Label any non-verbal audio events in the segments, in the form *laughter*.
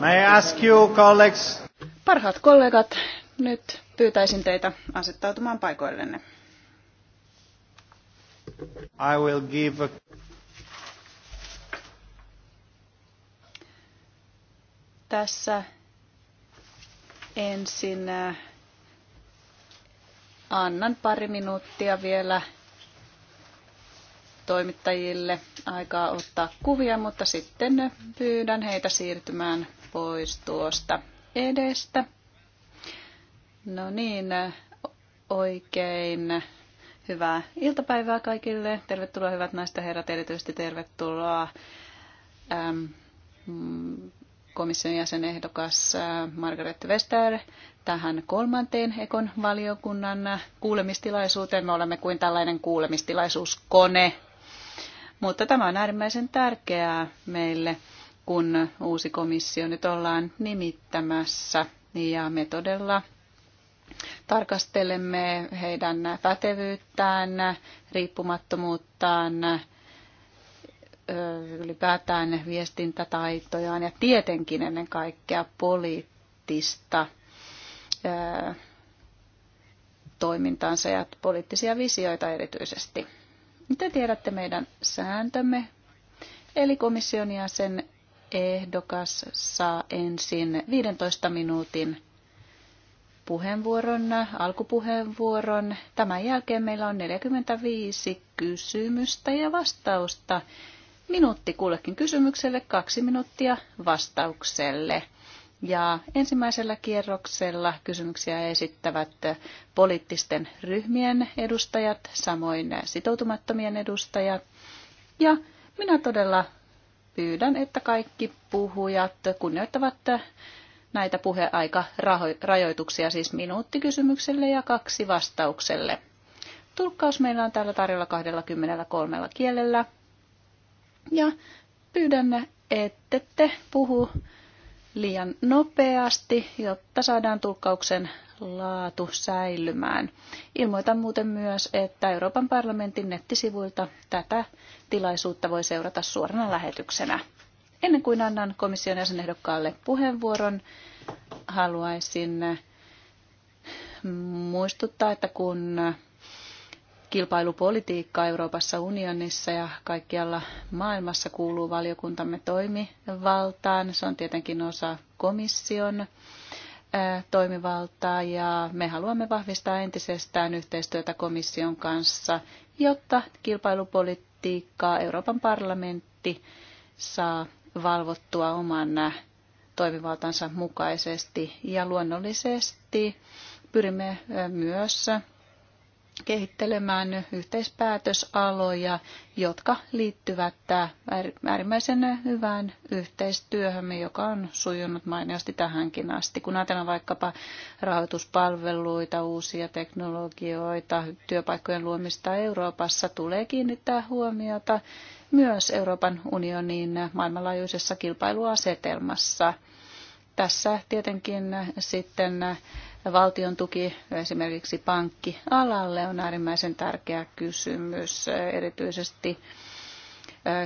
May I ask you, colleagues? Parhaat kollegat, nyt pyytäisin teitä asettautumaan paikoillenne. I will give a... Tässä ensin äh, annan pari minuuttia vielä toimittajille aikaa ottaa kuvia, mutta sitten pyydän heitä siirtymään pois tuosta edestä. No niin, oikein hyvää iltapäivää kaikille. Tervetuloa hyvät naiset ja herrat, erityisesti tervetuloa äm, komission jäsenehdokas Margaret Wester tähän kolmanteen Ekon valiokunnan kuulemistilaisuuteen. Me olemme kuin tällainen kuulemistilaisuuskone mutta tämä on äärimmäisen tärkeää meille, kun uusi komissio nyt ollaan nimittämässä. Ja me todella tarkastelemme heidän pätevyyttään, riippumattomuuttaan, ylipäätään viestintätaitojaan ja tietenkin ennen kaikkea poliittista toimintaansa ja poliittisia visioita erityisesti. Mitä tiedätte meidän sääntömme, eli komission jäsen ehdokas saa ensin 15 minuutin puheenvuoron, alkupuheenvuoron. Tämän jälkeen meillä on 45 kysymystä ja vastausta. Minuutti kullekin kysymykselle, kaksi minuuttia vastaukselle. Ja ensimmäisellä kierroksella kysymyksiä esittävät poliittisten ryhmien edustajat, samoin sitoutumattomien edustajat. Ja minä todella pyydän, että kaikki puhujat kunnioittavat näitä puheaikarajoituksia, siis minuutti kysymykselle ja kaksi vastaukselle. Tulkkaus meillä on täällä tarjolla 23 kielellä. Ja pyydän, ette te puhu liian nopeasti, jotta saadaan tulkkauksen laatu säilymään. Ilmoitan muuten myös, että Euroopan parlamentin nettisivuilta tätä tilaisuutta voi seurata suorana lähetyksenä. Ennen kuin annan komission jäsenehdokkaalle puheenvuoron, haluaisin muistuttaa, että kun kilpailupolitiikka Euroopassa unionissa ja kaikkialla maailmassa kuuluu valiokuntamme toimivaltaan. Se on tietenkin osa komission toimivaltaa ja me haluamme vahvistaa entisestään yhteistyötä komission kanssa, jotta kilpailupolitiikkaa Euroopan parlamentti saa valvottua oman toimivaltansa mukaisesti ja luonnollisesti pyrimme myös kehittelemään yhteispäätösaloja, jotka liittyvät äärimmäisen hyvään yhteistyöhömme, joka on sujunut mainiosti tähänkin asti. Kun ajatellaan vaikkapa rahoituspalveluita, uusia teknologioita, työpaikkojen luomista Euroopassa, tulee kiinnittää huomiota myös Euroopan unionin maailmanlaajuisessa kilpailuasetelmassa. Tässä tietenkin sitten valtion tuki esimerkiksi pankkialalle on äärimmäisen tärkeä kysymys, erityisesti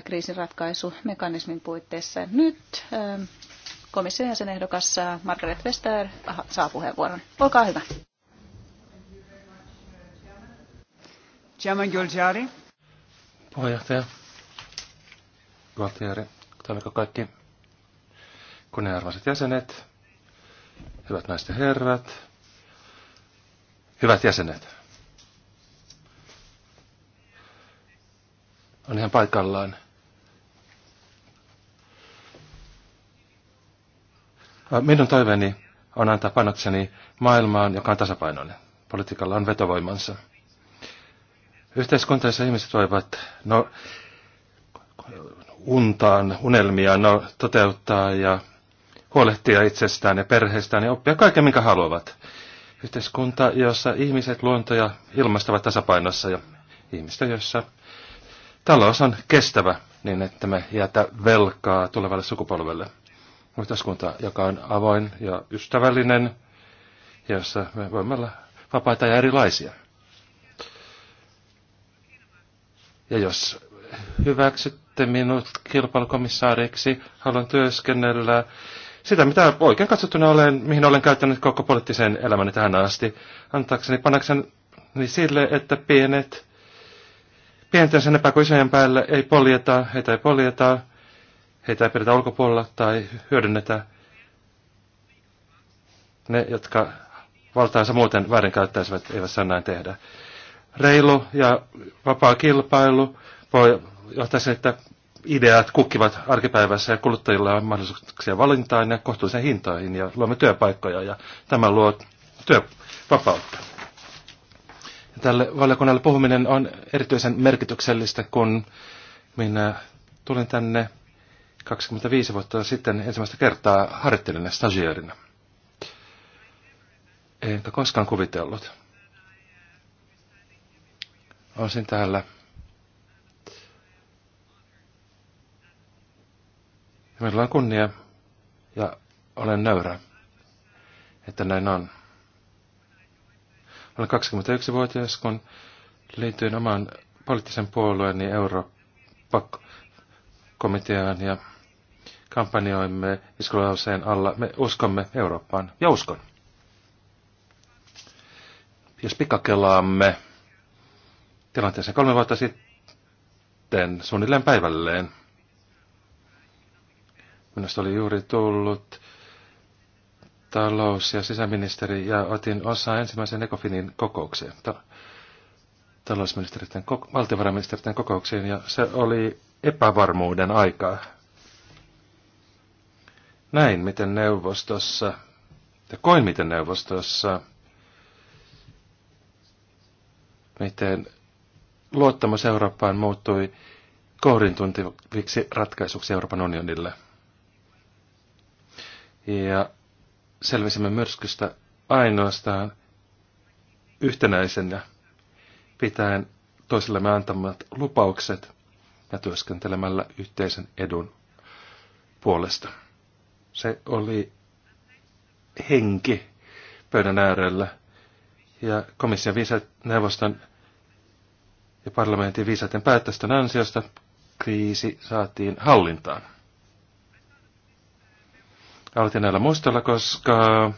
kriisinratkaisumekanismin puitteissa. Nyt komission jäsenehdokas Margaret Vestager saa puheenvuoron. Olkaa hyvä. Chairman Gulziari. Puheenjohtaja Gualtieri, kaikki kunnianarvoiset jäsenet, Hyvät naiset ja herrat. Hyvät jäsenet. On ihan paikallaan. Minun toiveeni on antaa panokseni maailmaan, joka on tasapainoinen. Politiikalla on vetovoimansa. Yhteiskuntaissa ihmiset voivat no, untaan, unelmia no, toteuttaa ja huolehtia itsestään ja perheestään ja oppia kaiken, minkä haluavat. Yhteiskunta, jossa ihmiset, luonto ja ilmastavat tasapainossa ja ihmistä, jossa talous on kestävä niin, että me jätä velkaa tulevalle sukupolvelle. Yhteiskunta, joka on avoin ja ystävällinen, jossa me voimme olla vapaita ja erilaisia. Ja jos hyväksytte minut kilpailukomissaariksi, haluan työskennellä sitä, mitä oikein katsottuna olen, mihin olen käyttänyt koko poliittisen elämäni tähän asti, antaakseni panakseni sille, että pienet, pienten sen epäkuisajan päällä ei poljeta, heitä ei poljeta, heitä ei pidetä ulkopuolella tai hyödynnetä. Ne, jotka valtaansa muuten väärinkäyttäisivät, eivät saa näin tehdä. Reilu ja vapaa kilpailu voi johtaa se, että ideat kukkivat arkipäivässä ja kuluttajilla on mahdollisuuksia valintaan ja kohtuullisen hintoihin ja luomme työpaikkoja ja tämä luo työvapautta. Ja tälle valiokunnalle puhuminen on erityisen merkityksellistä, kun minä tulin tänne 25 vuotta sitten ensimmäistä kertaa harjoittelijana stagiaarina. Enkä koskaan kuvitellut. Olisin täällä Ja meillä on kunnia ja olen nöyrä, että näin on. Olen 21-vuotias, kun liityin omaan poliittisen puolueeni Eurooppa-komiteaan ja kampanjoimme iskulauseen alla. Me uskomme Eurooppaan ja uskon. Jos pikakelaamme tilanteeseen kolme vuotta sitten suunnilleen päivälleen – Minusta oli juuri tullut talous- ja sisäministeri ja otin osaa ensimmäisen Ecofinin kokoukseen, ta- talousministeriöiden, kok- valtiovarainministeriöiden kokoukseen ja se oli epävarmuuden aikaa. Näin, miten neuvostossa, ja koin miten neuvostossa, miten luottamus Eurooppaan muuttui kohdintuntiviksi ratkaisuksi Euroopan unionille – ja selvisimme myrskystä ainoastaan yhtenäisenä pitäen toisillemme antamat lupaukset ja työskentelemällä yhteisen edun puolesta. Se oli henki pöydän äärellä ja komission viisat neuvoston ja parlamentin viisaiden päätösten ansiosta kriisi saatiin hallintaan. Aloitin näillä mustalla, koska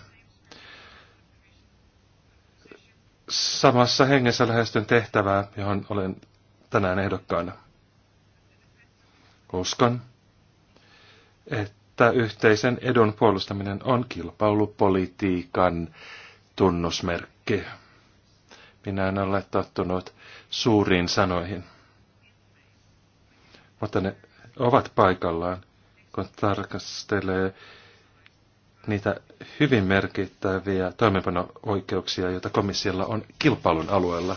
samassa hengessä lähestyn tehtävää, johon olen tänään ehdokkaana. Uskon, että yhteisen edun puolustaminen on kilpailupolitiikan tunnusmerkki. Minä en ole tottunut suuriin sanoihin, mutta ne ovat paikallaan, kun tarkastelee niitä hyvin merkittäviä toimenpano oikeuksia joita komissiolla on kilpailun alueella.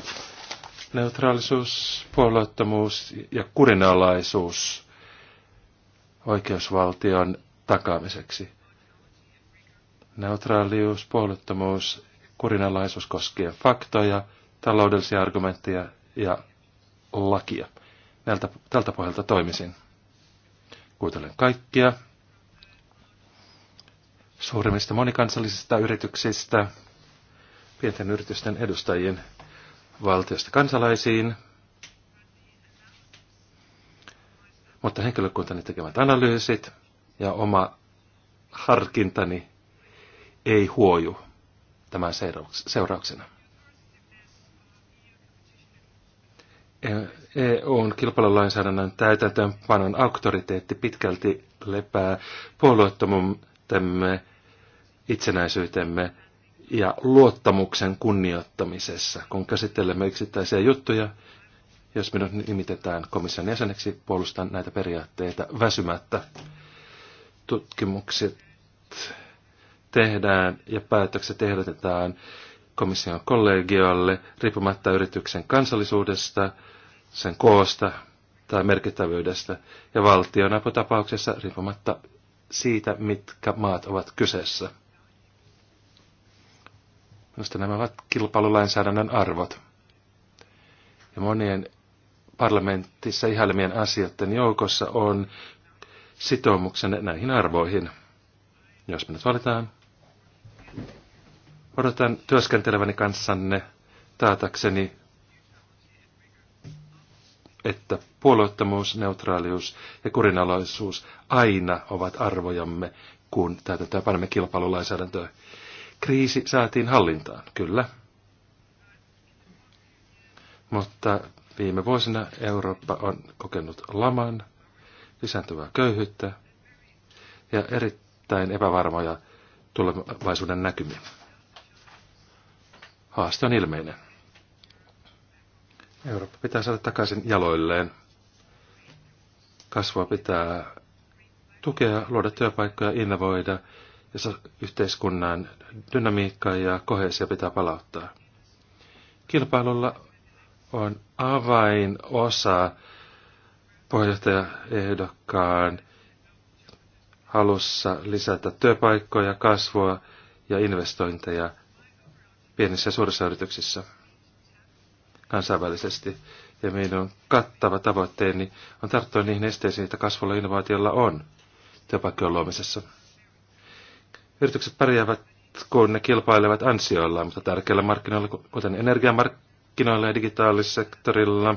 Neutraalisuus, puolueettomuus ja kurinalaisuus oikeusvaltion takaamiseksi. Neutraalius, puolueettomuus, kurinalaisuus koskien faktoja, taloudellisia argumentteja ja lakia. Näiltä, tältä pohjalta toimisin. Kuuntelen kaikkia suurimmista monikansallisista yrityksistä, pienten yritysten edustajien valtiosta kansalaisiin, mutta henkilökuntani tekevät analyysit ja oma harkintani ei huoju tämän seurauksena. EUn e kilpailulainsäädännön täytäntöönpanon auktoriteetti pitkälti lepää puolueettomuuden itsenäisyytemme, itsenäisyytemme ja luottamuksen kunnioittamisessa, kun käsittelemme yksittäisiä juttuja. Jos minut nimitetään komission jäseneksi, puolustan näitä periaatteita väsymättä. Tutkimukset tehdään ja päätökset ehdotetaan komission kollegiolle riippumatta yrityksen kansallisuudesta, sen koosta tai merkittävyydestä ja valtionaputapauksessa riippumatta siitä, mitkä maat ovat kyseessä. Minusta nämä ovat kilpailulainsäädännön arvot. Ja monien parlamentissa ihailmien asioiden joukossa on sitoumuksen näihin arvoihin. Jos me nyt valitaan, odotan työskenteleväni kanssanne taatakseni että puolueettomuus, neutraalius ja kurinalaisuus aina ovat arvojamme, kun täytetään panemme kilpailulainsäädäntöä. Kriisi saatiin hallintaan, kyllä. Mutta viime vuosina Eurooppa on kokenut laman, lisääntyvää köyhyyttä ja erittäin epävarmoja tulevaisuuden näkymiä. Haaste on ilmeinen. Eurooppa pitää saada takaisin jaloilleen. Kasvua pitää tukea, luoda työpaikkoja, innovoida ja yhteiskunnan dynamiikkaa ja kohesia pitää palauttaa. Kilpailulla on avainosa puheenjohtajaehdokkaan halussa lisätä työpaikkoja, kasvua ja investointeja pienissä ja suurissa yrityksissä kansainvälisesti. Ja meidän kattava tavoitteeni on tarttua niihin esteisiin, joita kasvulla innovaatiolla on työpaikkojen luomisessa. Yritykset pärjäävät, kun ne kilpailevat ansioillaan, mutta tärkeillä markkinoilla, kuten energiamarkkinoilla ja digitaalisektorilla,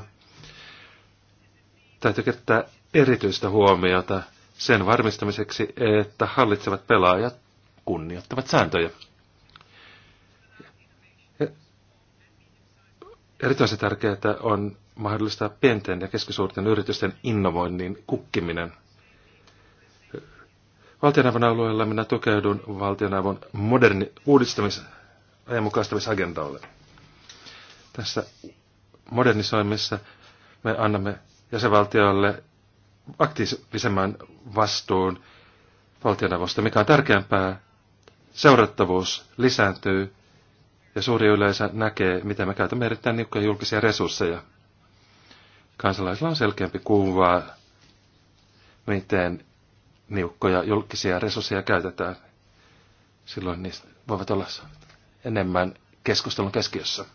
täytyy käyttää erityistä huomiota sen varmistamiseksi, että hallitsevat pelaajat kunnioittavat sääntöjä. Erityisen tärkeää on mahdollistaa pienten ja keskisuurten yritysten innovoinnin kukkiminen. Valtionavun alueella minä tukeudun valtionavun moderni uudistamis- ja mukaistamisagendalle. Tässä modernisoimissa me annamme jäsenvaltiolle aktiivisemman vastuun valtionavusta, mikä on tärkeämpää. Seurattavuus lisääntyy ja suuri yleisö näkee, miten me käytämme erittäin niukkoja julkisia resursseja. Kansalaisilla on selkeämpi kuva, miten niukkoja julkisia resursseja käytetään. Silloin niistä voivat olla enemmän keskustelun keskiössä.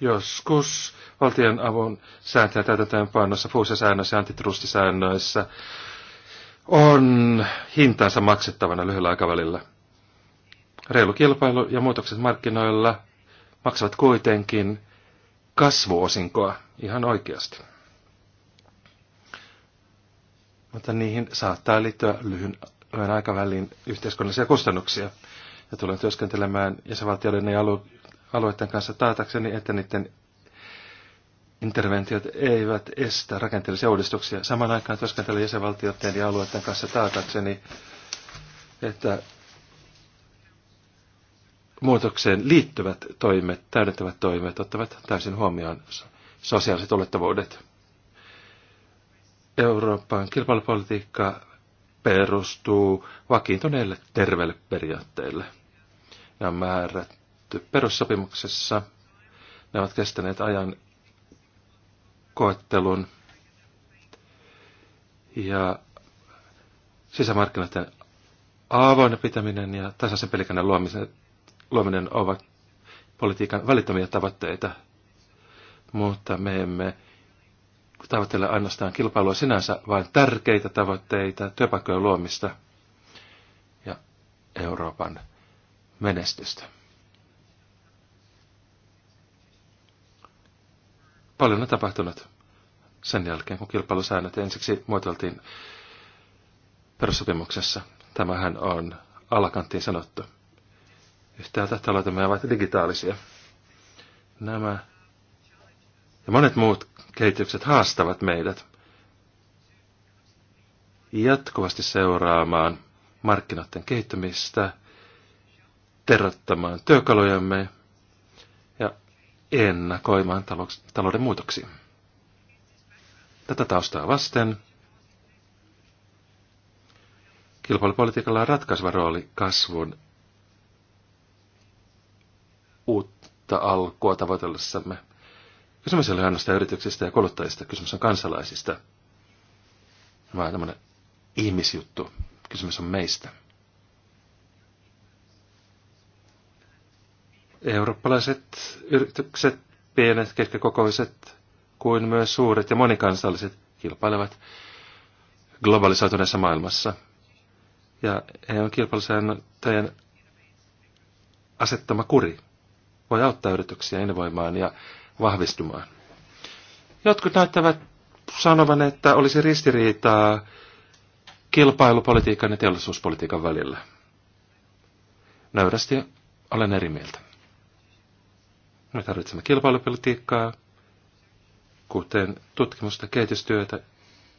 Joskus valtion avun sääntöjä täytetään painossa, fuusiosäännöissä ja antitrustisäännöissä on hintansa maksettavana lyhyellä aikavälillä – Reilu kilpailu ja muutokset markkinoilla maksavat kuitenkin kasvuosinkoa ihan oikeasti. Mutta niihin saattaa liittyä lyhyen aikavälin yhteiskunnallisia kustannuksia. Ja tulen työskentelemään jäsenvaltioiden ja alueiden kanssa taatakseni, että niiden interventiot eivät estä rakenteellisia uudistuksia. Saman aikaan työskentelen jäsenvaltioiden ja alueiden kanssa taatakseni, että muutokseen liittyvät toimet, täydentävät toimet ottavat täysin huomioon sosiaaliset olettavuudet. Euroopan kilpailupolitiikka perustuu vakiintuneille terveille periaatteille. Ne on määrätty perussopimuksessa. Ne ovat kestäneet ajan koettelun ja sisämarkkinoiden avoinna pitäminen ja tasaisen pelikannan luomisen luominen ovat politiikan välittömiä tavoitteita, mutta me emme tavoittele ainoastaan kilpailua sinänsä, vaan tärkeitä tavoitteita, työpaikkojen luomista ja Euroopan menestystä. Paljon on tapahtunut sen jälkeen, kun kilpailusäännöt ensiksi muotoiltiin perussopimuksessa. Tämähän on alakanttiin sanottu. Yhtäältä taloutemme ovat digitaalisia. Nämä ja monet muut kehitykset haastavat meidät jatkuvasti seuraamaan markkinoiden kehittymistä, terottamaan työkalujamme ja ennakoimaan talouden muutoksia. Tätä taustaa vasten kilpailupolitiikalla on ratkaiseva rooli kasvun uutta alkua tavoitellessamme. Kysymys ei ole ainoastaan yrityksistä ja kuluttajista, kysymys on kansalaisista. Vaan tämmöinen ihmisjuttu. Kysymys on meistä. Eurooppalaiset yritykset, pienet, keskikokoiset, kuin myös suuret ja monikansalliset kilpailevat globalisoituneessa maailmassa. Ja EUn kilpailusääntöjen asettama kuri voi auttaa yrityksiä innovoimaan ja vahvistumaan. Jotkut näyttävät sanovan, että olisi ristiriitaa kilpailupolitiikan ja teollisuuspolitiikan välillä. Nöyrästi olen eri mieltä. Me tarvitsemme kilpailupolitiikkaa, kuten tutkimusta, kehitystyötä,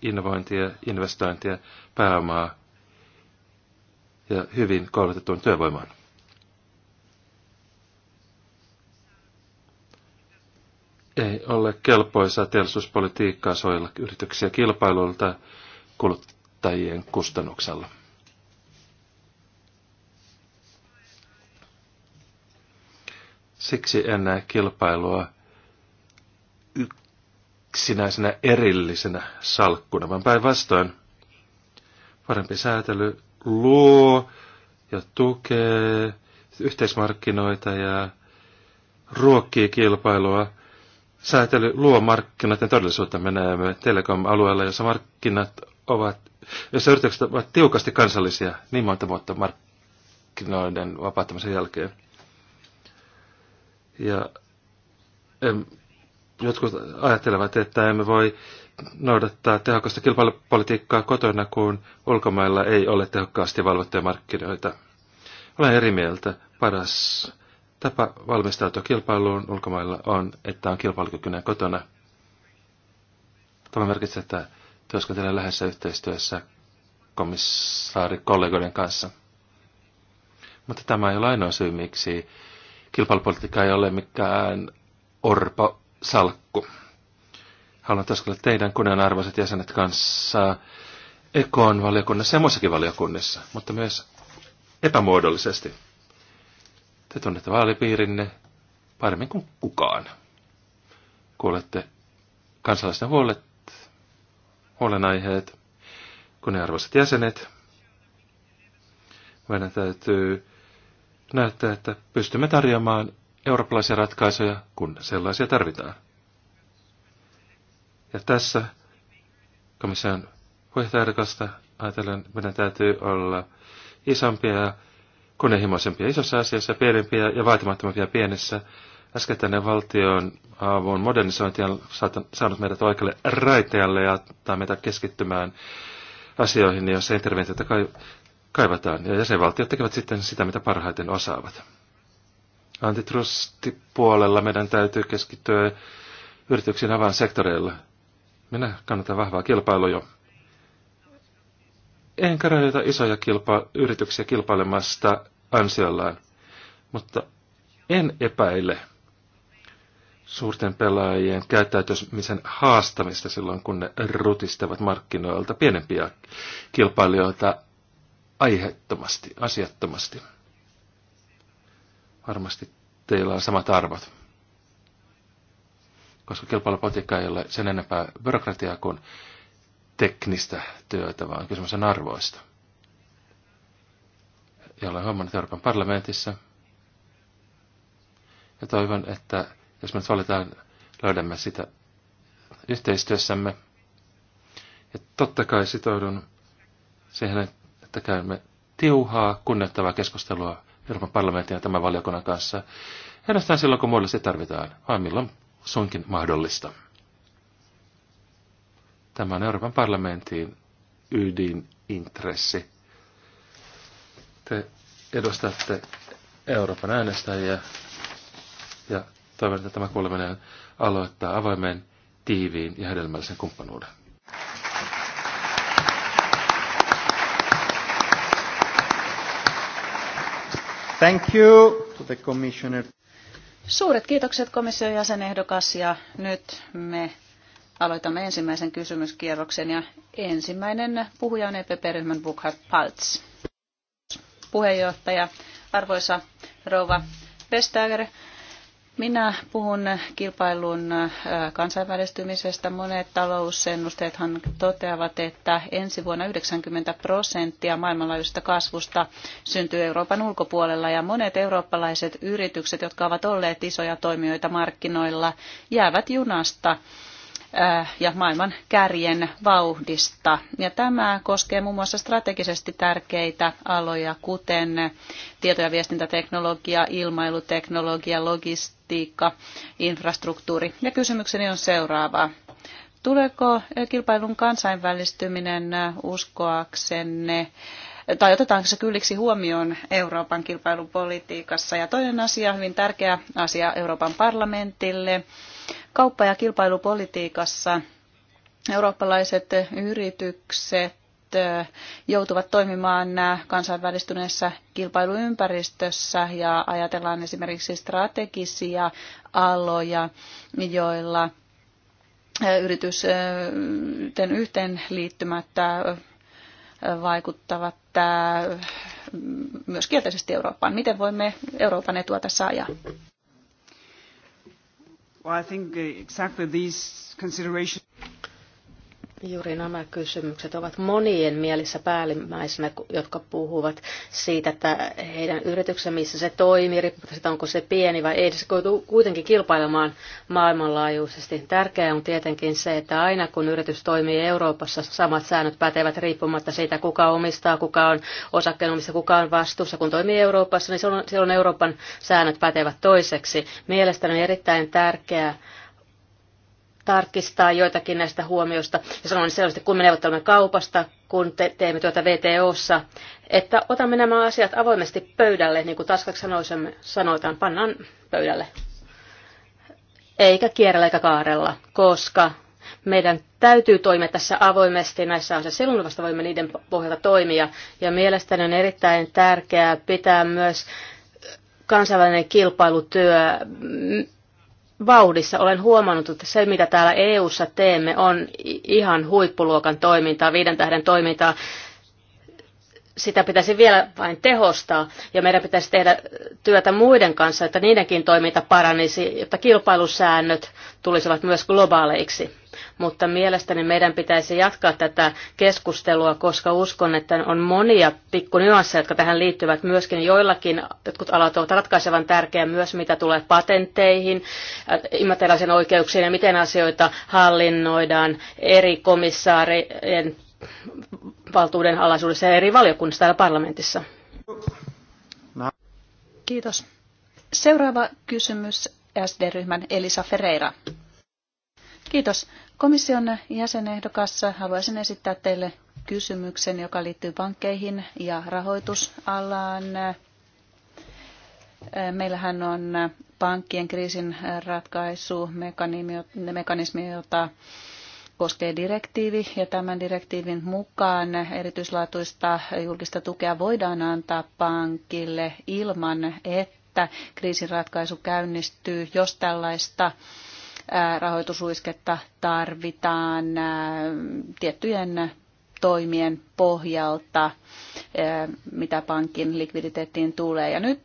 innovointia, investointia, pääomaa ja hyvin koulutettuun työvoimaan. ei ole kelpoisaa teollisuuspolitiikkaa soilla yrityksiä kilpailulta kuluttajien kustannuksella. Siksi en näe kilpailua yksinäisenä erillisenä salkkuna, vaan päinvastoin parempi säätely luo ja tukee yhteismarkkinoita ja ruokkii kilpailua – säätely luo ja todellisuutta. Me näemme telekom-alueella, jossa markkinat ovat, jossa yritykset ovat tiukasti kansallisia niin monta vuotta markkinoiden vapauttamisen jälkeen. Ja em, jotkut ajattelevat, että emme voi noudattaa tehokasta kilpailupolitiikkaa kotona, kun ulkomailla ei ole tehokkaasti valvottuja markkinoita. Olen eri mieltä. Paras Tapa valmistautua kilpailuun ulkomailla on, että on kilpailukykyinen kotona. Tämä merkitsee, että työskentelee lähes yhteistyössä komissaarikollegoiden kanssa. Mutta tämä ei ole ainoa syy, miksi kilpailupolitiikka ei ole mikään orpo salkku. Haluan työskennellä teidän kunnianarvoiset jäsenet kanssa ekoon valiokunnassa ja muissakin valiokunnissa, mutta myös epämuodollisesti. Te tunnette vaalipiirinne paremmin kuin kukaan. Kuulette kansalaisten huolet, huolenaiheet, kunniarvoiset jäsenet. Meidän täytyy näyttää, että pystymme tarjoamaan eurooppalaisia ratkaisuja, kun sellaisia tarvitaan. Ja tässä komission puheenjohtajakasta ajatellen meidän täytyy olla isompia ja kunnianhimoisempia isossa asiassa, pienempiä ja vaatimattomampia pienessä. Äskettäinen valtion avun modernisointi on saanut meidät oikealle raiteelle ja ottaa meitä keskittymään asioihin, joissa interventiota kaivataan. Ja jäsenvaltiot tekevät sitten sitä, mitä parhaiten osaavat. Antitrustipuolella meidän täytyy keskittyä yrityksiin avaan sektoreilla. Minä kannatan vahvaa kilpailua jo enkä rajoita isoja kilpa- yrityksiä kilpailemasta ansiollaan, mutta en epäile suurten pelaajien käyttäytymisen haastamista silloin, kun ne rutistavat markkinoilta pienempiä kilpailijoita aiheettomasti, asiattomasti. Varmasti teillä on samat arvot. Koska kilpailupolitiikka ei ole sen enempää byrokratiaa kuin teknistä työtä, vaan kysymys on arvoista. Ja olen huomannut Euroopan parlamentissa. Ja toivon, että jos me nyt valitaan, löydämme sitä yhteistyössämme. Ja totta kai sitoudun siihen, että käymme tiuhaa, kunnioittavaa keskustelua Euroopan parlamentin ja tämän valiokunnan kanssa. Ja silloin, kun muodollisesti tarvitaan, vaan milloin sunkin mahdollista. Tämä on Euroopan parlamentin ydinintressi. Te edustatte Euroopan äänestäjiä ja toivon, että tämä kuuleminen aloittaa avoimen, tiiviin ja hedelmällisen kumppanuuden. Thank you to the commissioner. Suuret kiitokset komission jäsenehdokas ja nyt me Aloitamme ensimmäisen kysymyskierroksen ja ensimmäinen puhuja on EPP-ryhmän Burkhard Paltz. Puheenjohtaja, arvoisa rouva Vestager, minä puhun kilpailun kansainvälistymisestä. Monet talousennusteethan toteavat, että ensi vuonna 90 prosenttia maailmanlaajuisesta kasvusta syntyy Euroopan ulkopuolella ja monet eurooppalaiset yritykset, jotka ovat olleet isoja toimijoita markkinoilla, jäävät junasta Äh, ja maailman kärjen vauhdista. Ja tämä koskee muun muassa strategisesti tärkeitä aloja, kuten tieto- ja viestintäteknologia, ilmailuteknologia, logistiikka, infrastruktuuri. Ja kysymykseni on seuraava. Tuleeko äh, kilpailun kansainvälistyminen äh, uskoaksenne tai otetaanko se kylliksi huomioon Euroopan kilpailupolitiikassa? Ja toinen asia, hyvin tärkeä asia Euroopan parlamentille, Kauppa- ja kilpailupolitiikassa eurooppalaiset yritykset eh, joutuvat toimimaan kansainvälistyneessä kilpailuympäristössä ja ajatellaan esimerkiksi strategisia aloja, joilla eh, yritysten yhteenliittymättä eh, vaikuttavat myös kielteisesti Eurooppaan. Miten voimme Euroopan etua tässä ajaa? Well, I think uh, exactly these considerations Juuri nämä kysymykset ovat monien mielissä päällimmäisenä, jotka puhuvat siitä, että heidän yrityksensä, missä se toimii, riippumatta siitä, onko se pieni vai ei, se koituu kuitenkin kilpailemaan maailmanlaajuisesti. Tärkeää on tietenkin se, että aina kun yritys toimii Euroopassa, samat säännöt pätevät riippumatta siitä, kuka omistaa, kuka on osakkeenomista, kuka on vastuussa. Kun toimii Euroopassa, niin silloin Euroopan säännöt pätevät toiseksi. Mielestäni on erittäin tärkeää, tarkistaa joitakin näistä huomioista ja sanoin selvästi, kun me neuvottelemme kaupasta, kun te- teemme tuota VTOssa, että otamme nämä asiat avoimesti pöydälle, niin kuin Taskaksi sanoitaan, pannaan pöydälle. Eikä kierrellä eikä kaarella, koska meidän täytyy toimia tässä avoimesti näissä asioissa. Silloin vasta voimme niiden pohjalta toimia. Ja mielestäni on erittäin tärkeää pitää myös kansainvälinen kilpailutyö vauhdissa. Olen huomannut, että se mitä täällä EU:ssa teemme on ihan huippuluokan toimintaa, viiden tähden toimintaa sitä pitäisi vielä vain tehostaa ja meidän pitäisi tehdä työtä muiden kanssa, että niidenkin toiminta paranisi, jotta kilpailusäännöt tulisivat myös globaaleiksi. Mutta mielestäni meidän pitäisi jatkaa tätä keskustelua, koska uskon, että on monia pikkunyansseja, jotka tähän liittyvät myöskin joillakin. Jotkut alat ovat ratkaisevan tärkeä myös, mitä tulee patentteihin, äh, immateriaalisen oikeuksiin ja miten asioita hallinnoidaan eri komissaarien valtuuden alaisuudessa ja eri valiokunnissa täällä parlamentissa. No. Kiitos. Seuraava kysymys SD-ryhmän Elisa Ferreira. Kiitos. Komission jäsenehdokassa haluaisin esittää teille kysymyksen, joka liittyy pankkeihin ja rahoitusalaan. Meillähän on pankkien kriisin ratkaisumekanismi, jota koskee direktiivi ja tämän direktiivin mukaan erityislaatuista julkista tukea voidaan antaa pankille ilman, että kriisinratkaisu käynnistyy, jos tällaista rahoitusuisketta tarvitaan tiettyjen toimien pohjalta, mitä pankin likviditeettiin tulee. Ja nyt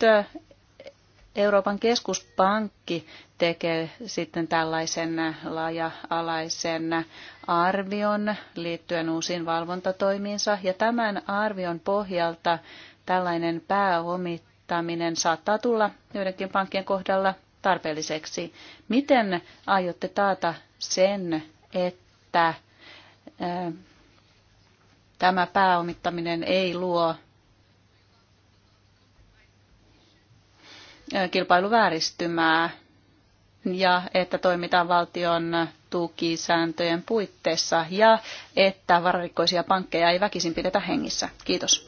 Euroopan keskuspankki tekee sitten tällaisen laaja-alaisen arvion liittyen uusiin valvontatoimiinsa. Ja tämän arvion pohjalta tällainen pääomittaminen saattaa tulla joidenkin pankkien kohdalla tarpeelliseksi. Miten aiotte taata sen, että äh, tämä pääomittaminen ei luo äh, kilpailuvääristymää ja että toimitaan valtion tukisääntöjen puitteissa ja että vararikkoisia pankkeja ei väkisin pidetä hengissä. Kiitos.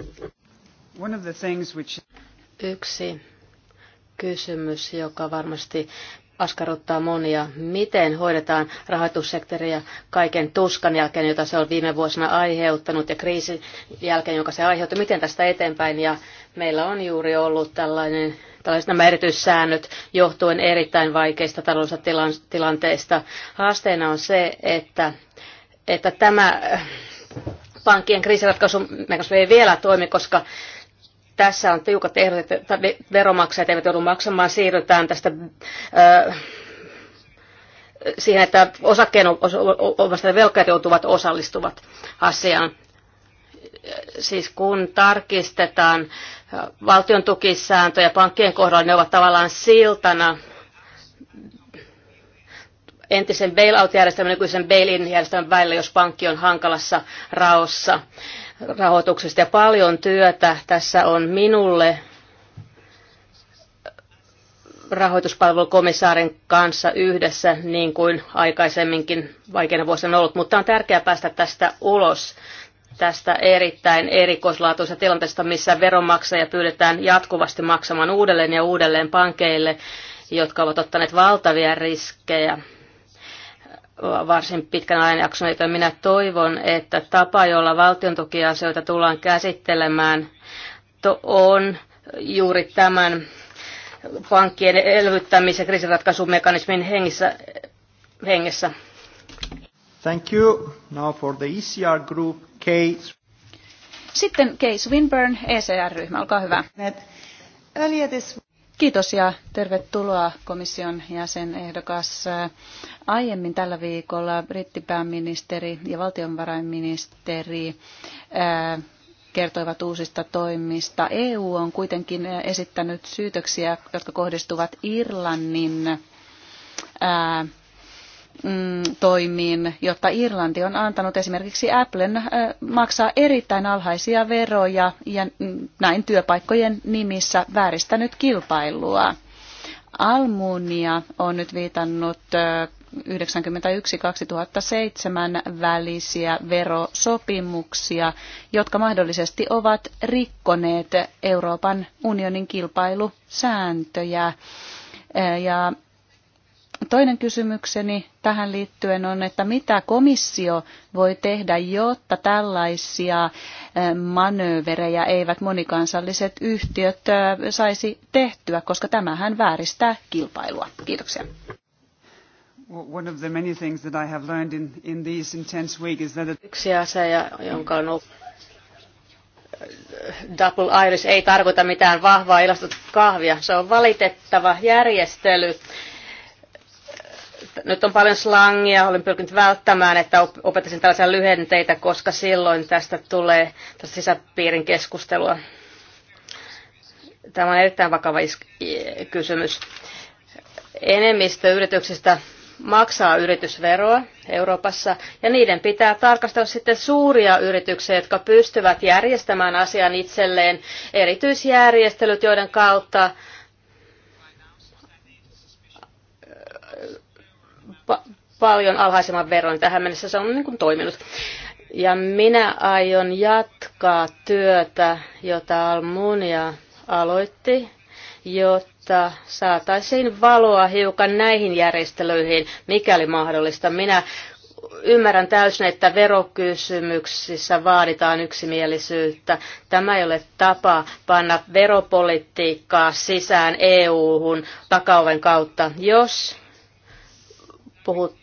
One of the which... Yksi kysymys, joka varmasti askarruttaa monia. Miten hoidetaan rahoitussektoria kaiken tuskan jälkeen, jota se on viime vuosina aiheuttanut ja kriisin jälkeen, jonka se aiheutti? Miten tästä eteenpäin? Ja meillä on juuri ollut tällainen, tällaiset nämä erityissäännöt johtuen erittäin vaikeista taloudellisista tilanteista. Haasteena on se, että, että tämä pankkien kriisiratkaisu ei vielä toimi, koska tässä on tiukat ehdot, että veromaksajat eivät joudu maksamaan. Siirrytään tästä ö, siihen, että osakkeen omistajat velkajat joutuvat osallistuvat asiaan. Siis kun tarkistetaan valtion tukisääntöjä pankkien kohdalla, ne ovat tavallaan siltana entisen bailout-järjestelmän nykyisen bail-in-järjestelmän välillä, jos pankki on hankalassa raossa rahoituksesta ja paljon työtä tässä on minulle rahoituspalvelukomissaarin kanssa yhdessä, niin kuin aikaisemminkin vaikeina vuosina on ollut, mutta on tärkeää päästä tästä ulos tästä erittäin erikoislaatuisesta tilanteesta, missä veronmaksaja pyydetään jatkuvasti maksamaan uudelleen ja uudelleen pankeille, jotka ovat ottaneet valtavia riskejä varsin pitkän ajan jakson, joten minä toivon, että tapa, jolla tukiasioita tullaan käsittelemään, on juuri tämän pankkien elvyttämis- ja kriisiratkaisumekanismin hengissä, hengessä. Thank you. Now for the ECR group, Kate. Sitten Case Winburn, ECR-ryhmä, olkaa hyvä. Earlier this Kiitos ja tervetuloa komission jäsenehdokas. Aiemmin tällä viikolla brittipääministeri ja valtionvarainministeri kertoivat uusista toimista. EU on kuitenkin esittänyt syytöksiä, jotka kohdistuvat Irlannin Mm, toimiin, jotta Irlanti on antanut esimerkiksi Applen äh, maksaa erittäin alhaisia veroja ja näin työpaikkojen nimissä vääristänyt kilpailua. Almunia on nyt viitannut 91-2007 äh, välisiä verosopimuksia, jotka mahdollisesti ovat rikkoneet Euroopan unionin kilpailusääntöjä. Äh, ja Toinen kysymykseni tähän liittyen on, että mitä komissio voi tehdä, jotta tällaisia eh, manööverejä eivät monikansalliset yhtiöt eh, saisi tehtyä, koska tämähän vääristää kilpailua. Kiitoksia. One of the many things that I have learned in, in these intense week is that Yksi asia, jonka on ollut eh, Double Iris ei tarkoita mitään vahvaa ilmastot kahvia. Se on valitettava järjestely, nyt on paljon slangia, olen pyrkinyt välttämään, että opettaisin tällaisia lyhenteitä, koska silloin tästä tulee tästä sisäpiirin keskustelua. Tämä on erittäin vakava kysymys. Enemmistö yrityksistä maksaa yritysveroa Euroopassa, ja niiden pitää tarkastella sitten suuria yrityksiä, jotka pystyvät järjestämään asian itselleen, erityisjärjestelyt, joiden kautta pa- paljon alhaisemman veron. Tähän mennessä se on niin kuin toiminut. Ja minä aion jatkaa työtä, jota Almunia aloitti, jotta saataisiin valoa hiukan näihin järjestelyihin, mikäli mahdollista. Minä ymmärrän täysin, että verokysymyksissä vaaditaan yksimielisyyttä. Tämä ei ole tapa panna veropolitiikkaa sisään EU-hun takauven kautta. Jos puhut,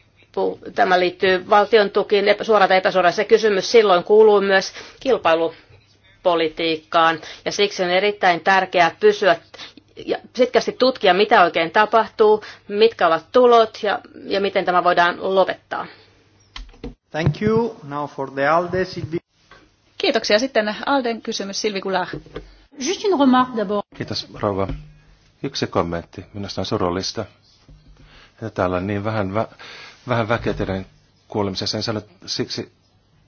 tämä liittyy valtion tukiin suoraan tai epäsuoraan. Se kysymys silloin kuuluu myös kilpailupolitiikkaan ja siksi on erittäin tärkeää pysyä ja sitkästi tutkia, mitä oikein tapahtuu, mitkä ovat tulot ja, ja miten tämä voidaan lopettaa. Thank you. Now for the ALDE, Kiitoksia. Sitten Alden kysymys, Silvi Kulah. Just une remarque d'abord. Kiitos, rouva. Yksi kommentti. Minusta on surullista, ja täällä on niin vähän, vä, vähän väkeä teidän kuulemisessa. En sano siksi,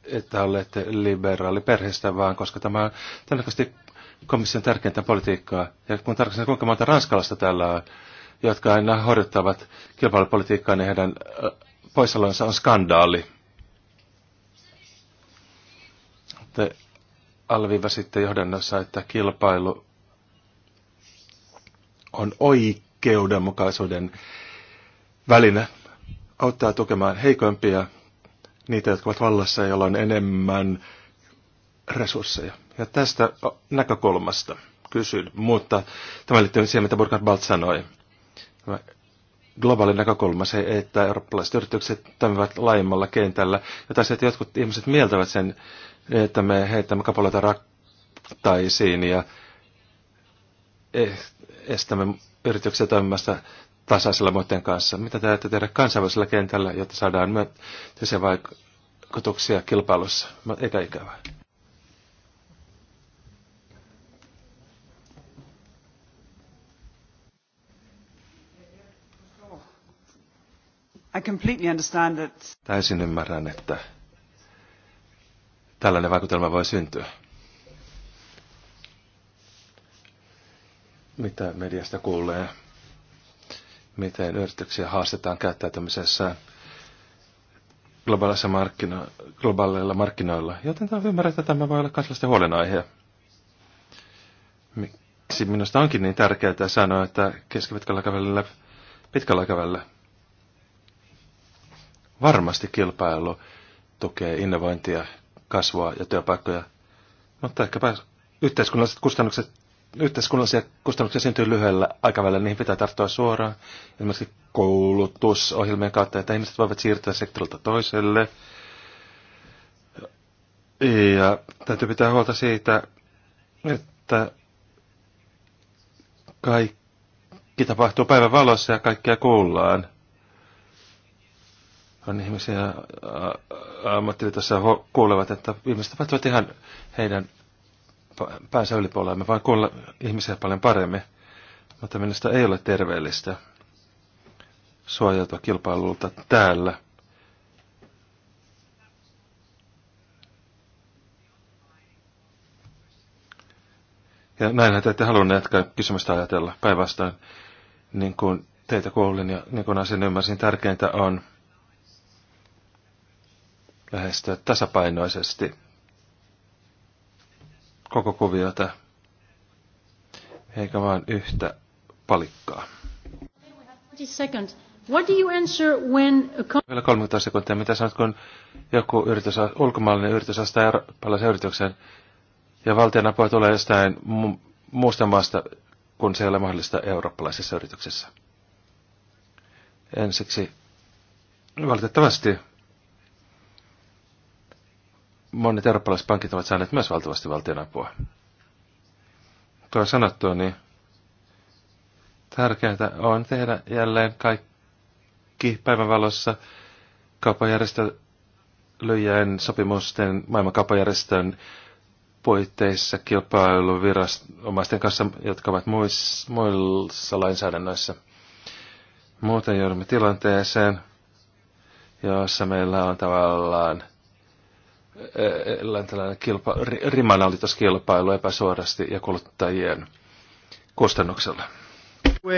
että olette liberaali perheestä, vaan koska tämä on todennäköisesti komission tärkeintä politiikkaa. Ja kun tarkastan kuinka monta ranskalaista täällä on, jotka aina horjuttavat kilpailupolitiikkaa, niin heidän poissaolonsa on skandaali. Te alviivasitte johdannossa, että kilpailu on oikeudenmukaisuuden väline auttaa tukemaan heikompia, niitä, jotka ovat vallassa, joilla on enemmän resursseja. Ja tästä näkökulmasta kysyn, mutta tämä liittyy siihen, mitä Burkhard Balt sanoi. Tämä globaali näkökulma se, että eurooppalaiset yritykset toimivat laajemmalla kentällä. Ja tässä että jotkut ihmiset mieltävät sen, että me heittämme kapaloita rattaisiin ja eh- estämme yrityksiä toimimasta tasaisella muiden kanssa. Mitä ajatte tehdä kansainvälisellä kentällä, jotta saadaan myönteisiä vaikutuksia kilpailussa? Eikä ikävää. I completely understand that... Täysin ymmärrän, että tällainen vaikutelma voi syntyä. Mitä mediasta kuulee? miten yrityksiä haastetaan käyttäytymisessään globaalissa markkino- globaaleilla markkinoilla. Joten tämä ymmärrän, että tämä voi olla kansalaisten huolenaihe. Miksi minusta onkin niin tärkeää sanoa, että keskipitkällä aikavälillä, pitkällä aikavälillä varmasti kilpailu tukee innovointia, kasvua ja työpaikkoja, mutta ehkäpä yhteiskunnalliset kustannukset yhteiskunnallisia kustannuksia syntyy lyhyellä aikavälillä, niihin pitää tarttua suoraan. Esimerkiksi koulutusohjelmien kautta, että ihmiset voivat siirtyä sektorilta toiselle. Ja täytyy pitää huolta siitä, että kaikki tapahtuu päivän valossa ja kaikkea kuullaan. On ihmisiä ammattiliitossa kuulevat, että ihmiset tapahtuvat ihan heidän päänsä ylipuolella. Me vaan kuulla ihmisiä paljon paremmin. Mutta minusta ei ole terveellistä suojautua kilpailulta täällä. Ja näinhän te ette halunneet kysymystä ajatella päinvastoin. Niin kuin teitä kuulin ja niin kuin asian ymmärsin, tärkeintä on lähestyä tasapainoisesti koko kuviota, eikä vain yhtä palikkaa. What do you answer when a Vielä 30 sekuntia. Mitä sanot, kun joku yritys, ulkomaalainen yritys ostaa eurooppalaisen yrityksen ja valtion apua tulee jostain mu- muusta maasta, kun se ei ole mahdollista eurooppalaisessa yrityksessä? Ensiksi, valitettavasti, monet eurooppalaiset pankit ovat saaneet myös valtavasti valtionapua. Tuo sanottu, niin tärkeintä on tehdä jälleen kaikki päivänvalossa kaupanjärjestelyjen sopimusten maailman kaupanjärjestön puitteissa kilpailuviranomaisten kanssa, jotka ovat muissa, muissa lainsäädännöissä. Muuten joudumme tilanteeseen, jossa meillä on tavallaan Länteläinen kilpa, kilpailu epäsuorasti ja kuluttajien kustannuksella.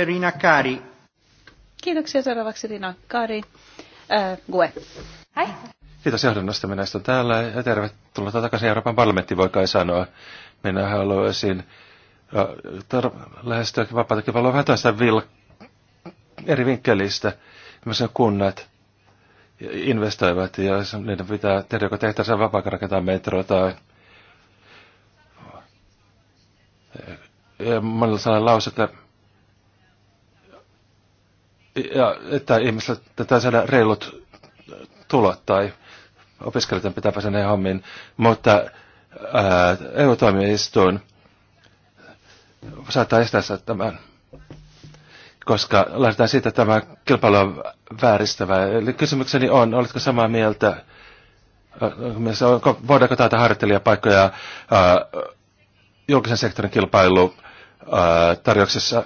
Rina Kari. Kiitoksia seuraavaksi Rina Kari. Äh, Gue. Hai. Kiitos johdannosta. Minä istun täällä ja tervetuloa takaisin Euroopan parlamenttiin, voi kai sanoa. Minä haluaisin äh, tar- lähestyä vapaata kilpailua vähän tästä vil- eri vinkkelistä. sanon kunnat investoivat ja niiden pitää tehdä joko tehtäisiin vapaa rakentaa metroa tai ja monilla sanoilla lause, että, ja, että ihmisillä täytyy saada reilut tulot tai opiskelijoiden pitää päästä näihin hommiin, mutta EU-toimijoistuin saattaa estää tämän koska lähdetään siitä, tämä kilpailu on vääristävä. Eli kysymykseni on, oletko samaa mieltä, voidaanko täältä harjoittelijapaikkoja julkisen sektorin kilpailu tarjouksessa,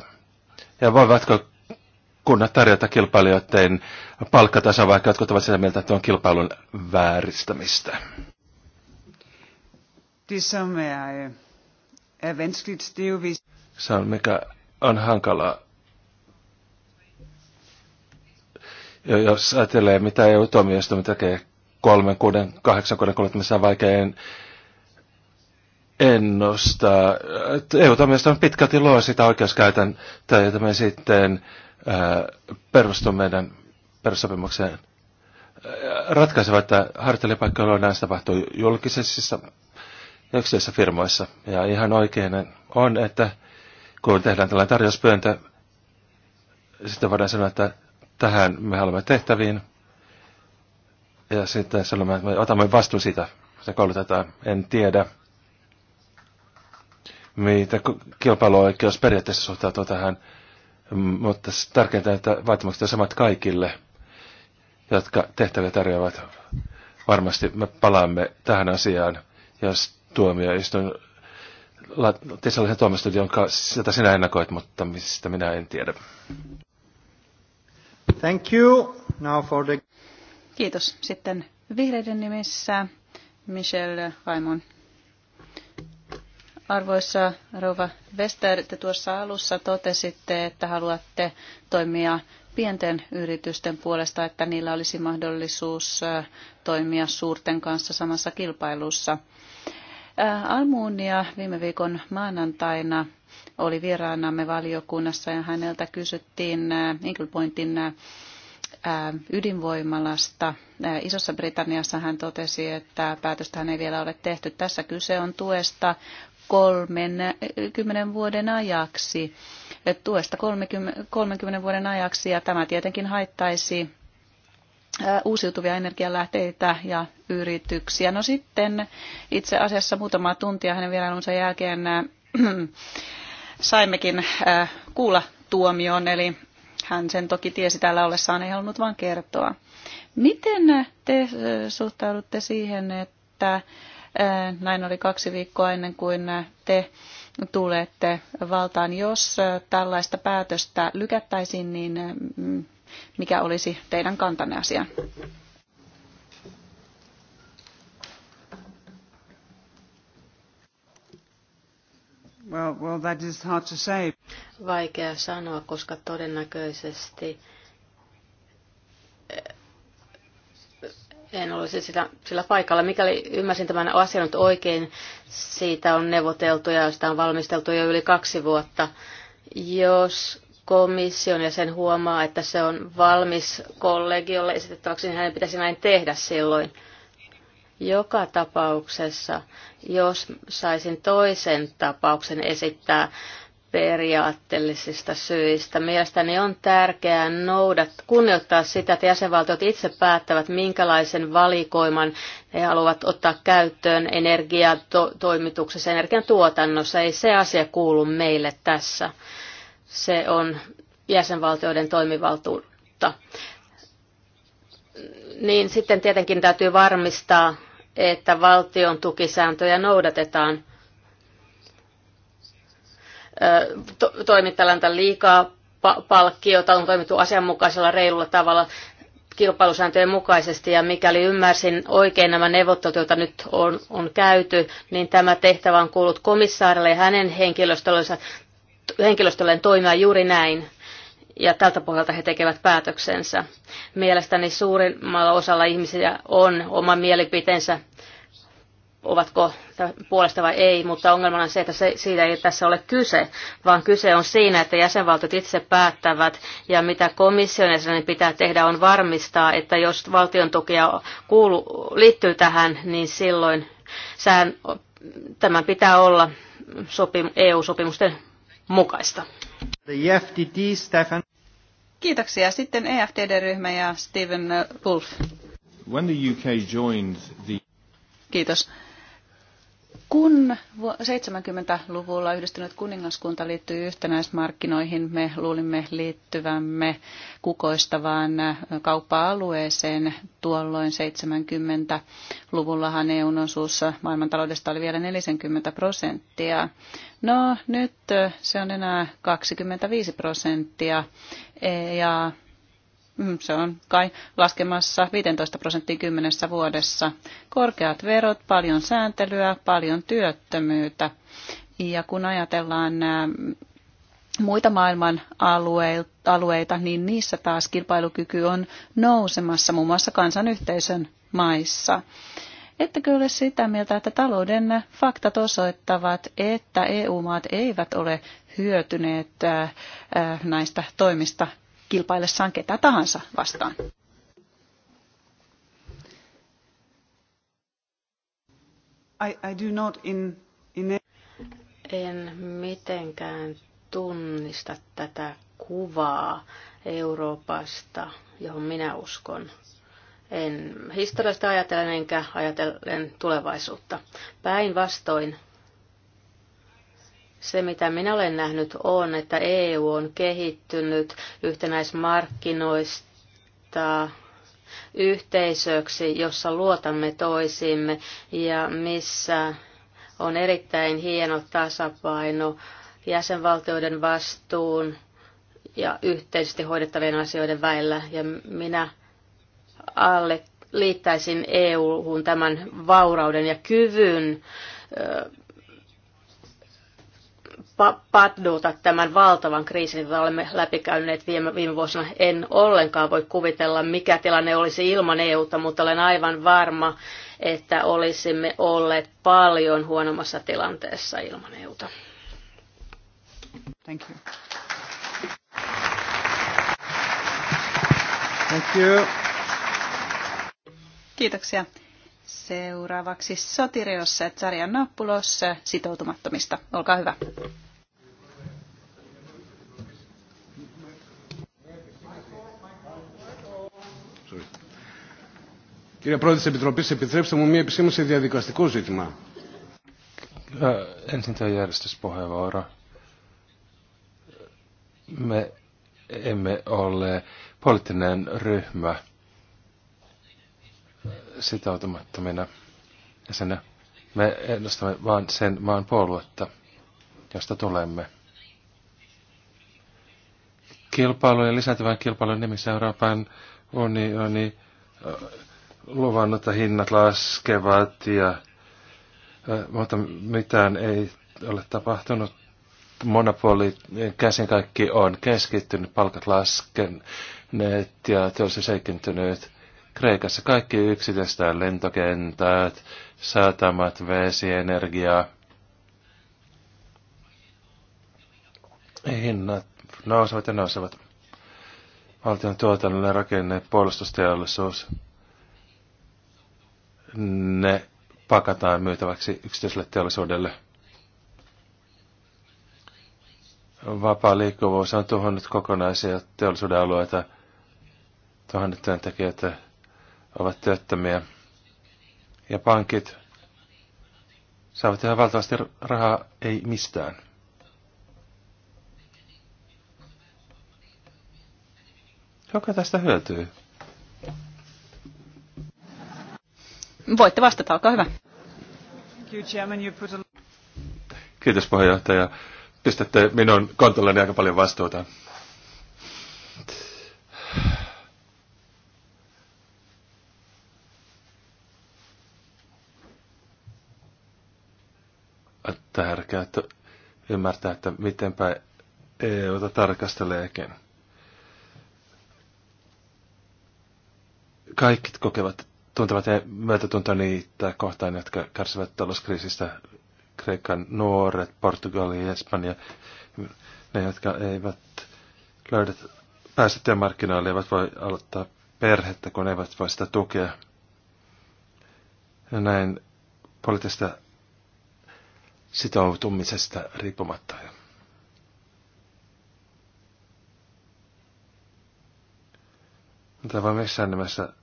ja voivatko kunnat tarjota kilpailijoiden palkkatasa, vaikka jotkut ovat sitä mieltä, että on kilpailun vääristämistä? Er, er er Se on, mikä on hankalaa Ja jos ajattelee, mitä EU-tuomioistuin tekee kolmen, kuuden, kahdeksan kuuden kuluttamissa on vaikea ennustaa. EU-tuomioistuin pitkälti luo sitä oikeuskäytäntöä, jota me sitten perustuu meidän perussopimukseen. Ratkaiseva, että harjoittelijapaikkoja on näistä tapahtuu julkisissa ja yksityisissä firmoissa. Ja ihan oikein on, että kun tehdään tällainen tarjouspyyntö, sitten voidaan sanoa, että tähän me haluamme tehtäviin. Ja sitten sanomme, me otamme vastuun siitä, se koulutetaan. En tiedä, mitä kilpailuoikeus periaatteessa suhtautuu tähän, mutta tärkeintä, että vaatimukset ovat samat kaikille, jotka tehtäviä tarjoavat. Varmasti me palaamme tähän asiaan, jos tuomioistuin laatii sellaisen tuomistudion, jota sinä ennakoit, mutta mistä minä en tiedä. Thank you. Now for the... Kiitos. Sitten vihreiden nimissä Michel Raimon. Arvoisa rouva Wester, te tuossa alussa totesitte, että haluatte toimia pienten yritysten puolesta, että niillä olisi mahdollisuus toimia suurten kanssa samassa kilpailussa. Almuunia viime viikon maanantaina oli vieraanamme valiokunnassa ja häneltä kysyttiin Pointin ydinvoimalasta. Isossa Britanniassa hän totesi, että päätöstä ei vielä ole tehty. Tässä kyse on tuesta kolmen, kymmenen vuoden ajaksi, tuesta 30, 30 vuoden ajaksi, ja tämä tietenkin haittaisi uusiutuvia energialähteitä ja yrityksiä. No sitten itse asiassa muutama tuntia hänen vierailunsa jälkeen saimmekin äh, kuulla tuomion, eli hän sen toki tiesi täällä ollessaan, ei halunnut vaan kertoa. Miten te äh, suhtaudutte siihen, että äh, näin oli kaksi viikkoa ennen kuin te tulette valtaan, jos tällaista päätöstä lykättäisiin, niin mikä olisi teidän kantanne asiaan? Well, well, that is hard to say. Vaikea sanoa, koska todennäköisesti eh, en olisi sitä, sillä paikalla. Mikäli ymmärsin tämän asian nyt oikein, siitä on neuvoteltu ja sitä on valmisteltu jo yli kaksi vuotta. Jos komission ja sen huomaa, että se on valmis kollegiolle esitettäväksi, niin hänen pitäisi näin tehdä silloin. Joka tapauksessa, jos saisin toisen tapauksen esittää periaatteellisista syistä. Mielestäni on tärkeää noudat, kunnioittaa sitä, että jäsenvaltiot itse päättävät, minkälaisen valikoiman he haluavat ottaa käyttöön energiatoimituksessa, energiantuotannossa. Ei se asia kuulu meille tässä. Se on jäsenvaltioiden toimivaltuutta. Niin sitten tietenkin täytyy varmistaa, että valtion tukisääntöjä noudatetaan. To- liikaa palkkiota on toimittu asianmukaisella reilulla tavalla kilpailusääntöjen mukaisesti ja mikäli ymmärsin oikein nämä neuvottelut, joita nyt on, on käyty, niin tämä tehtävä on kuullut komissaarille ja hänen henkilöstölleen toimia juuri näin ja tältä pohjalta he tekevät päätöksensä. Mielestäni suurimmalla osalla ihmisiä on oma mielipiteensä, ovatko puolesta vai ei, mutta ongelmana on se, että se, siitä ei tässä ole kyse, vaan kyse on siinä, että jäsenvaltiot itse päättävät ja mitä komission jäsenen pitää tehdä on varmistaa, että jos valtion tukea kuulu, liittyy tähän, niin silloin sään, tämän pitää olla sopim, EU-sopimusten mukaista. The e FTT, Stefan. Kiitoksia. Sitten EFTD-ryhmä ja Stephen Wolf. When the UK joined the... Kiitos. Kun 70-luvulla yhdistynyt kuningaskunta liittyy yhtenäismarkkinoihin, me luulimme liittyvämme kukoistavaan kauppa-alueeseen. Tuolloin 70-luvullahan EUn osuus maailmantaloudesta oli vielä 40 prosenttia. No nyt se on enää 25 prosenttia ja Mm, se on kai laskemassa 15 prosenttia kymmenessä vuodessa. Korkeat verot, paljon sääntelyä, paljon työttömyyttä. Ja kun ajatellaan muita maailman alueita, niin niissä taas kilpailukyky on nousemassa muun muassa kansanyhteisön maissa. Ettekö ole sitä mieltä, että talouden faktat osoittavat, että EU-maat eivät ole hyötyneet näistä toimista kilpaillessaan ketä tahansa vastaan. I, I do not in, in... En mitenkään tunnista tätä kuvaa Euroopasta, johon minä uskon. En historiasta ajatellen enkä ajatellen tulevaisuutta. Päinvastoin se, mitä minä olen nähnyt, on, että EU on kehittynyt yhtenäismarkkinoista yhteisöksi, jossa luotamme toisiimme ja missä on erittäin hieno tasapaino jäsenvaltioiden vastuun ja yhteisesti hoidettavien asioiden välillä. Ja minä alle liittäisin EU-hun tämän vaurauden ja kyvyn padduuta tämän valtavan kriisin, jota olemme läpikäyneet viime, viime vuosina. En ollenkaan voi kuvitella, mikä tilanne olisi ilman EUta, mutta olen aivan varma, että olisimme olleet paljon huonommassa tilanteessa ilman EUta. Thank you. Thank you. Kiitoksia. Seuraavaksi Sotireossa Tsarian Nappulossa sitoutumattomista. Olkaa hyvä. Κύριε Πρόεδρε της Επιτροπής, επιτρέψτε μου μία επισήμωση διαδικαστικό ζήτημα. Ensin tämä järjestyspuheenvuoro. Me emme ole poliittinen ryhmä sitoutumattomina jäsenä. Me edustamme vain sen maan puoluetta, josta tulemme. Kilpailu ja lisääntyvän kilpailun nimissä Euroopan unioni luvannut, että hinnat laskevat, ja, äh, mutta mitään ei ole tapahtunut. Monopoli käsin kaikki on keskittynyt, palkat laskeneet ja teollisuus heikentynyt. Kreikassa kaikki yksityistään lentokentät, satamat, vesi, energiaa. Hinnat nousevat ja nousevat. Valtion tuotannollinen rakenne, puolustusteollisuus ne pakataan myytäväksi yksityiselle teollisuudelle. Vapaa liikkuvuus on tuhonnut kokonaisia teollisuuden alueita. Tuhannet työntekijät ovat työttömiä. Ja pankit saavat ihan valtavasti rahaa ei mistään. Joka tästä hyötyy? Voitte vastata, olkaa hyvä. Kiitos puheenjohtaja. Pistätte minun kontolleni aika paljon vastuuta. tärkeää että ymmärtää, että mitenpä EUta tarkasteleekin. Kaikki kokevat tuntevat myötätunto niitä kohtaan, jotka kärsivät talouskriisistä. Kreikan nuoret, Portugali, Espanja, ne, jotka eivät löydä pääse työmarkkinoille, eivät voi aloittaa perhettä, kun eivät voi sitä tukea. Ja näin poliittista sitoutumisesta riippumatta. Mutta voi missään nimessä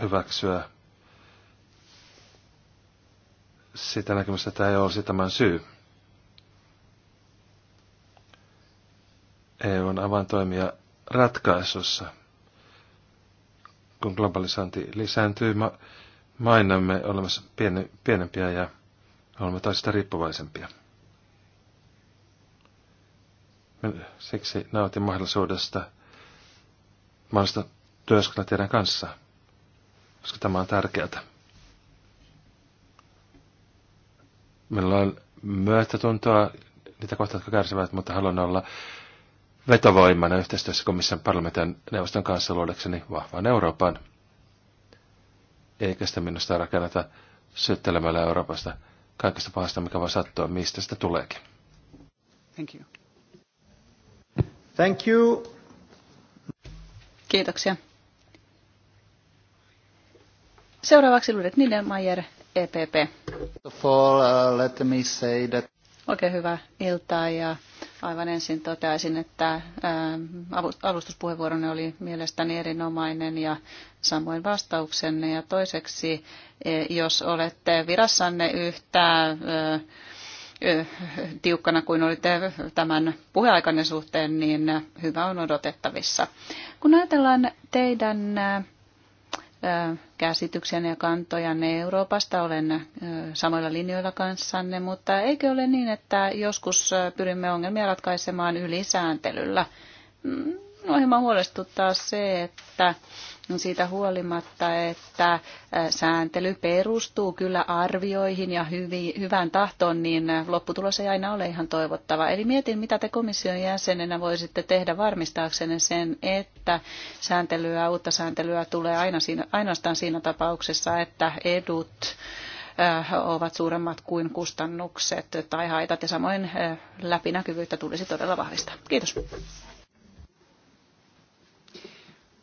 hyväksyä sitä näkemystä, että ei olisi tämän syy. EU on avaintoimija ratkaisussa. Kun globalisointi lisääntyy, mainamme olemassa pienempiä ja olemme toisista riippuvaisempia. Siksi nautin mahdollisuudesta mahdollista työskennellä teidän kanssa koska tämä on tärkeää. Meillä on myötätuntoa niitä kohtaa, jotka kärsivät, mutta haluan olla vetovoimana yhteistyössä komission parlamentin neuvoston kanssa luodakseni vahvan Euroopan. Eikä sitä minusta rakenneta syttelemällä Euroopasta kaikesta pahasta, mikä voi sattua, mistä sitä tuleekin. Thank you. Thank you. Kiitoksia. Seuraavaksi Ludet Niedermayer, EPP. Uh, Oikein hyvää iltaa ja aivan ensin toteaisin, että ähm, avustuspuheenvuoronne oli mielestäni erinomainen ja samoin vastauksenne. Ja toiseksi, e, jos olette virassanne yhtä äh, e, tiukkana kuin olitte tämän puheaikanne suhteen, niin hyvä on odotettavissa. Kun ajatellaan teidän äh, käsityksiänne ja kantojanne Euroopasta. Olen samoilla linjoilla kanssanne, mutta eikö ole niin, että joskus pyrimme ongelmia ratkaisemaan ylisääntelyllä? No hieman huolestuttaa se, että No, siitä huolimatta, että sääntely perustuu kyllä arvioihin ja hyvään tahtoon, niin lopputulos ei aina ole ihan toivottava. Eli mietin, mitä te komission jäsenenä voisitte tehdä varmistaaksenne sen, että sääntelyä, uutta sääntelyä tulee aina siinä, ainoastaan siinä tapauksessa, että edut ovat suuremmat kuin kustannukset tai haitat ja samoin läpinäkyvyyttä tulisi todella vahvistaa. Kiitos.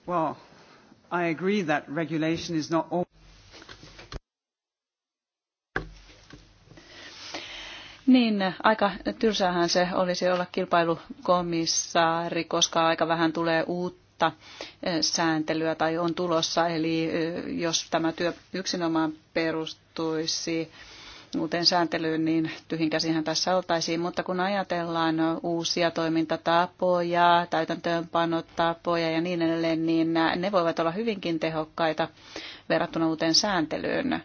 Wow. I agree that regulation is not all... Niin, aika tylsähän se olisi olla kilpailukomissaari, koska aika vähän tulee uutta eh, sääntelyä tai on tulossa. Eli eh, jos tämä työ yksinomaan perustuisi uuteen sääntelyyn, niin tyhinkäsihän tässä oltaisiin. Mutta kun ajatellaan uusia toimintatapoja, täytäntöönpanotapoja ja niin edelleen, niin ne voivat olla hyvinkin tehokkaita verrattuna uuteen sääntelyyn.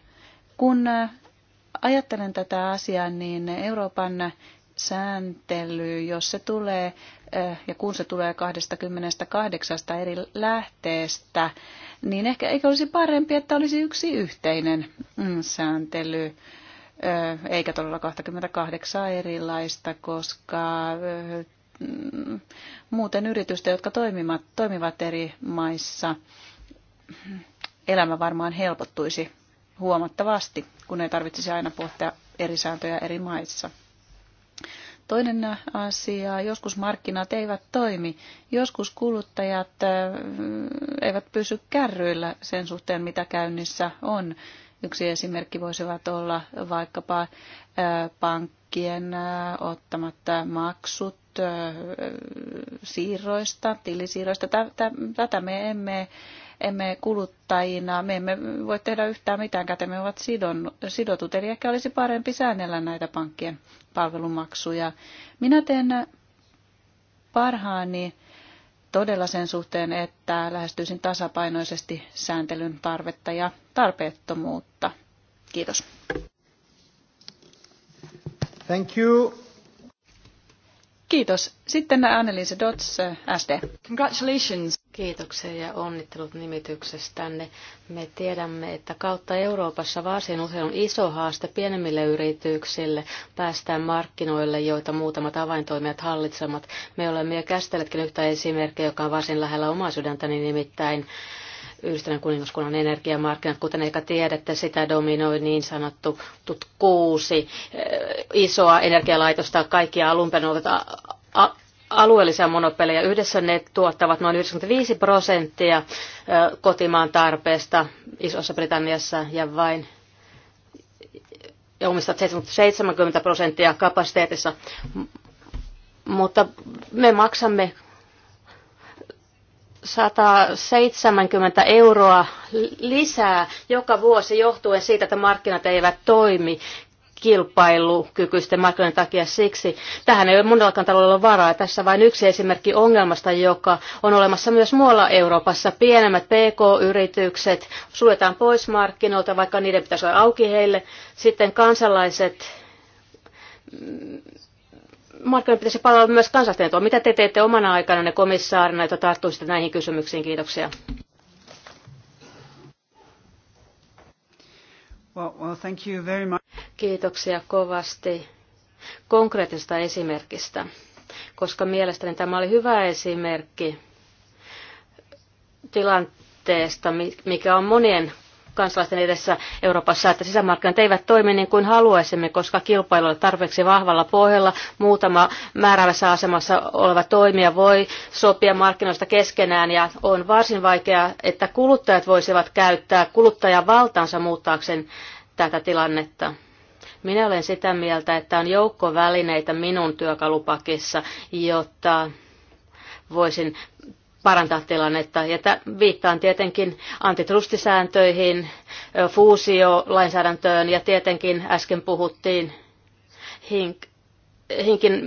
Kun ajattelen tätä asiaa, niin Euroopan sääntely, jos se tulee eh, ja kun se tulee 28 eri lähteestä, niin ehkä eikö olisi parempi, että olisi yksi yhteinen mm, sääntely eikä todella 28 erilaista, koska mm, muuten yritystä, jotka toimivat, toimivat eri maissa, elämä varmaan helpottuisi huomattavasti, kun ei tarvitsisi aina pohtia eri sääntöjä eri maissa. Toinen asia, joskus markkinat eivät toimi, joskus kuluttajat eivät pysy kärryillä sen suhteen, mitä käynnissä on. Yksi esimerkki voisivat olla vaikkapa pankkien ottamatta maksut siirroista, tilisiirroista. Tätä me emme, emme kuluttajina, me emme voi tehdä yhtään mitään, kätemme ovat sidon, sidotut. Eli ehkä olisi parempi säännellä näitä pankkien palvelumaksuja. Minä teen parhaani todella sen suhteen, että lähestyisin tasapainoisesti sääntelyn tarvetta ja tarpeettomuutta. Kiitos. Thank you. Kiitos. Sitten Anneliese Dots, SD. Congratulations. Kiitoksia ja onnittelut nimityksestänne. Me tiedämme, että kautta Euroopassa varsin usein on iso haaste pienemmille yrityksille päästään markkinoille, joita muutamat avaintoimijat hallitsemat. Me olemme jo käsitelletkin yhtä esimerkkiä, joka on varsin lähellä omaa sydäntäni, nimittäin Yhdistyneen kuningaskunnan energiamarkkinat, kuten ehkä tiedätte, sitä dominoi niin sanottu tutkuusi kuusi eh, isoa energialaitosta. Kaikki alun perin alueellisia monopeleja. Yhdessä ne tuottavat noin 95 prosenttia kotimaan tarpeesta Isossa Britanniassa ja vain ja omistat 70 prosenttia kapasiteetissa. Mutta me maksamme 170 euroa lisää joka vuosi johtuen siitä, että markkinat eivät toimi kilpailukykyisten markkinoiden takia siksi. Tähän ei ole monellakaan taloudella varaa. Tässä vain yksi esimerkki ongelmasta, joka on olemassa myös muualla Euroopassa. Pienemmät PK-yritykset suljetaan pois markkinoilta, vaikka niiden pitäisi olla auki heille. Sitten kansalaiset mm, markkinoiden pitäisi palvella myös kansalaisten etua. Mitä te teette omana aikana ne komissaarina, että tarttuisitte näihin kysymyksiin? Kiitoksia. Well, well, thank you very much. Kiitoksia kovasti konkreettisesta esimerkistä, koska mielestäni tämä oli hyvä esimerkki tilanteesta, mikä on monien kansalaisten edessä Euroopassa, että sisämarkkinat eivät toimi niin kuin haluaisimme, koska kilpailu on tarpeeksi vahvalla pohjalla. Muutama määräävässä asemassa oleva toimija voi sopia markkinoista keskenään ja on varsin vaikeaa, että kuluttajat voisivat käyttää kuluttajan valtaansa muuttaakseen tätä tilannetta. Minä olen sitä mieltä, että on joukko välineitä minun työkalupakissa, jotta voisin parantaa tilannetta. Ja viittaan tietenkin antitrustisääntöihin, fuusiolainsäädäntöön ja tietenkin äsken puhuttiin hink, hinkin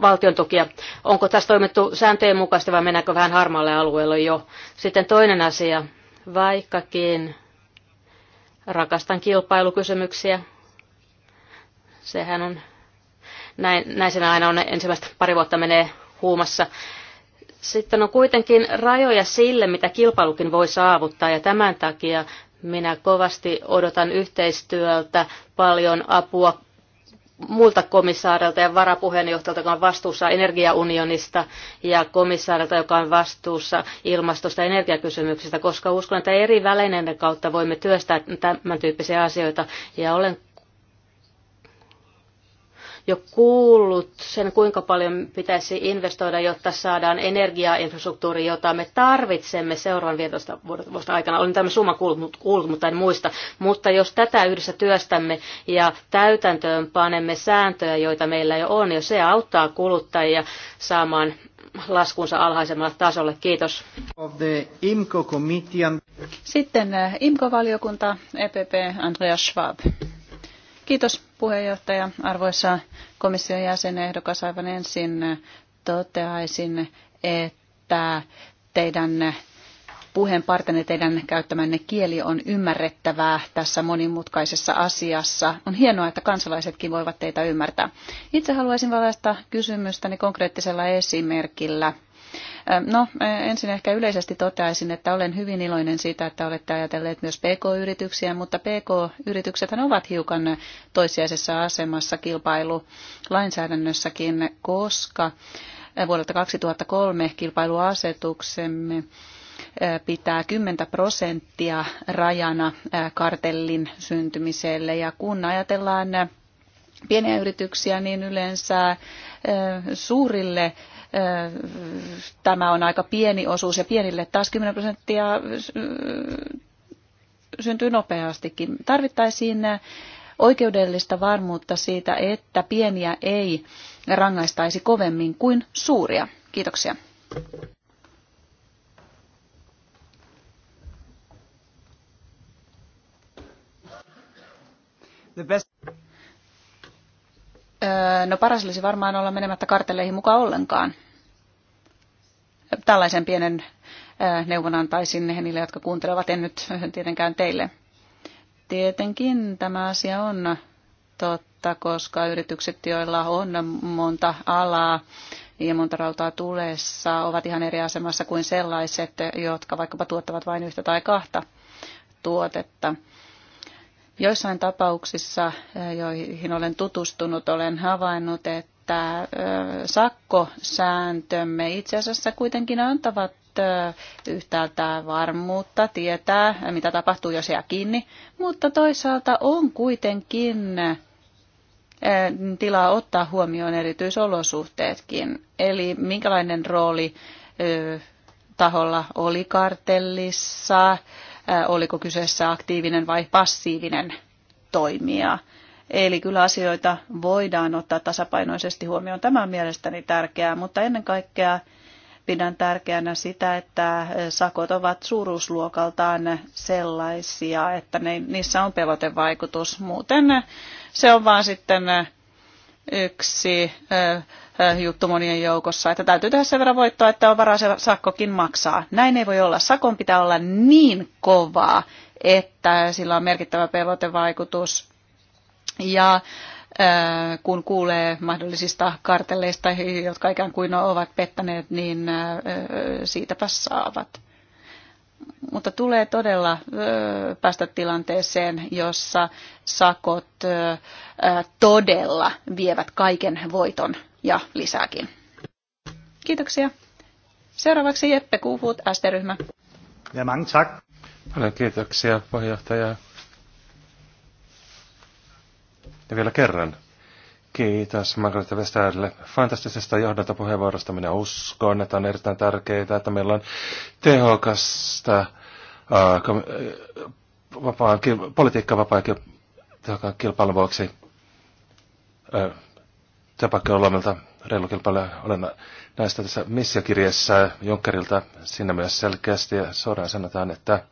valtion tukia. Onko tässä toimittu sääntöjen mukaisesti vai mennäänkö vähän harmaalle alueelle jo? Sitten toinen asia, vaikkakin rakastan kilpailukysymyksiä. Sehän on, näin, näin aina on ensimmäistä pari vuotta menee huumassa sitten on kuitenkin rajoja sille, mitä kilpailukin voi saavuttaa, ja tämän takia minä kovasti odotan yhteistyöltä paljon apua muilta komissaarilta ja varapuheenjohtajalta, joka on vastuussa energiaunionista ja komissaarilta, joka on vastuussa ilmastosta ja energiakysymyksistä, koska uskon, että eri välineiden kautta voimme työstää tämän tyyppisiä asioita. Ja olen jo kuullut sen, kuinka paljon pitäisi investoida, jotta saadaan energiainfrastruktuuri, jota me tarvitsemme seuraavan 15 vuotta aikana. Olen tämän summan kuullut, kuullut, mutta en muista. Mutta jos tätä yhdessä työstämme ja täytäntöön panemme sääntöjä, joita meillä jo on, jo se auttaa kuluttajia saamaan laskunsa alhaisemmalle tasolle. Kiitos. Sitten eh, IMKO-valiokunta, EPP, Andreas Schwab. Kiitos puheenjohtaja. Arvoisa komission jäsenehdokas, aivan ensin toteaisin, että teidän puheenpartenne, teidän käyttämänne kieli on ymmärrettävää tässä monimutkaisessa asiassa. On hienoa, että kansalaisetkin voivat teitä ymmärtää. Itse haluaisin valaista kysymystäni konkreettisella esimerkillä. No, ensin ehkä yleisesti toteaisin, että olen hyvin iloinen siitä, että olette ajatelleet myös PK-yrityksiä, mutta PK-yritykset ovat hiukan toissijaisessa asemassa kilpailulainsäädännössäkin, koska vuodelta 2003 kilpailuasetuksemme pitää 10 prosenttia rajana kartellin syntymiselle. Ja kun ajatellaan pieniä yrityksiä, niin yleensä suurille tämä on aika pieni osuus ja pienille taas 10 prosenttia syntyy nopeastikin. Tarvittaisiin oikeudellista varmuutta siitä, että pieniä ei rangaistaisi kovemmin kuin suuria. Kiitoksia. The best No paras olisi varmaan olla menemättä kartelleihin mukaan ollenkaan. Tällaisen pienen neuvon antaisin niille, jotka kuuntelevat, en nyt tietenkään teille. Tietenkin tämä asia on totta, koska yritykset, joilla on monta alaa ja monta rautaa tulessa, ovat ihan eri asemassa kuin sellaiset, jotka vaikkapa tuottavat vain yhtä tai kahta tuotetta. Joissain tapauksissa, eh, joihin olen tutustunut, olen havainnut, että eh, sakkosääntömme itse asiassa kuitenkin antavat eh, yhtäältä varmuutta, tietää, mitä tapahtuu, jos jää kiinni, mutta toisaalta on kuitenkin tilaa ottaa huomioon erityisolosuhteetkin. Eli minkälainen rooli taholla oli kartellissa, oliko kyseessä aktiivinen vai passiivinen toimija. Eli kyllä asioita voidaan ottaa tasapainoisesti huomioon. Tämä on mielestäni tärkeää, mutta ennen kaikkea pidän tärkeänä sitä, että sakot ovat suuruusluokaltaan sellaisia, että ne, niissä on pelotevaikutus. Muuten se on vaan sitten yksi juttu monien joukossa, että täytyy tehdä sen verran voittoa, että on varaa se sakkokin maksaa. Näin ei voi olla. Sakon pitää olla niin kovaa, että sillä on merkittävä pelotevaikutus. Ja kun kuulee mahdollisista kartelleista, jotka ikään kuin ovat pettäneet, niin siitäpä saavat mutta tulee todella päästä tilanteeseen, jossa sakot todella vievät kaiken voiton ja lisääkin. Kiitoksia. Seuraavaksi Jeppe Kuuhut, ST-ryhmä. Ja mange tak. Paljon kiitoksia, puheenjohtaja. Ja vielä kerran Kiitos Margaret Westerille fantastisesta johdantopuheenvuorosta. Minä uskon, että on erittäin tärkeää, että meillä on tehokasta uh, vapaan, politiikka vapaa tehokkaan kilpailun vuoksi uh, työpaikkojen reilu kilpailu. Olen näistä tässä missiokirjassa Junckerilta. Siinä myös selkeästi ja suoraan sanotaan, että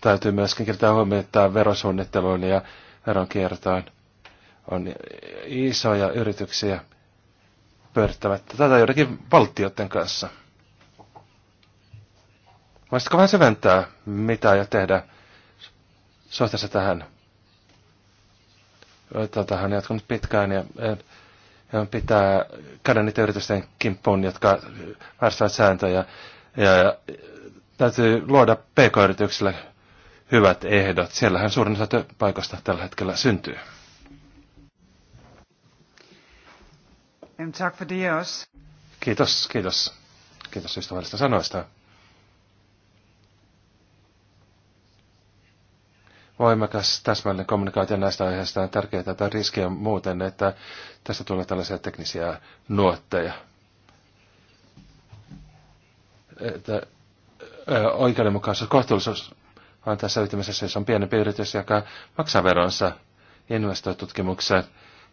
täytyy myöskin kiinnittää huomiota verosuunnitteluun ja veronkiertoon. On isoja yrityksiä pyörittävät. tätä joidenkin valtioiden kanssa. Voisitko vähän syventää, mitä ja tehdä suhteessa tähän? Tätähän on jatkunut pitkään ja, ja pitää käydä niitä yritysten kimppuun, jotka vastaavat sääntöjä. Ja, ja täytyy luoda pk-yrityksille hyvät ehdot. Siellähän suurin osa työpaikoista tällä hetkellä syntyy. Tack för Kiitos, kiitos. Kiitos ystävällistä sanoista. Voimakas täsmällinen kommunikaatio näistä aiheista on tärkeää tätä riskiä muuten, että tästä tulee tällaisia teknisiä nuotteja. Että oikeudenmukaisuus, kohtuullisuus vaan tässä ytimessä, jos on pienempi yritys, joka maksaa veronsa investointitutkimukseen,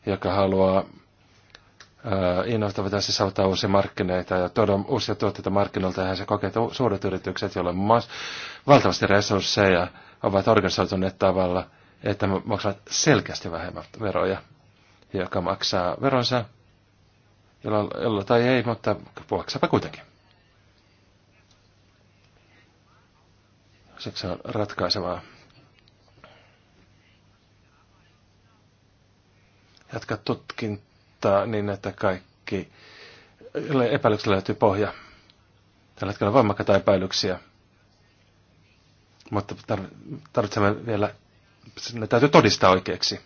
joka haluaa äh, innoittaa tässä saavuttaa uusia markkinoita ja tuoda uusia tuotteita markkinoilta. Ja se kokee, että suuret yritykset, joilla on valtavasti resursseja, ovat organisoituneet tavalla, että maksavat selkeästi vähemmän veroja, joka maksaa veronsa, jolla, jolla tai ei, mutta maksaapa kuitenkin. Siksi on ratkaisevaa. Jatka tutkintaa niin, että kaikki epäilyksellä löytyy pohja. Tällä hetkellä on voimakkaita epäilyksiä, mutta tarvitsemme vielä, ne täytyy todistaa oikeaksi.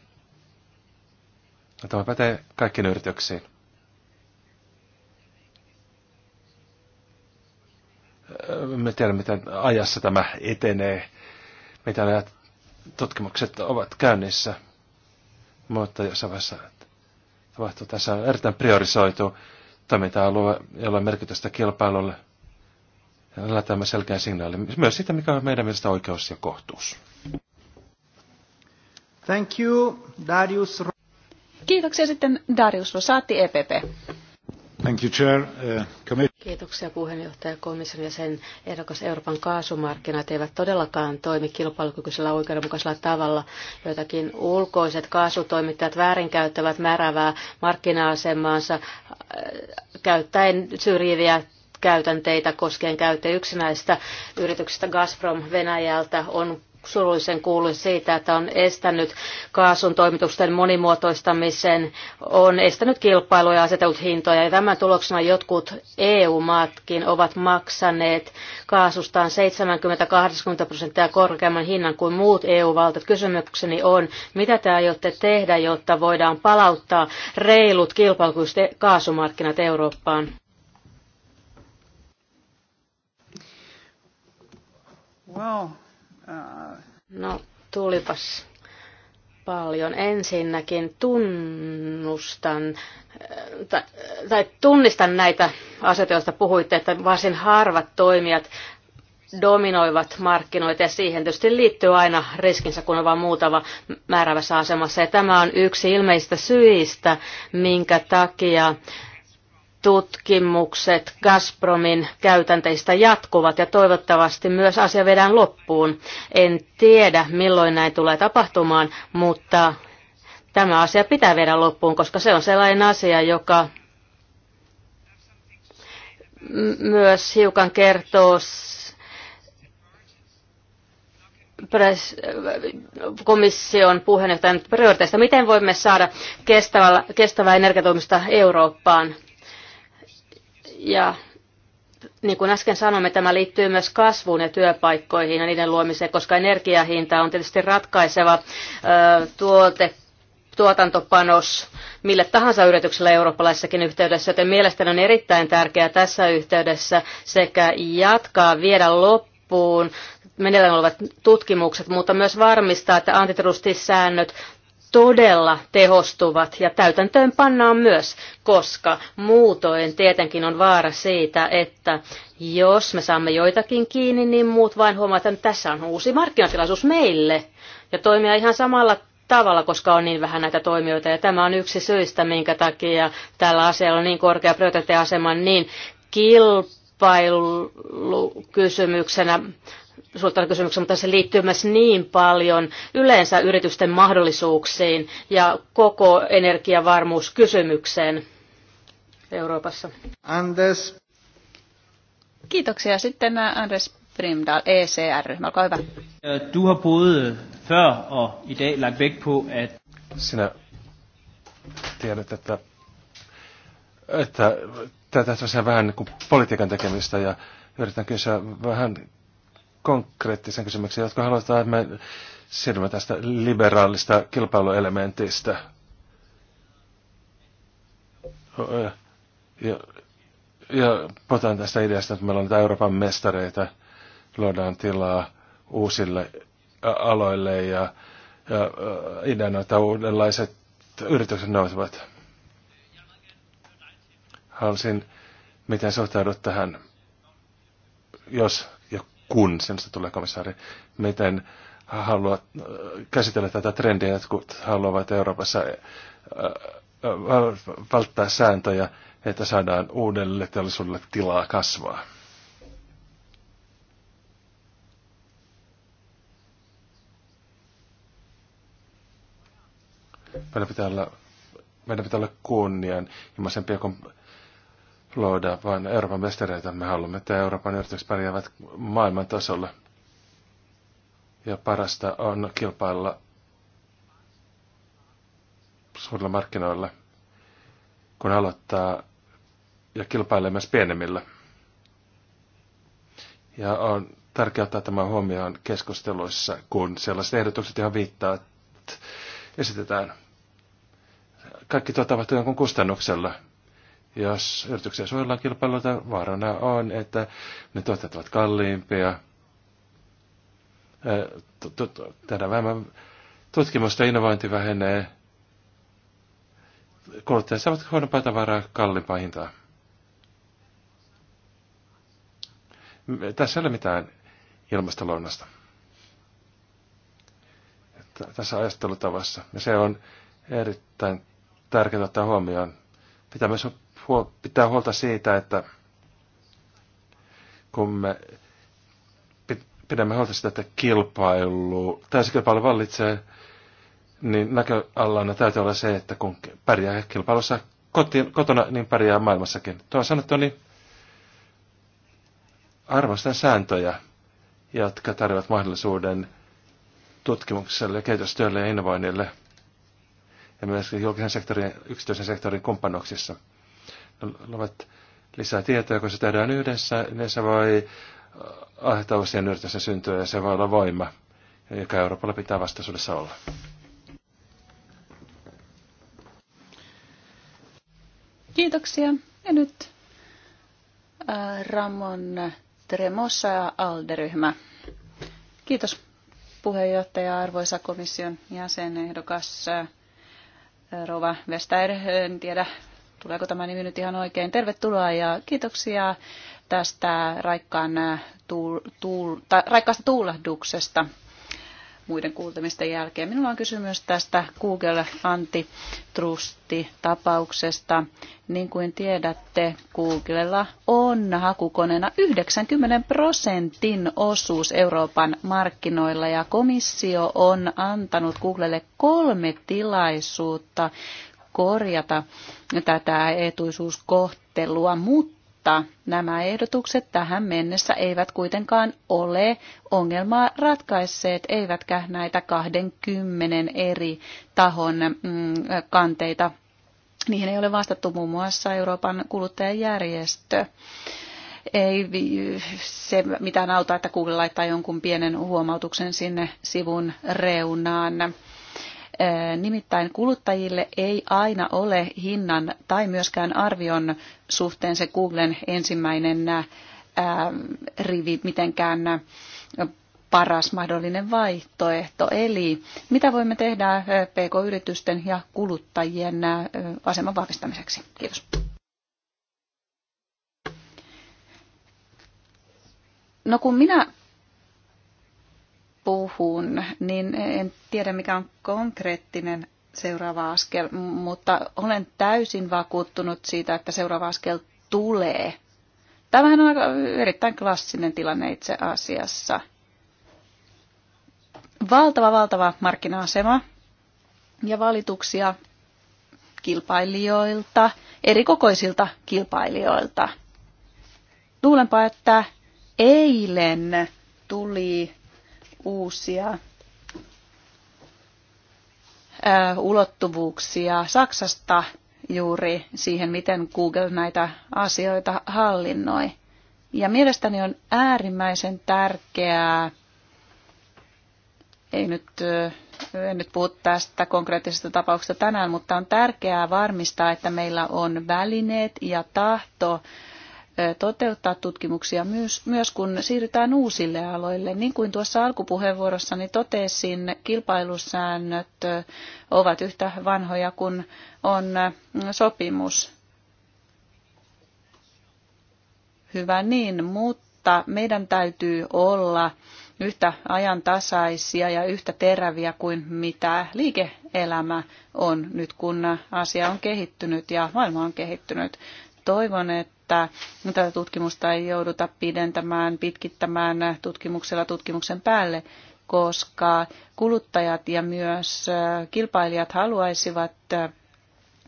Tämä pätee kaikkiin yrityksiin. me tiedämme, miten ajassa tämä etenee, mitä nämä tutkimukset ovat käynnissä. Mutta jos vaiheessa tapahtuu. Tässä on erittäin priorisoitu toiminta-alue, jolla on merkitystä kilpailulle. Ja tämä selkeä signaali myös siitä, mikä on meidän mielestä oikeus ja kohtuus. Thank you, Darius. Kiitoksia sitten Darius Rosati, EPP. Thank you, uh, Kiitoksia puheenjohtaja komission ja sen ehdokas Euroopan kaasumarkkinat eivät todellakaan toimi kilpailukykyisellä oikeudenmukaisella tavalla. Joitakin ulkoiset kaasutoimittajat väärinkäyttävät määrävää markkina-asemaansa äh, käyttäen syrjiviä käytänteitä koskien käyttö yksinäistä yrityksestä Gazprom Venäjältä on surullisen kuului siitä, että on estänyt kaasun toimitusten monimuotoistamisen, on estänyt kilpailuja ja asetellut hintoja. Ja tämän tuloksena jotkut EU-maatkin ovat maksaneet kaasustaan 70-80 prosenttia korkeamman hinnan kuin muut eu valtat Kysymykseni on, mitä te aiotte tehdä, jotta voidaan palauttaa reilut kilpailukykyiset kaasumarkkinat Eurooppaan? Well, No, tulipas paljon. Ensinnäkin tunnustan äh, tai tunnistan näitä asioita, joista puhuitte, että varsin harvat toimijat dominoivat markkinoita ja siihen tietysti liittyy aina riskinsä, kun on vain muutama määrävässä asemassa. Ja tämä on yksi ilmeisistä syistä, minkä takia tutkimukset Gazpromin käytänteistä jatkuvat ja toivottavasti myös asia vedään loppuun. En tiedä, milloin näin tulee tapahtumaan, mutta tämä asia pitää vedä loppuun, koska se on sellainen asia, joka myös hiukan kertoo komission puheenjohtajan prioriteista. Miten voimme saada kestävää, kestävää energiatoimista Eurooppaan? Ja niin kuin äsken sanoimme, tämä liittyy myös kasvuun ja työpaikkoihin ja niiden luomiseen, koska energiahinta on tietysti ratkaiseva tuote, tuotantopanos mille tahansa yritykselle eurooppalaisessakin yhteydessä, joten mielestäni on erittäin tärkeää tässä yhteydessä sekä jatkaa, viedä loppuun meneillään olevat tutkimukset, mutta myös varmistaa, että antitrustisäännöt todella tehostuvat ja täytäntöön pannaan myös, koska muutoin tietenkin on vaara siitä, että jos me saamme joitakin kiinni, niin muut vain huomaavat, että tässä on uusi markkinatilaisuus meille ja toimia ihan samalla tavalla, koska on niin vähän näitä toimijoita. Ja tämä on yksi syistä, minkä takia tällä asialla on niin korkea prioriteettiasema, niin kilpailukysymyksenä suottava kysymyksen, mutta se liittyy myös niin paljon yleensä yritysten mahdollisuuksiin ja koko energiavarmuuskysymykseen Euroopassa. Anders. Kiitoksia. Sitten äh, Andres Brimdal, ECR-ryhmä, olkaa hyvä. Du har både øh, før og i dag lagt vægt på, at... Sinä tiedät, että, että tätä on vähän niin kuin politiikan tekemistä ja yritän kysyä vähän konkreettisen kysymyksen, jotka halutaan, että me siirrymme tästä liberaalista kilpailuelementistä. Ja, ja puhutaan tästä ideasta, että meillä on Euroopan mestareita, luodaan tilaa uusille aloille ja, ja ideana, että uudenlaiset yritykset nousevat. Haluaisin, miten suhtaudut tähän, jos kun sinusta tulee komissaari, miten haluat äh, käsitellä tätä trendiä, että kun haluavat Euroopassa äh, äh, välttää sääntöjä, että saadaan uudelle teollisuudelle tilaa kasvaa. Meidän pitää olla, meidän pitää olla kunnianhimoisempia kuin luoda vain Euroopan mestareita. Me haluamme, että Euroopan yritykset pärjäävät maailman tasolla. Ja parasta on kilpailla suurilla markkinoilla, kun aloittaa ja kilpailee myös pienemmillä. Ja on tärkeää ottaa tämä huomioon keskusteluissa, kun sellaiset ehdotukset, johon viittaat, esitetään. Kaikki tuo jonkun kustannuksella – jos yrityksiä suojellaan kilpailulta, niin vaarana on, että ne tuotteet ovat kalliimpia. Tänä vähemmän tutkimusta innovointi vähenee. Kuluttajat saavat huonompaa tavaraa kalliimpaa hintaa. Tässä ei ole mitään ilmastolounasta tässä ajattelutavassa. Ja se on erittäin tärkeää ottaa huomioon. Pitää myös pitää huolta siitä, että kun me pidämme huolta sitä, että kilpailu, täysi kilpailu vallitsee, niin näköalana täytyy olla se, että kun pärjää kilpailussa kotiin, kotona, niin pärjää maailmassakin. Tuo on sanottu, niin arvostan sääntöjä, jotka tarjoavat mahdollisuuden tutkimukselle, kehitystyölle ja innovoinnille ja myös julkisen sektorin, yksityisen sektorin kumppanuksissa – luvat lisää tietoa, kun se tehdään yhdessä, niin se voi äh, aiheuttaa uusien syntyä ja se voi olla voima, joka Euroopalla pitää vastaisuudessa olla. Kiitoksia. Ja nyt äh, Ramon Tremossa ja Alderyhmä. Kiitos puheenjohtaja, arvoisa komission jäsenehdokas äh, Rova Vestager. En tiedä, Tuleeko tämä nimi nyt ihan oikein? Tervetuloa ja kiitoksia tästä raikkaan äh, tuul, tuul, ta, raikkaasta tuulahduksesta muiden kuultamisten jälkeen. Minulla on kysymys tästä Google Antitrusti-tapauksesta. Niin kuin tiedätte, Googlella on hakukoneena 90 prosentin osuus Euroopan markkinoilla ja komissio on antanut Googlelle kolme tilaisuutta korjata tätä etuisuuskohtelua, mutta nämä ehdotukset tähän mennessä eivät kuitenkaan ole ongelmaa ratkaisseet, eivätkä näitä 20 eri tahon mm, kanteita. Niihin ei ole vastattu muun muassa Euroopan kuluttajajärjestö ei se mitään auta, että Google laittaa jonkun pienen huomautuksen sinne sivun reunaan. Nimittäin kuluttajille ei aina ole hinnan tai myöskään arvion suhteen se Googlen ensimmäinen rivi mitenkään paras mahdollinen vaihtoehto. Eli mitä voimme tehdä PK-yritysten ja kuluttajien aseman vahvistamiseksi? Kiitos. No kun minä puhun, niin en tiedä mikä on konkreettinen seuraava askel, mutta olen täysin vakuuttunut siitä, että seuraava askel tulee. Tämähän on aika erittäin klassinen tilanne itse asiassa. Valtava, valtava markkina-asema ja valituksia kilpailijoilta, eri kokoisilta kilpailijoilta. Luulenpa, että eilen tuli uusia ulottuvuuksia Saksasta juuri siihen, miten Google näitä asioita hallinnoi. Ja mielestäni on äärimmäisen tärkeää, ei nyt, en nyt puhu tästä konkreettisesta tapauksesta tänään, mutta on tärkeää varmistaa, että meillä on välineet ja tahto toteuttaa tutkimuksia myös, myös kun siirrytään uusille aloille. Niin kuin tuossa alkupuheenvuorossani totesin, kilpailusäännöt ovat yhtä vanhoja kuin on sopimus. Hyvä niin, mutta meidän täytyy olla yhtä ajantasaisia ja yhtä teräviä kuin mitä liike-elämä on nyt, kun asia on kehittynyt ja maailma on kehittynyt. Toivon, että että tätä tutkimusta ei jouduta pidentämään, pitkittämään tutkimuksella tutkimuksen päälle, koska kuluttajat ja myös äh, kilpailijat haluaisivat äh,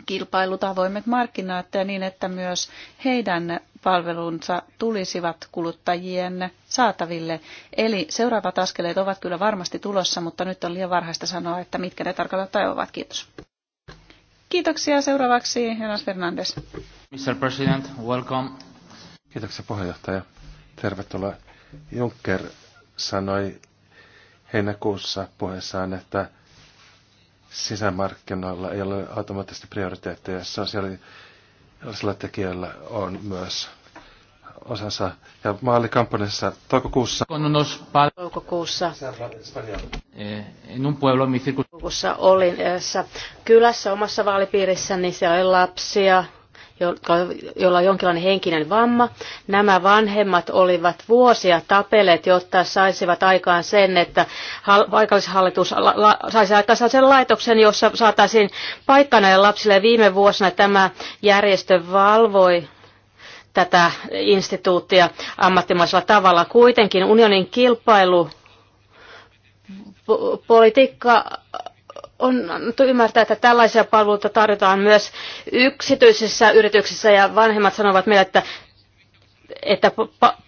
kilpailut avoimet markkinat niin, että myös heidän palvelunsa tulisivat kuluttajien saataville. Eli seuraavat askeleet ovat kyllä varmasti tulossa, mutta nyt on liian varhaista sanoa, että mitkä ne tarkalleen ovat. Kiitos. Kiitoksia. Seuraavaksi Jonas Fernandes. Mr. President, welcome. Kiitoksia puheenjohtaja. Tervetuloa. Juncker sanoi heinäkuussa puheessaan, että sisämarkkinoilla ei ole automaattisesti prioriteetteja. Sosiaalisilla tekijöillä on myös osansa. Ja mä olin kampanjassa toukokuussa. Toukokuussa. Eh, toukokuussa olin kylässä omassa vaalipiirissäni. Siellä oli lapsia, jolla on jonkinlainen henkinen vamma. Nämä vanhemmat olivat vuosia tapeleet, jotta saisivat aikaan sen, että paikallishallitus saisi aikaan sellaisen laitoksen, jossa saataisiin paikkana ja lapsille. Viime vuosina tämä järjestö valvoi tätä instituuttia ammattimaisella tavalla. Kuitenkin unionin kilpailu politiikka on annettu ymmärtää, että tällaisia palveluita tarjotaan myös yksityisissä yrityksissä ja vanhemmat sanovat meille, että, että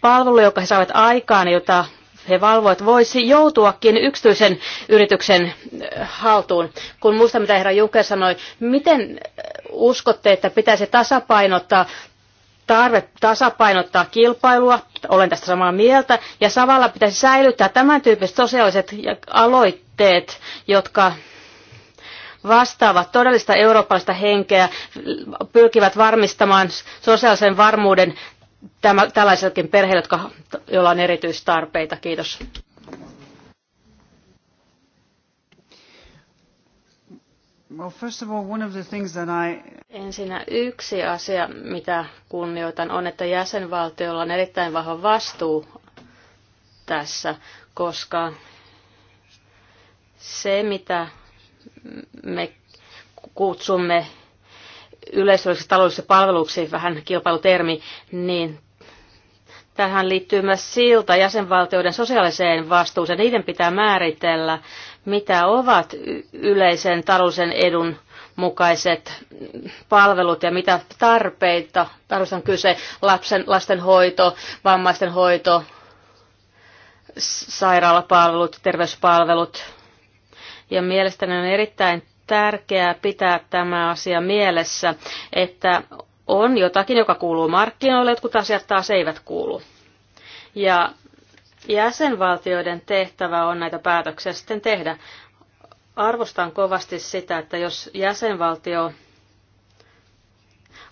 palvelu, joka he saavat aikaan, jota he valvoivat, voisi joutuakin yksityisen yrityksen äh, haltuun. Kun muista, mitä herra Juke sanoi, miten äh, uskotte, että pitäisi tasapainottaa tarve tasapainottaa kilpailua, olen tästä samaa mieltä, ja samalla pitäisi säilyttää tämän tyyppiset sosiaaliset aloitteet, jotka vastaavat todellista eurooppalaista henkeä, pyrkivät varmistamaan sosiaalisen varmuuden tämä, tällaisellekin jotka, joilla on erityistarpeita. Kiitos. Well, first of all, one of the things that I... Ensinnä yksi asia, mitä kunnioitan, on, että jäsenvaltiolla on erittäin vahva vastuu tässä, koska se, mitä me kutsumme yleisölliseksi taloudellisiksi palveluksi, vähän kilpailutermi, niin tähän liittyy myös silta jäsenvaltioiden sosiaaliseen vastuuseen. Niiden pitää määritellä, mitä ovat yleisen taloudellisen edun mukaiset palvelut ja mitä tarpeita. Tarvitaan kyse lapsen, lastenhoito, vammaisten hoito, sairaalapalvelut, terveyspalvelut, ja mielestäni on erittäin tärkeää pitää tämä asia mielessä, että on jotakin, joka kuuluu markkinoille, jotkut asiat taas eivät kuulu. Ja jäsenvaltioiden tehtävä on näitä päätöksiä sitten tehdä. Arvostan kovasti sitä, että jos jäsenvaltio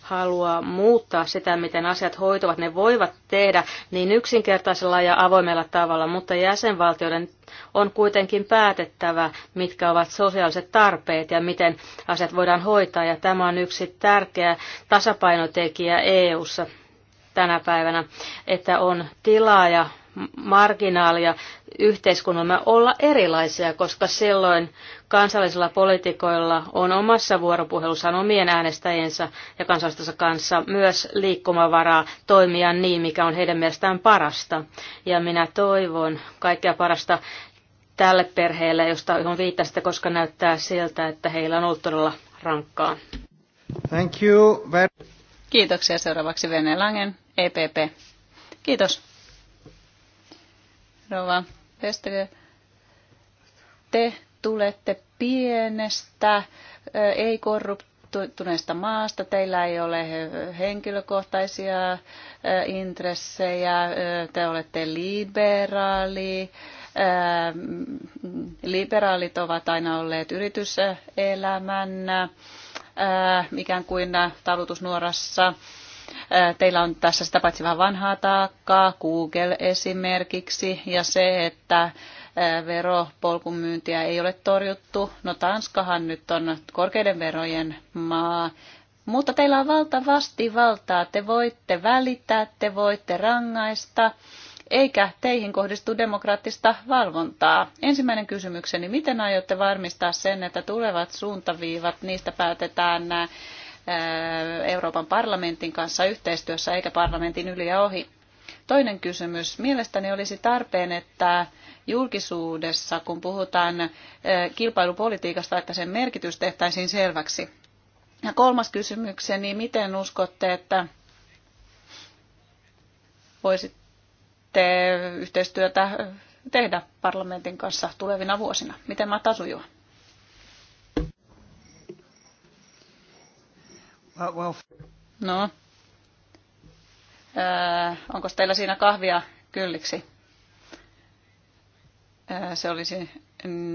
haluaa muuttaa sitä, miten asiat hoituvat, ne voivat tehdä niin yksinkertaisella ja avoimella tavalla, mutta jäsenvaltioiden on kuitenkin päätettävä, mitkä ovat sosiaaliset tarpeet ja miten asiat voidaan hoitaa. Ja tämä on yksi tärkeä tasapainotekijä EU:ssa tänä päivänä, että on tilaa ja marginaalia yhteiskunnalla olla erilaisia, koska silloin kansallisilla poliitikoilla on omassa vuoropuhelussaan omien äänestäjensä ja kansallistensa kanssa myös liikkumavaraa toimia niin, mikä on heidän mielestään parasta. Ja minä toivon kaikkea parasta tälle perheelle, josta johon viittasitte, koska näyttää siltä, että heillä on ollut todella rankkaa. Thank you. Kiitoksia. Seuraavaksi Vene Langen, EPP. Kiitos. Rova Vestager, te tulette pienestä, ei korruptuneesta maasta, teillä ei ole henkilökohtaisia intressejä, te olette liberaali, liberaalit ovat aina olleet yrityselämän ikään kuin talutusnuorassa Teillä on tässä sitä paitsi vähän vanhaa taakkaa, Google esimerkiksi, ja se, että veropolkun myyntiä ei ole torjuttu. No Tanskahan nyt on korkeiden verojen maa, mutta teillä on valtavasti valtaa. Te voitte välittää, te voitte rangaista, eikä teihin kohdistu demokraattista valvontaa. Ensimmäinen kysymykseni, miten aiotte varmistaa sen, että tulevat suuntaviivat, niistä päätetään Äh, Euroopan parlamentin kanssa yhteistyössä eikä parlamentin yli ja ohi. Toinen kysymys. Mielestäni olisi tarpeen, että julkisuudessa, kun puhutaan äh, kilpailupolitiikasta, että sen merkitys tehtäisiin selväksi. Ja kolmas kysymykseni, miten uskotte, että voisitte yhteistyötä tehdä parlamentin kanssa tulevina vuosina? Miten mä tasujua? No. Öö, äh, onko teillä siinä kahvia kylliksi? Öö, se olisi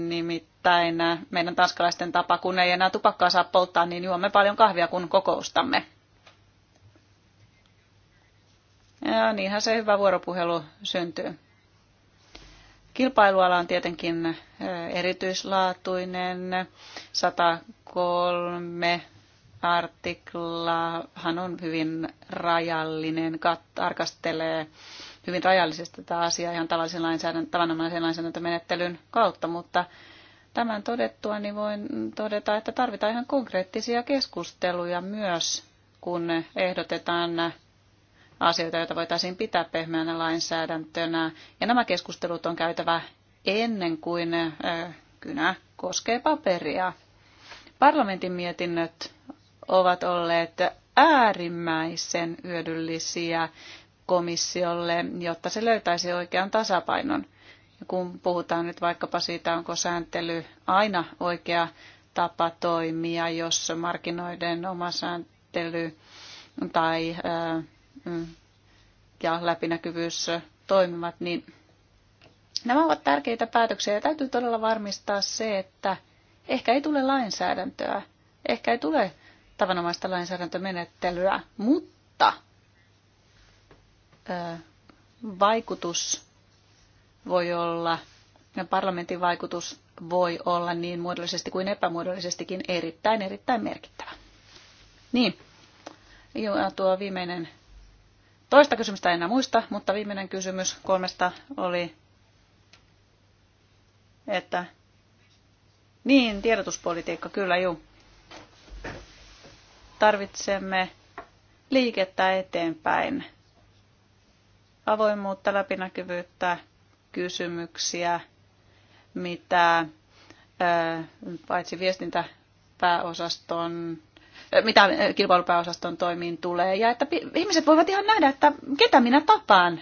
nimittäin meidän tanskalaisten tapa, kun ei enää tupakkaa saa polttaa, niin juomme paljon kahvia, kun kokoustamme. Ja niinhän se hyvä vuoropuhelu syntyy. Kilpailuala on tietenkin äh, erityislaatuinen. 103 artiklahan on hyvin rajallinen, kat, tarkastelee hyvin rajallisesti tätä asiaa ihan tavallisen lainsäädäntö, tavanomaisen lainsäädäntömenettelyn kautta, mutta tämän todettua niin voin todeta, että tarvitaan ihan konkreettisia keskusteluja myös, kun ehdotetaan asioita, joita voitaisiin pitää pehmeänä lainsäädäntönä. Ja nämä keskustelut on käytävä ennen kuin kynä koskee paperia. Parlamentin mietinnöt ovat olleet äärimmäisen hyödyllisiä komissiolle, jotta se löytäisi oikean tasapainon. Ja kun puhutaan nyt vaikkapa siitä, onko sääntely aina oikea tapa toimia, jos markkinoiden oma sääntely tai ää, mm, ja läpinäkyvyys toimivat, niin nämä ovat tärkeitä päätöksiä ja täytyy todella varmistaa se, että ehkä ei tule lainsäädäntöä, ehkä ei tule tavanomaista lainsäädäntömenettelyä, mutta vaikutus voi olla, parlamentin vaikutus voi olla niin muodollisesti kuin epämuodollisestikin erittäin, erittäin merkittävä. Niin, ja tuo viimeinen, toista kysymystä en enää muista, mutta viimeinen kysymys kolmesta oli, että niin, tiedotuspolitiikka, kyllä juu. Tarvitsemme liikettä eteenpäin, avoimuutta, läpinäkyvyyttä, kysymyksiä, mitä paitsi viestintäpääosaston mitä kilpailupääosaston toimiin tulee, ja että ihmiset voivat ihan nähdä, että ketä minä tapaan.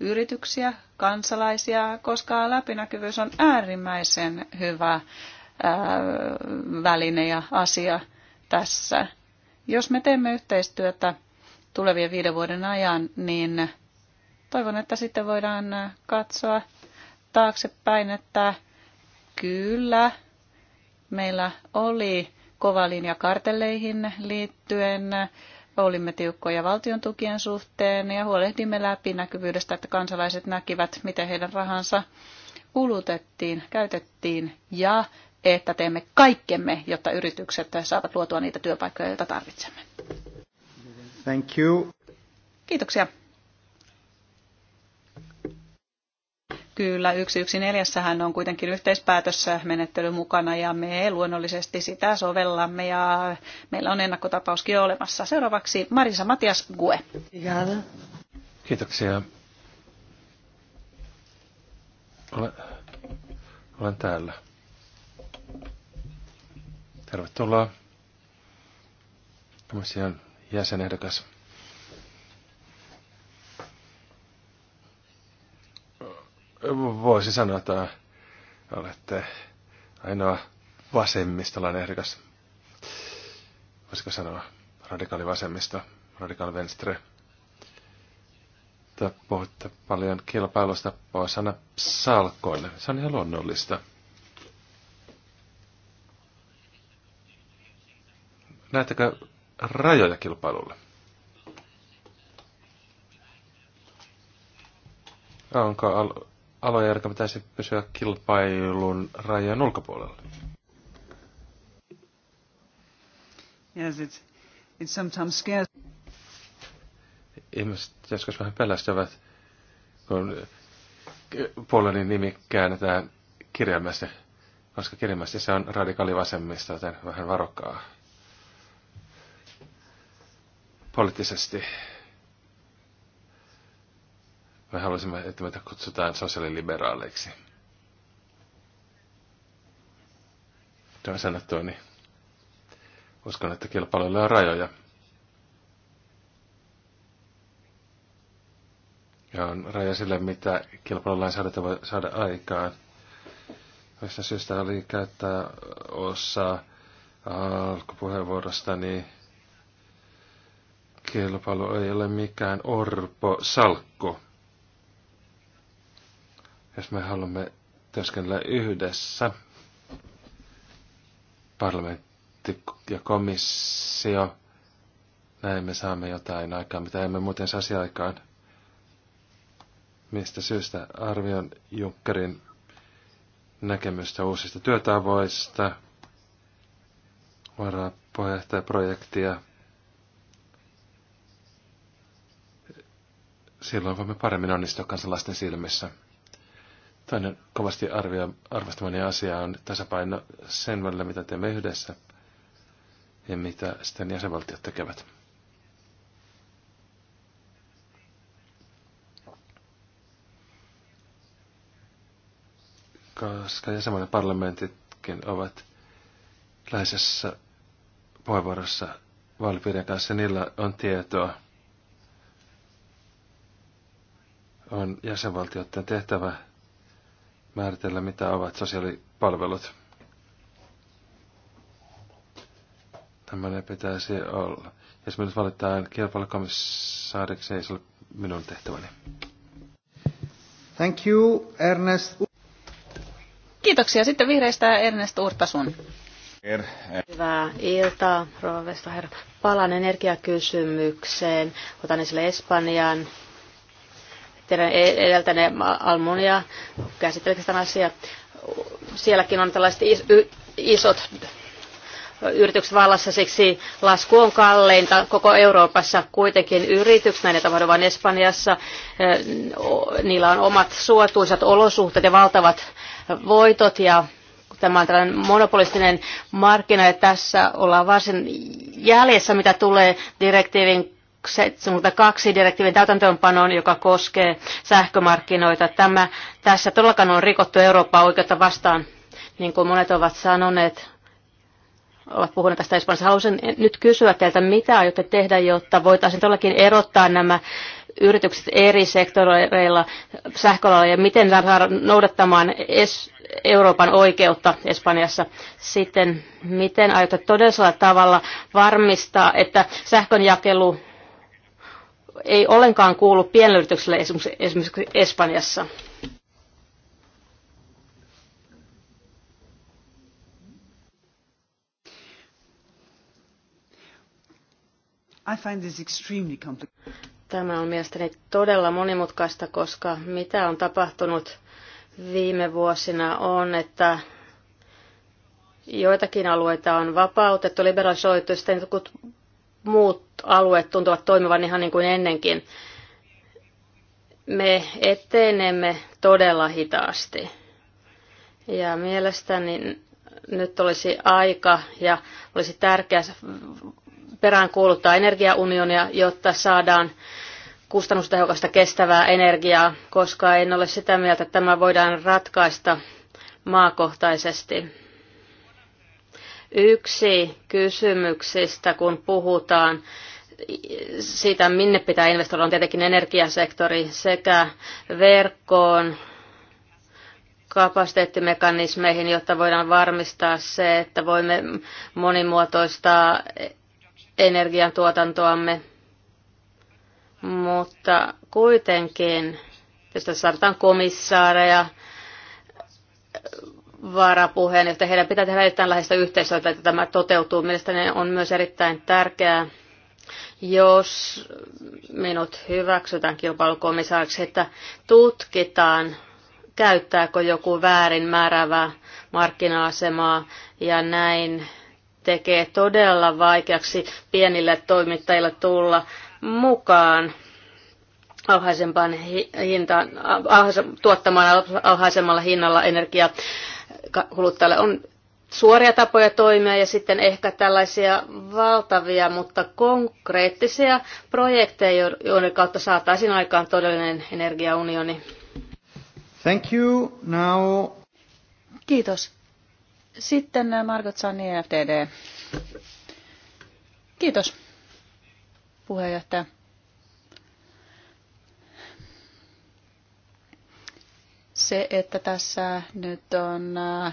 Yrityksiä, kansalaisia, koska läpinäkyvyys on äärimmäisen hyvä väline ja asia tässä. Jos me teemme yhteistyötä tulevien viiden vuoden ajan, niin toivon, että sitten voidaan katsoa taaksepäin, että kyllä meillä oli kova linja kartelleihin liittyen, olimme tiukkoja valtion tukien suhteen ja huolehdimme läpinäkyvyydestä, että kansalaiset näkivät, miten heidän rahansa kulutettiin, käytettiin ja että teemme kaikkemme, jotta yritykset saavat luotua niitä työpaikkoja, joita tarvitsemme. Thank you. Kiitoksia. Kyllä, 114 hän on kuitenkin yhteispäätössä menettely mukana ja me luonnollisesti sitä sovellamme ja meillä on ennakkotapauskin olemassa. Seuraavaksi Marisa Matias Gue. Kiitoksia. Olen, olen täällä. Tervetuloa komission jäsenehdokas. Voisi sanoa, että olette ainoa vasemmistolainen ehdokas. Voisiko sanoa radikaali vasemmista, radikaali venstre. puhutte paljon kilpailusta, pois sana salkoille. Se on ihan luonnollista. Näettekö rajoja kilpailulle? Onko al- aloja, jotka pitäisi pysyä kilpailun rajojen ulkopuolella? Yes, it's, it's sometimes scarce. Ihmiset joskus vähän pelästyvät, kun puolueen nimi käännetään kirjaimesti, koska kirjaimesti se on radikaali vasemmista, joten vähän varokkaa poliittisesti. Me haluaisimme, että meitä kutsutaan sosiaaliliberaaleiksi. Tämä sanottua, niin uskon, että kilpailuilla on rajoja. Ja on raja sille, mitä kilpailulainsäädäntö voi saada aikaan. Tästä syystä oli käyttää osa alkupuheenvuorosta, Niin kilpailu ei ole mikään orpo salkko. Jos me haluamme työskennellä yhdessä, parlamentti ja komissio, näin me saamme jotain aikaa, mitä emme muuten saisi aikaan. Mistä syystä arvion Junckerin näkemystä uusista työtavoista, varapuheenjohtajaprojektia, projektia silloin voimme paremmin onnistua kansalaisten silmissä. Toinen kovasti arvio, arvostamani asia on tasapaino sen välillä, mitä teemme yhdessä ja mitä sitten jäsenvaltiot tekevät. Koska jäsenvaltion parlamentitkin ovat läheisessä puheenvuorossa vaalipiirien kanssa, niillä on tietoa on jäsenvaltioiden tehtävä määritellä, mitä ovat sosiaalipalvelut. Tämmöinen pitäisi olla. Jos minut valitaan kilpailukomissaariksi, ei se ole minun tehtäväni. Thank you, Ernest. Kiitoksia. Sitten vihreistä Ernest Urtasun. Er- Hyvää iltaa, rouva herra. Palaan energiakysymykseen. Otan esille Espanjan teidän e- edeltäne Almunia käsittelee tämän asian. Sielläkin on tällaiset isot yritykset vallassa, siksi lasku on kalleinta koko Euroopassa kuitenkin yritykset, näin tapahtuu vain Espanjassa, niillä on omat suotuisat olosuhteet ja valtavat voitot ja tämä on tällainen monopolistinen markkina ja tässä ollaan varsin jäljessä, mitä tulee direktiivin 72 direktiivin täytäntöönpanoon, joka koskee sähkömarkkinoita. Tämä, tässä todellakaan on rikottu Eurooppaa oikeutta vastaan, niin kuin monet ovat sanoneet, ovat puhuneet tästä Espanjassa. Haluaisin nyt kysyä teiltä, mitä aiotte tehdä, jotta voitaisiin todellakin erottaa nämä yritykset eri sektoreilla sähköalalla ja miten saada noudattamaan es- Euroopan oikeutta Espanjassa. Sitten miten aiotte todellisella tavalla varmistaa, että sähkönjakelu ei ollenkaan kuulu pienyrityksille esimerkiksi Espanjassa. I find this extremely complicated. Tämä on mielestäni todella monimutkaista, koska mitä on tapahtunut viime vuosina on, että joitakin alueita on vapautettu, liberalisoitu, sitten muut alueet tuntuvat toimivan ihan niin kuin ennenkin. Me etenemme todella hitaasti. Ja mielestäni nyt olisi aika ja olisi tärkeää peräänkuuluttaa energiaunionia, jotta saadaan kustannustehokasta kestävää energiaa, koska en ole sitä mieltä, että tämä voidaan ratkaista maakohtaisesti yksi kysymyksistä, kun puhutaan siitä, minne pitää investoida, on tietenkin energiasektori sekä verkkoon, kapasiteettimekanismeihin, jotta voidaan varmistaa se, että voimme monimuotoistaa energiantuotantoamme. Mutta kuitenkin, jos tässä komissaareja, varapuheenjohtaja. Heidän pitää tehdä erittäin läheistä yhteistyötä, että tämä toteutuu. Mielestäni on myös erittäin tärkeää, jos minut hyväksytään kilpailukomissaariksi, että tutkitaan, käyttääkö joku väärin määrävää markkina-asemaa ja näin tekee todella vaikeaksi pienille toimittajille tulla mukaan alhaisempaan hintaan, tuottamaan alhaisemmalla hinnalla energiaa kuluttajalle. On suoria tapoja toimia ja sitten ehkä tällaisia valtavia, mutta konkreettisia projekteja, joiden kautta saataisiin aikaan todellinen energiaunioni. Thank you. Now... Kiitos. Sitten äh, Margot Sanni, FDD. Kiitos, puheenjohtaja. se, että tässä nyt on, äh,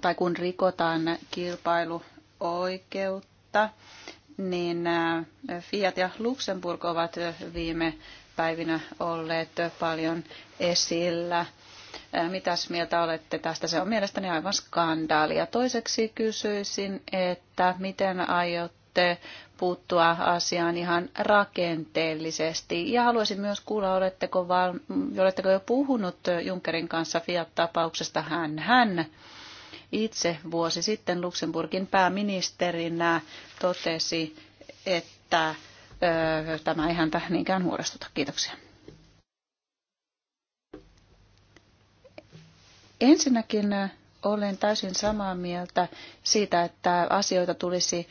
tai kun rikotaan kilpailuoikeutta, niin äh, Fiat ja Luxemburg ovat äh, viime päivinä olleet paljon esillä. Mitäs mieltä olette tästä? Se on mielestäni aivan skandaali. Ja toiseksi kysyisin, että miten aiotte puuttua asiaan ihan rakenteellisesti. Ja haluaisin myös kuulla, oletteko, val, oletteko jo puhunut Junckerin kanssa Fiat-tapauksesta. Hän, hän itse vuosi sitten Luxemburgin pääministerinä totesi, että ö, tämä ei häntä niinkään huolestuta. Kiitoksia. Ensinnäkin olen täysin samaa mieltä siitä, että asioita tulisi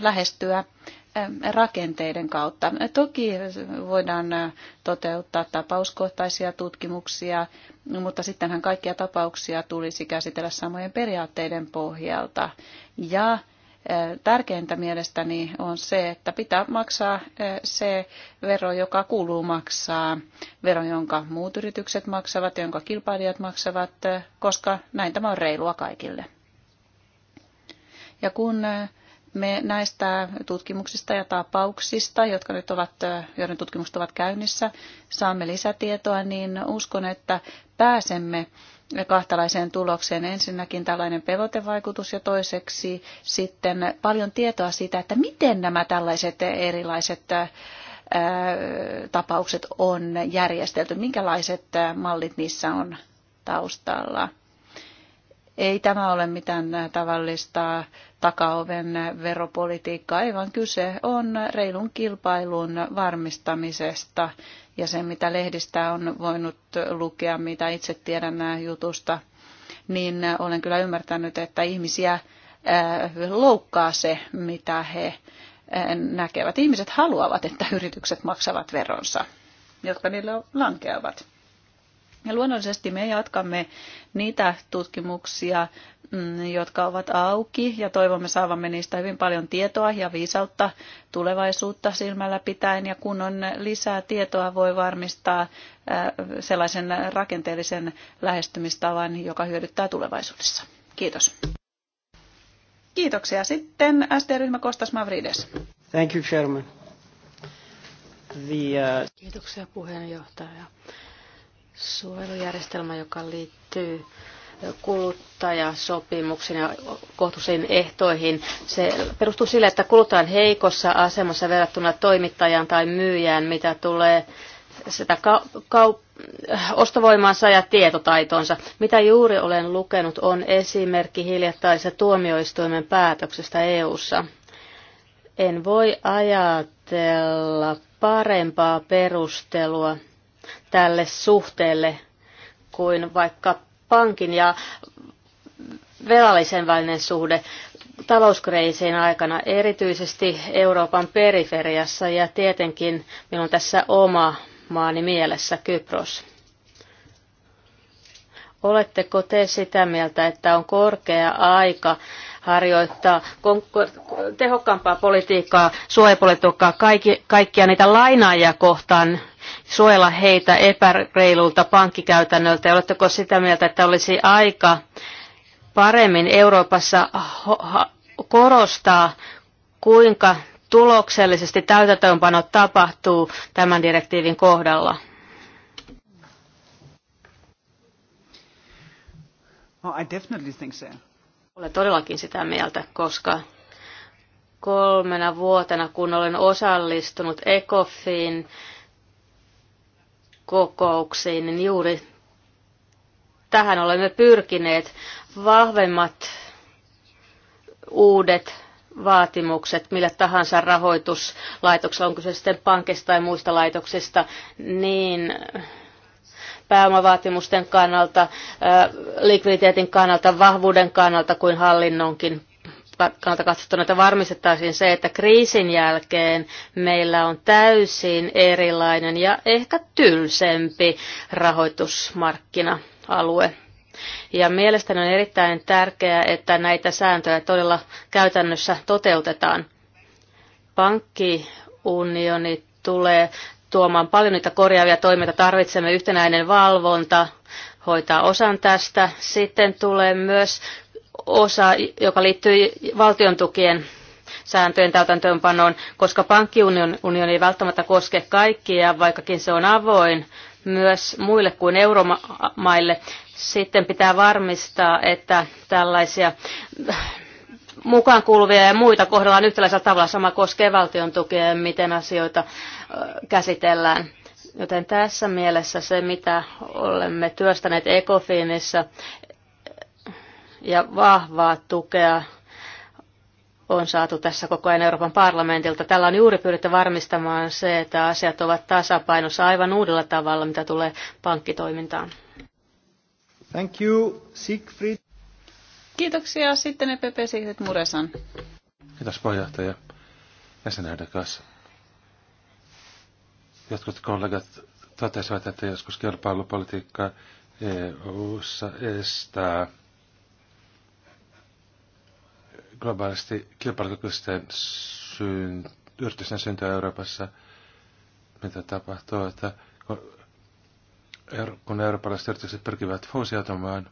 lähestyä rakenteiden kautta. Toki voidaan toteuttaa tapauskohtaisia tutkimuksia, mutta sittenhän kaikkia tapauksia tulisi käsitellä samojen periaatteiden pohjalta. Ja tärkeintä mielestäni on se, että pitää maksaa se vero, joka kuuluu maksaa, vero, jonka muut yritykset maksavat, jonka kilpailijat maksavat, koska näin tämä on reilua kaikille. Ja kun me näistä tutkimuksista ja tapauksista, jotka nyt ovat, joiden tutkimukset ovat käynnissä, saamme lisätietoa, niin uskon, että pääsemme kahtalaiseen tulokseen. Ensinnäkin tällainen pelotevaikutus ja toiseksi sitten paljon tietoa siitä, että miten nämä tällaiset erilaiset tapaukset on järjestelty, minkälaiset mallit niissä on taustalla. Ei tämä ole mitään tavallista takaoven veropolitiikkaa, ei vaan kyse on reilun kilpailun varmistamisesta. Ja se, mitä lehdistä on voinut lukea, mitä itse tiedän jutusta, niin olen kyllä ymmärtänyt, että ihmisiä äh, loukkaa se, mitä he äh, näkevät. Ihmiset haluavat, että yritykset maksavat veronsa, jotka niille lankeavat. Ja luonnollisesti me jatkamme niitä tutkimuksia, mm, jotka ovat auki ja toivomme saavamme niistä hyvin paljon tietoa ja viisautta tulevaisuutta silmällä pitäen. Ja kun on lisää tietoa, voi varmistaa äh, sellaisen rakenteellisen lähestymistavan, joka hyödyttää tulevaisuudessa. Kiitos. Kiitoksia. Sitten ST-ryhmä Kostas Mavrides. Thank you, Chairman. The, uh... Kiitoksia puheenjohtaja suojelujärjestelmä, joka liittyy kuluttajasopimuksen ja kohtuullisiin ehtoihin. Se perustuu sille, että kuluttaja on heikossa asemassa verrattuna toimittajaan tai myyjään, mitä tulee sitä ka- ka- ostovoimaansa ja tietotaitonsa. Mitä juuri olen lukenut on esimerkki hiljattaisesta tuomioistuimen päätöksestä EU:ssa. En voi ajatella parempaa perustelua tälle suhteelle kuin vaikka pankin ja velallisen välinen suhde talouskreisiin aikana, erityisesti Euroopan periferiassa ja tietenkin minun tässä oma maani mielessä Kypros. Oletteko te sitä mieltä, että on korkea aika harjoittaa tehokkaampaa politiikkaa, suojapolitiikkaa kaikki, kaikkia niitä lainaajia kohtaan, suojella heitä epäreilulta pankkikäytännöltä. Oletteko sitä mieltä, että olisi aika paremmin Euroopassa korostaa, kuinka tuloksellisesti täytäntöönpano tapahtuu tämän direktiivin kohdalla? Oh, I definitely think so. Olen todellakin sitä mieltä, koska kolmena vuotena, kun olen osallistunut ECOFIN kokouksiin, niin juuri tähän olemme pyrkineet. Vahvemmat uudet vaatimukset millä tahansa rahoituslaitoksella, onko se sitten pankista tai muista laitoksista, niin pääomavaatimusten kannalta, likviditeetin kannalta, vahvuuden kannalta kuin hallinnonkin kannalta katsottuna, että varmistettaisiin se, että kriisin jälkeen meillä on täysin erilainen ja ehkä tylsempi rahoitusmarkkina-alue. Ja mielestäni on erittäin tärkeää, että näitä sääntöjä todella käytännössä toteutetaan. Pankkiunioni tulee tuomaan paljon niitä korjaavia toimia, tarvitsemme yhtenäinen valvonta, hoitaa osan tästä. Sitten tulee myös osa, joka liittyy valtion tukien sääntöjen täytäntöönpanoon, koska pankkiunioni ei välttämättä koske kaikkia, vaikkakin se on avoin myös muille kuin euromaille. Sitten pitää varmistaa, että tällaisia mukaan kuuluvia ja muita kohdellaan yhtäläisellä tavalla. Sama koskee valtion tukea ja miten asioita käsitellään. Joten tässä mielessä se, mitä olemme työstäneet ECOFINissa, ja vahvaa tukea on saatu tässä koko ajan Euroopan parlamentilta. Tällä on juuri pyritty varmistamaan se, että asiat ovat tasapainossa aivan uudella tavalla, mitä tulee pankkitoimintaan. Thank you, Siegfried. Kiitoksia. Sitten EPP Siegfried Muresan. Kiitos puheenjohtaja jäsenäiden kanssa. Jotkut kollegat totesivat, että joskus kilpailupolitiikka EU-ssa estää globaalisti kilpailukykyisten syyn, yritysten syntyä Euroopassa, mitä tapahtuu, että kun eurooppalaiset yritykset pyrkivät fuusioitumaan,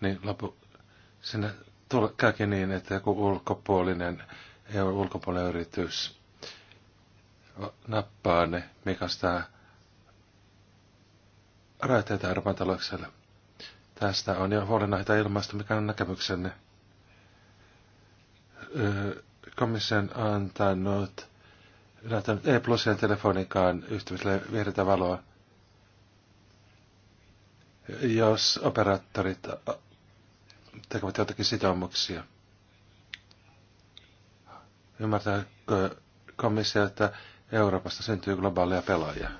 niin lopu, sinne tulla, käykin niin, että joku ulkopuolinen, EU-ulkopuolinen yritys nappaa ne, mikä sitä rajoitteita Euroopan taloukselle. Tästä on jo huolenaiheita ilmaista, mikä on näkemyksenne. Komission antanut, näyttänyt E-plusien telefonikaan yhtymiselle vihreätä valoa. Jos operaattorit tekevät jotakin sitoumuksia. Ymmärtääkö komissio, että Euroopasta syntyy globaaleja pelaajia?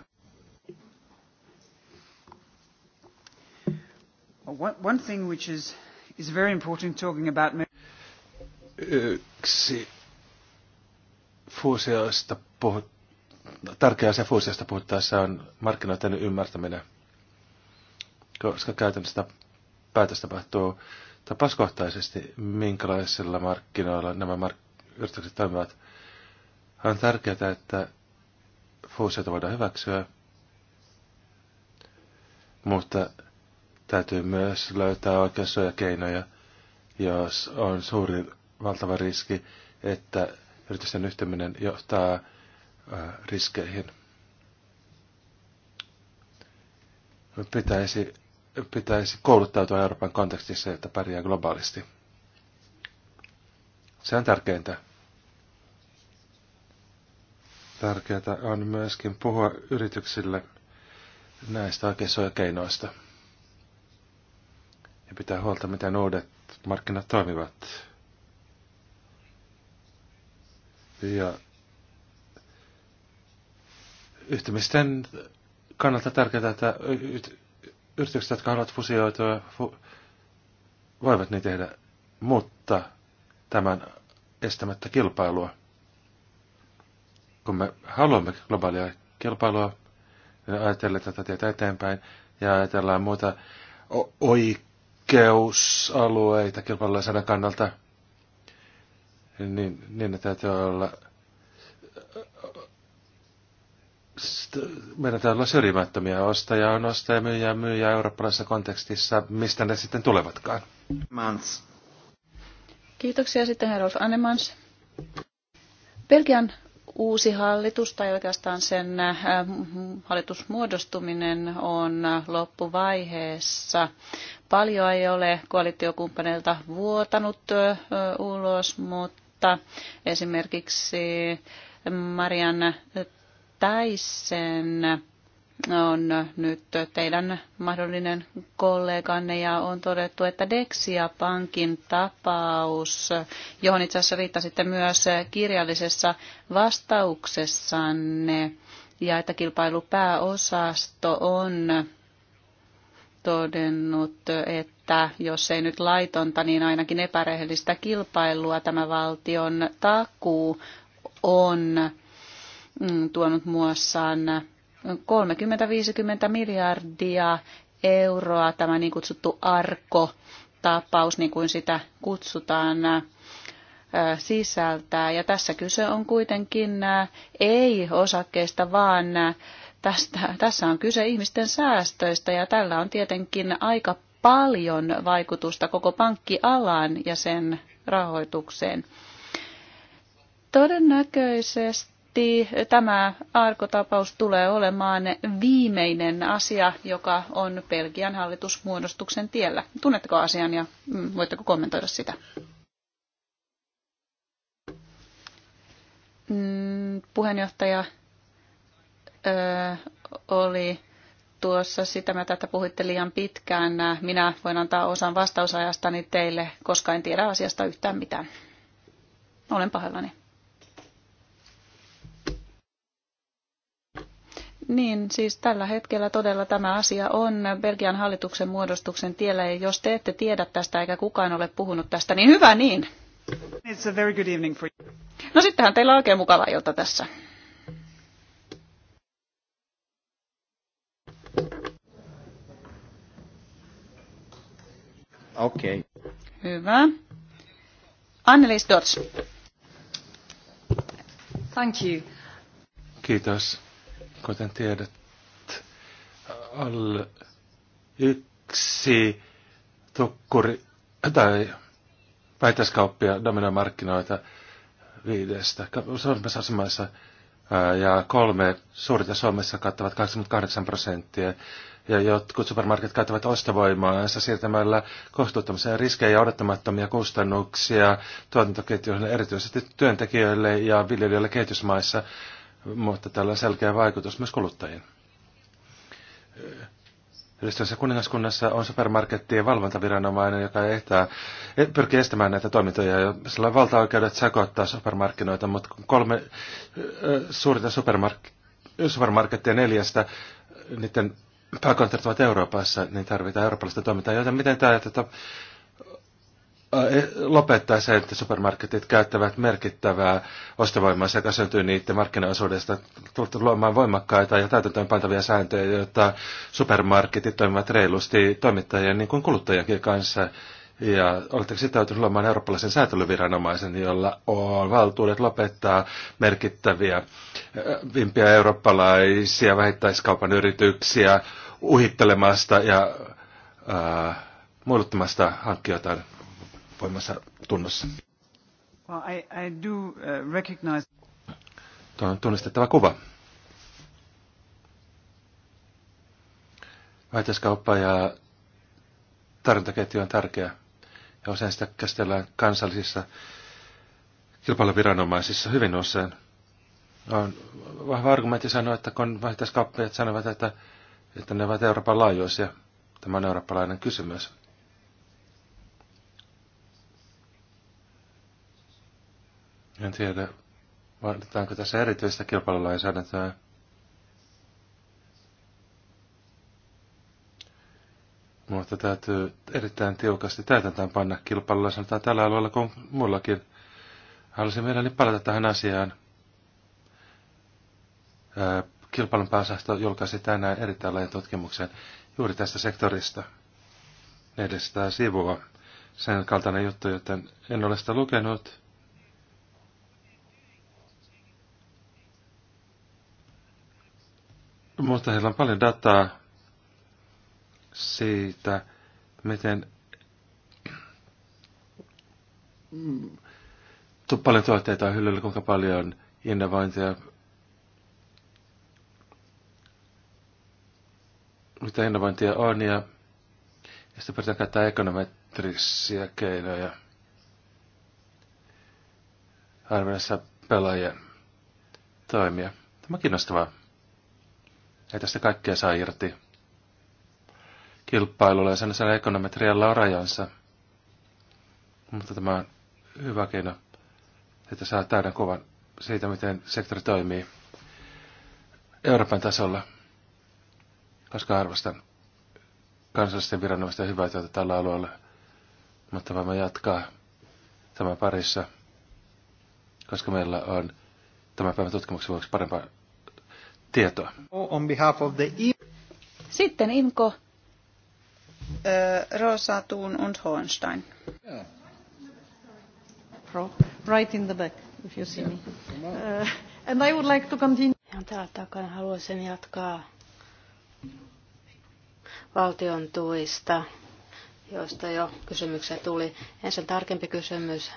One thing which is, is very important talking about... Yksi fuusioista puhut, tärkeä asia fuusioista puhuttaessa on markkinoiden ymmärtäminen, koska käytännössä päätös tapahtuu tapauskohtaisesti, minkälaisilla markkinoilla nämä mark- yritykset toimivat. On tärkeää, että fuusioita voidaan hyväksyä, mutta Täytyy myös löytää oikeassoja keinoja, jos on suuri valtava riski, että yritysten yhtyminen johtaa riskeihin. Pitäisi, pitäisi kouluttautua Euroopan kontekstissa, että pärjää globaalisti. Se on tärkeintä. Tärkeää on myöskin puhua yrityksille näistä oikeista keinoista ja pitää huolta, miten uudet markkinat toimivat. Ja yhtymisten kannalta tärkeää, että yritykset, jotka haluavat fusioitua, fu- voivat niin tehdä, mutta tämän estämättä kilpailua. Kun me haluamme globaalia kilpailua, niin ajatellaan tätä tietä eteenpäin ja ajatellaan muuta oikeaa poikkeusalueita kilpailulainsäädännön kannalta, niin, niin ne täytyy olla meidän täytyy olla syrjimättömiä. Ostaja on ostaja, myyjä myyjä eurooppalaisessa kontekstissa, mistä ne sitten tulevatkaan. Mans. Kiitoksia sitten Herolf Annemans. Belgian Uusi hallitus tai oikeastaan sen äh, hallitusmuodostuminen on loppuvaiheessa. Paljon ei ole koalitiokumppaneilta vuotanut äh, ulos, mutta esimerkiksi Marian Täisen on nyt teidän mahdollinen kolleganne ja on todettu, että Dexia Pankin tapaus, johon itse asiassa viittasitte myös kirjallisessa vastauksessanne, ja että kilpailupääosasto on todennut, että jos ei nyt laitonta, niin ainakin epärehellistä kilpailua tämä valtion takuu on mm, tuonut muassaan 30-50 miljardia euroa tämä niin kutsuttu ARKO-tapaus, niin kuin sitä kutsutaan, sisältää. Ja tässä kyse on kuitenkin ei osakkeista, vaan tästä, tässä on kyse ihmisten säästöistä ja tällä on tietenkin aika paljon vaikutusta koko pankkialaan ja sen rahoitukseen. Todennäköisesti miettii, tämä Arko-tapaus tulee olemaan viimeinen asia, joka on Belgian hallitusmuodostuksen tiellä. Tunnetteko asian ja mm, voitteko kommentoida sitä? Mm, puheenjohtaja oli tuossa sitä, mä tätä puhuitte liian pitkään. Minä voin antaa osan vastausajastani teille, koska en tiedä asiasta yhtään mitään. Olen pahoillani. Niin, siis tällä hetkellä todella tämä asia on Belgian hallituksen muodostuksen tiellä, ja jos te ette tiedä tästä eikä kukaan ole puhunut tästä, niin hyvä niin! It's a very good evening for you. No sittenhän teillä on oikein mukava ilta tässä. Okei. Okay. Hyvä. Annelies Dots. Thank you. Kiitos. Kuten tiedät, alle yksi tukkuri tai väitöskauppia dominoi markkinoita viidestä Suomessa asemassa ja kolme suurta Suomessa kattavat 28 prosenttia. Ja jotkut supermarketit käyttävät ostovoimaansa siirtämällä kohtuuttomia riskejä ja odottamattomia kustannuksia tuotantoketjuille, erityisesti työntekijöille ja viljelijöille kehitysmaissa mutta tällä on selkeä vaikutus myös kuluttajiin. Yhdistössä kuningaskunnassa on supermarkettien valvontaviranomainen, joka ehtää, e, pyrkii estämään näitä toimintoja. Sillä on valtaoikeudet sakottaa supermarkkinoita, mutta kolme e, suurinta supermark- supermarkettia neljästä, niiden pääkonttorit ovat Euroopassa, niin tarvitaan eurooppalaista toimintaa. Joten miten tämä että Äh, eh, lopettaa sen, että supermarketit käyttävät merkittävää ostovoimaa sekä syntyy niiden markkinaosuudesta luomaan voimakkaita ja pantavia sääntöjä, jotta supermarketit toimivat reilusti toimittajien niin kuin kuluttajienkin kanssa. Ja oletteko sitoutunut luomaan eurooppalaisen säätelyviranomaisen, jolla on valtuudet lopettaa merkittäviä äh, vimpiä eurooppalaisia vähittäiskaupan yrityksiä uhittelemasta ja äh, muiluttamasta hankkijoitaan? heikoimmassa tunnossa. Well, I, I do uh, recognize... Tuo on tunnistettava kuva. Vaihteiskauppa ja tarjontaketju on tärkeä ja usein sitä käsitellään kansallisissa kilpailuviranomaisissa hyvin usein. On vahva argumentti sanoa, että kun vaihteiskauppajat sanovat, että, että ne ovat Euroopan laajuisia, tämä on eurooppalainen kysymys. En tiedä, vaaditaanko tässä erityistä kilpailulainsäädäntöä. Mutta täytyy erittäin tiukasti täytäntään panna kilpailulainsäädäntöä tällä alueella kuin muillakin. Haluaisin mielelläni palata tähän asiaan. Kilpailun pääsäästö julkaisi tänään erittäin laajan tutkimuksen juuri tästä sektorista. 400 sivua. Sen kaltainen juttu, joten en ole sitä lukenut. Mutta heillä on paljon dataa siitä, miten paljon tuotteita on hyllyllä, kuinka paljon innovointia, mitä innovointia on ja, ja sitten pitää käyttää ekonometrisiä keinoja arvioissa pelaajien toimia. Tämä on kiinnostavaa. Ei tästä kaikkea saa irti. Kilpailulla ja sen ekonometrialla on rajansa. Mutta tämä on hyvä keino, että saa täyden kuvan siitä, miten sektori toimii Euroopan tasolla, koska arvostan kansallisten viranomaisten hyvää työtä tällä alueella. Mutta voimme jatkaa tämän parissa, koska meillä on tämän päivän tutkimuksen vuoksi parempaa tietoa. On behalf of the... E- Sitten Imko Rosa Thun und Hohenstein. Yeah. Right in the back, if you see me. Uh, and I would like to continue. Ihan täällä takana haluaisin jatkaa valtion tuista, joista jo kysymyksiä tuli. Ensin tarkempi kysymys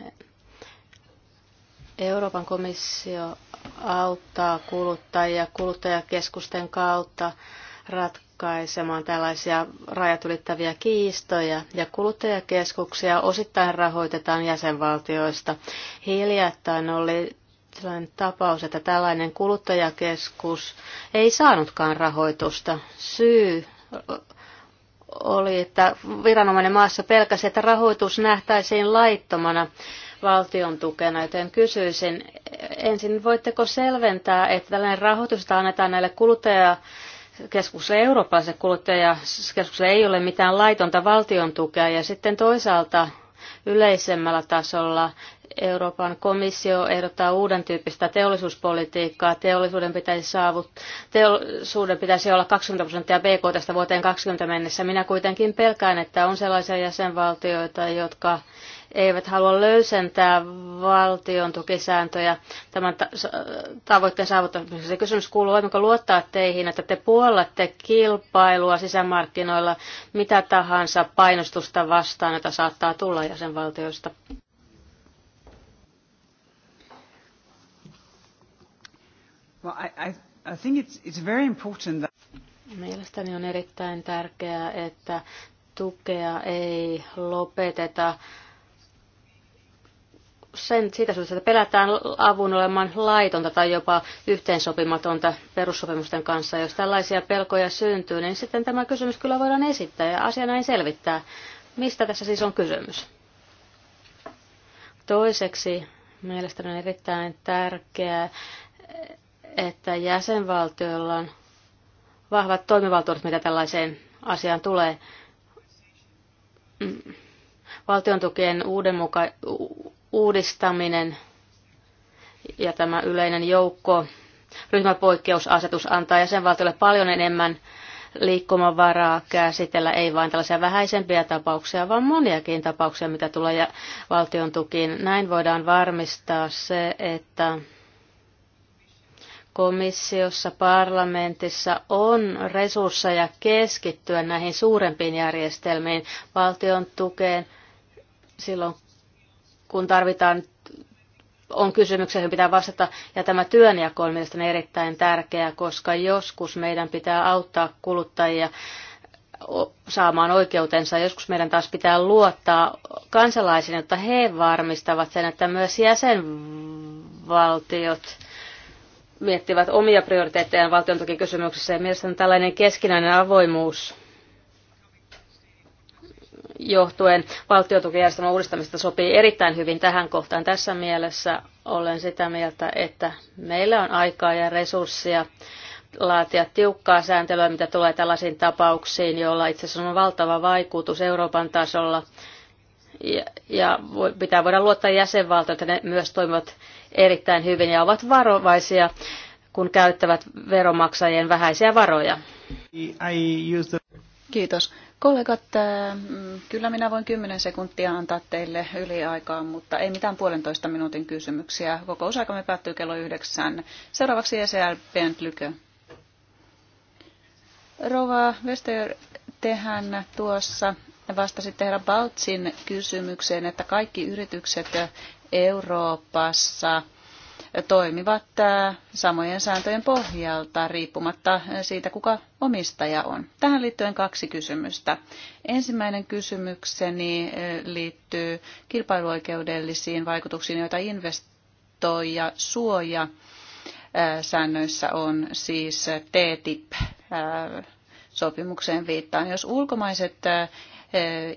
Euroopan komissio auttaa kuluttajia kuluttajakeskusten kautta ratkaisemaan tällaisia rajat ylittäviä kiistoja ja kuluttajakeskuksia osittain rahoitetaan jäsenvaltioista. Hiljattain oli sellainen tapaus, että tällainen kuluttajakeskus ei saanutkaan rahoitusta. Syy oli, että viranomainen maassa pelkäsi, että rahoitus nähtäisiin laittomana valtion tukena, joten kysyisin ensin, voitteko selventää, että tällainen rahoitus, annetaan näille kuluttaja keskukselle, eurooppalaiselle kuluttajakeskukselle ei ole mitään laitonta valtion tukea. Ja sitten toisaalta yleisemmällä tasolla Euroopan komissio ehdottaa uuden tyyppistä teollisuuspolitiikkaa. Teollisuuden pitäisi, saavut, teollisuuden pitäisi olla 20 prosenttia BK tästä vuoteen 2020 mennessä. Minä kuitenkin pelkään, että on sellaisia jäsenvaltioita, jotka eivät halua löysentää valtion tukisääntöjä tämän tavoitteen saavuttamiseksi. Se kysymys kuuluu, voimmeko luottaa teihin, että te puolatte kilpailua sisämarkkinoilla mitä tahansa painostusta vastaan, jota saattaa tulla jäsenvaltioista? Well, I, I, I think it's, it's very important that... Mielestäni on erittäin tärkeää, että tukea ei lopeteta sen, siitä syystä, että pelätään avun olemaan laitonta tai jopa yhteensopimatonta perussopimusten kanssa. Jos tällaisia pelkoja syntyy, niin sitten tämä kysymys kyllä voidaan esittää ja asia näin selvittää. Mistä tässä siis on kysymys? Toiseksi mielestäni on erittäin tärkeää, että jäsenvaltioilla on vahvat toimivaltuudet, mitä tällaiseen asiaan tulee mm. valtiontukien uudenmuka- uudistaminen ja tämä yleinen joukko ryhmäpoikkeusasetus antaa jäsenvaltiolle paljon enemmän liikkumavaraa käsitellä ei vain tällaisia vähäisempiä tapauksia, vaan moniakin tapauksia, mitä tulee valtion tukiin. Näin voidaan varmistaa se, että komissiossa, parlamentissa on resursseja keskittyä näihin suurempiin järjestelmiin, valtion tukeen silloin, kun tarvitaan, on kysymyksiä, joihin pitää vastata. Ja tämä työnjako on mielestäni erittäin tärkeä, koska joskus meidän pitää auttaa kuluttajia saamaan oikeutensa. Joskus meidän taas pitää luottaa kansalaisiin, jotta he varmistavat sen, että myös jäsenvaltiot miettivät omia prioriteettejaan valtion kysymyksissä. Ja mielestäni tällainen keskinäinen avoimuus johtuen valtiotukijärjestelmän uudistamista sopii erittäin hyvin tähän kohtaan. Tässä mielessä olen sitä mieltä, että meillä on aikaa ja resursseja laatia tiukkaa sääntelyä, mitä tulee tällaisiin tapauksiin, joilla itse asiassa on valtava vaikutus Euroopan tasolla. Ja, ja voi, pitää voida luottaa jäsenvaltioita, että ne myös toimivat erittäin hyvin ja ovat varovaisia, kun käyttävät veromaksajien vähäisiä varoja. Kiitos. Kollegat, äh, kyllä minä voin 10 sekuntia antaa teille yliaikaa, mutta ei mitään puolentoista minuutin kysymyksiä. Kokousaikamme päättyy kello yhdeksän. Seuraavaksi ECR Bent Lykö. Rova Wester, tehän tuossa vastasitte herra Baltsin kysymykseen, että kaikki yritykset Euroopassa – toimivat äh, samojen sääntöjen pohjalta riippumatta äh, siitä, kuka omistaja on. Tähän liittyen kaksi kysymystä. Ensimmäinen kysymykseni äh, liittyy kilpailuoikeudellisiin vaikutuksiin, joita investoija suoja säännöissä on siis TTIP sopimukseen viittaan. Jos ulkomaiset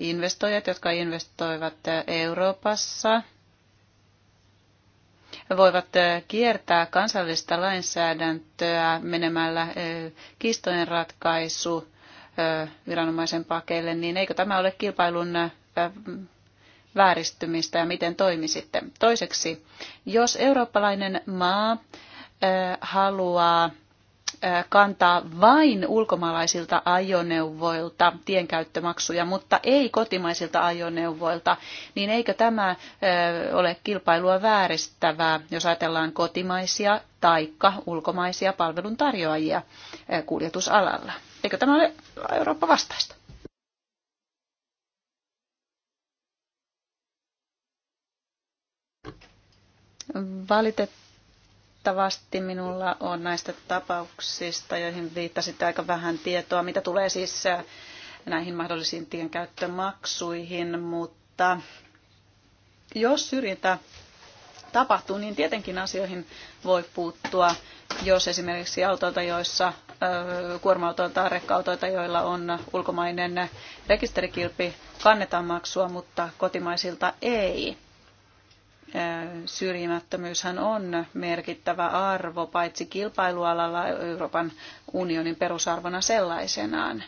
investoijat, jotka investoivat Euroopassa, voivat kiertää kansallista lainsäädäntöä menemällä kistojen ratkaisu viranomaisen pakeille, niin eikö tämä ole kilpailun vääristymistä ja miten toimisitte? Toiseksi, jos eurooppalainen maa haluaa kantaa vain ulkomaalaisilta ajoneuvoilta tienkäyttömaksuja, mutta ei kotimaisilta ajoneuvoilta, niin eikö tämä ole kilpailua vääristävää, jos ajatellaan kotimaisia taikka ulkomaisia palveluntarjoajia kuljetusalalla? Eikö tämä ole Eurooppa vastaista? Valitettavasti Valitettavasti minulla on näistä tapauksista, joihin viittasit aika vähän tietoa, mitä tulee siis äh, näihin mahdollisiin tienkäyttömaksuihin, mutta jos syrjintä tapahtuu, niin tietenkin asioihin voi puuttua, jos esimerkiksi autoilta, joissa äh, kuorma-autoilta, rekka-autoilta, joilla on ulkomainen rekisterikilpi, kannetaan maksua, mutta kotimaisilta ei. Syrjimättömyyshän on merkittävä arvo paitsi kilpailualalla Euroopan unionin perusarvona sellaisenaan.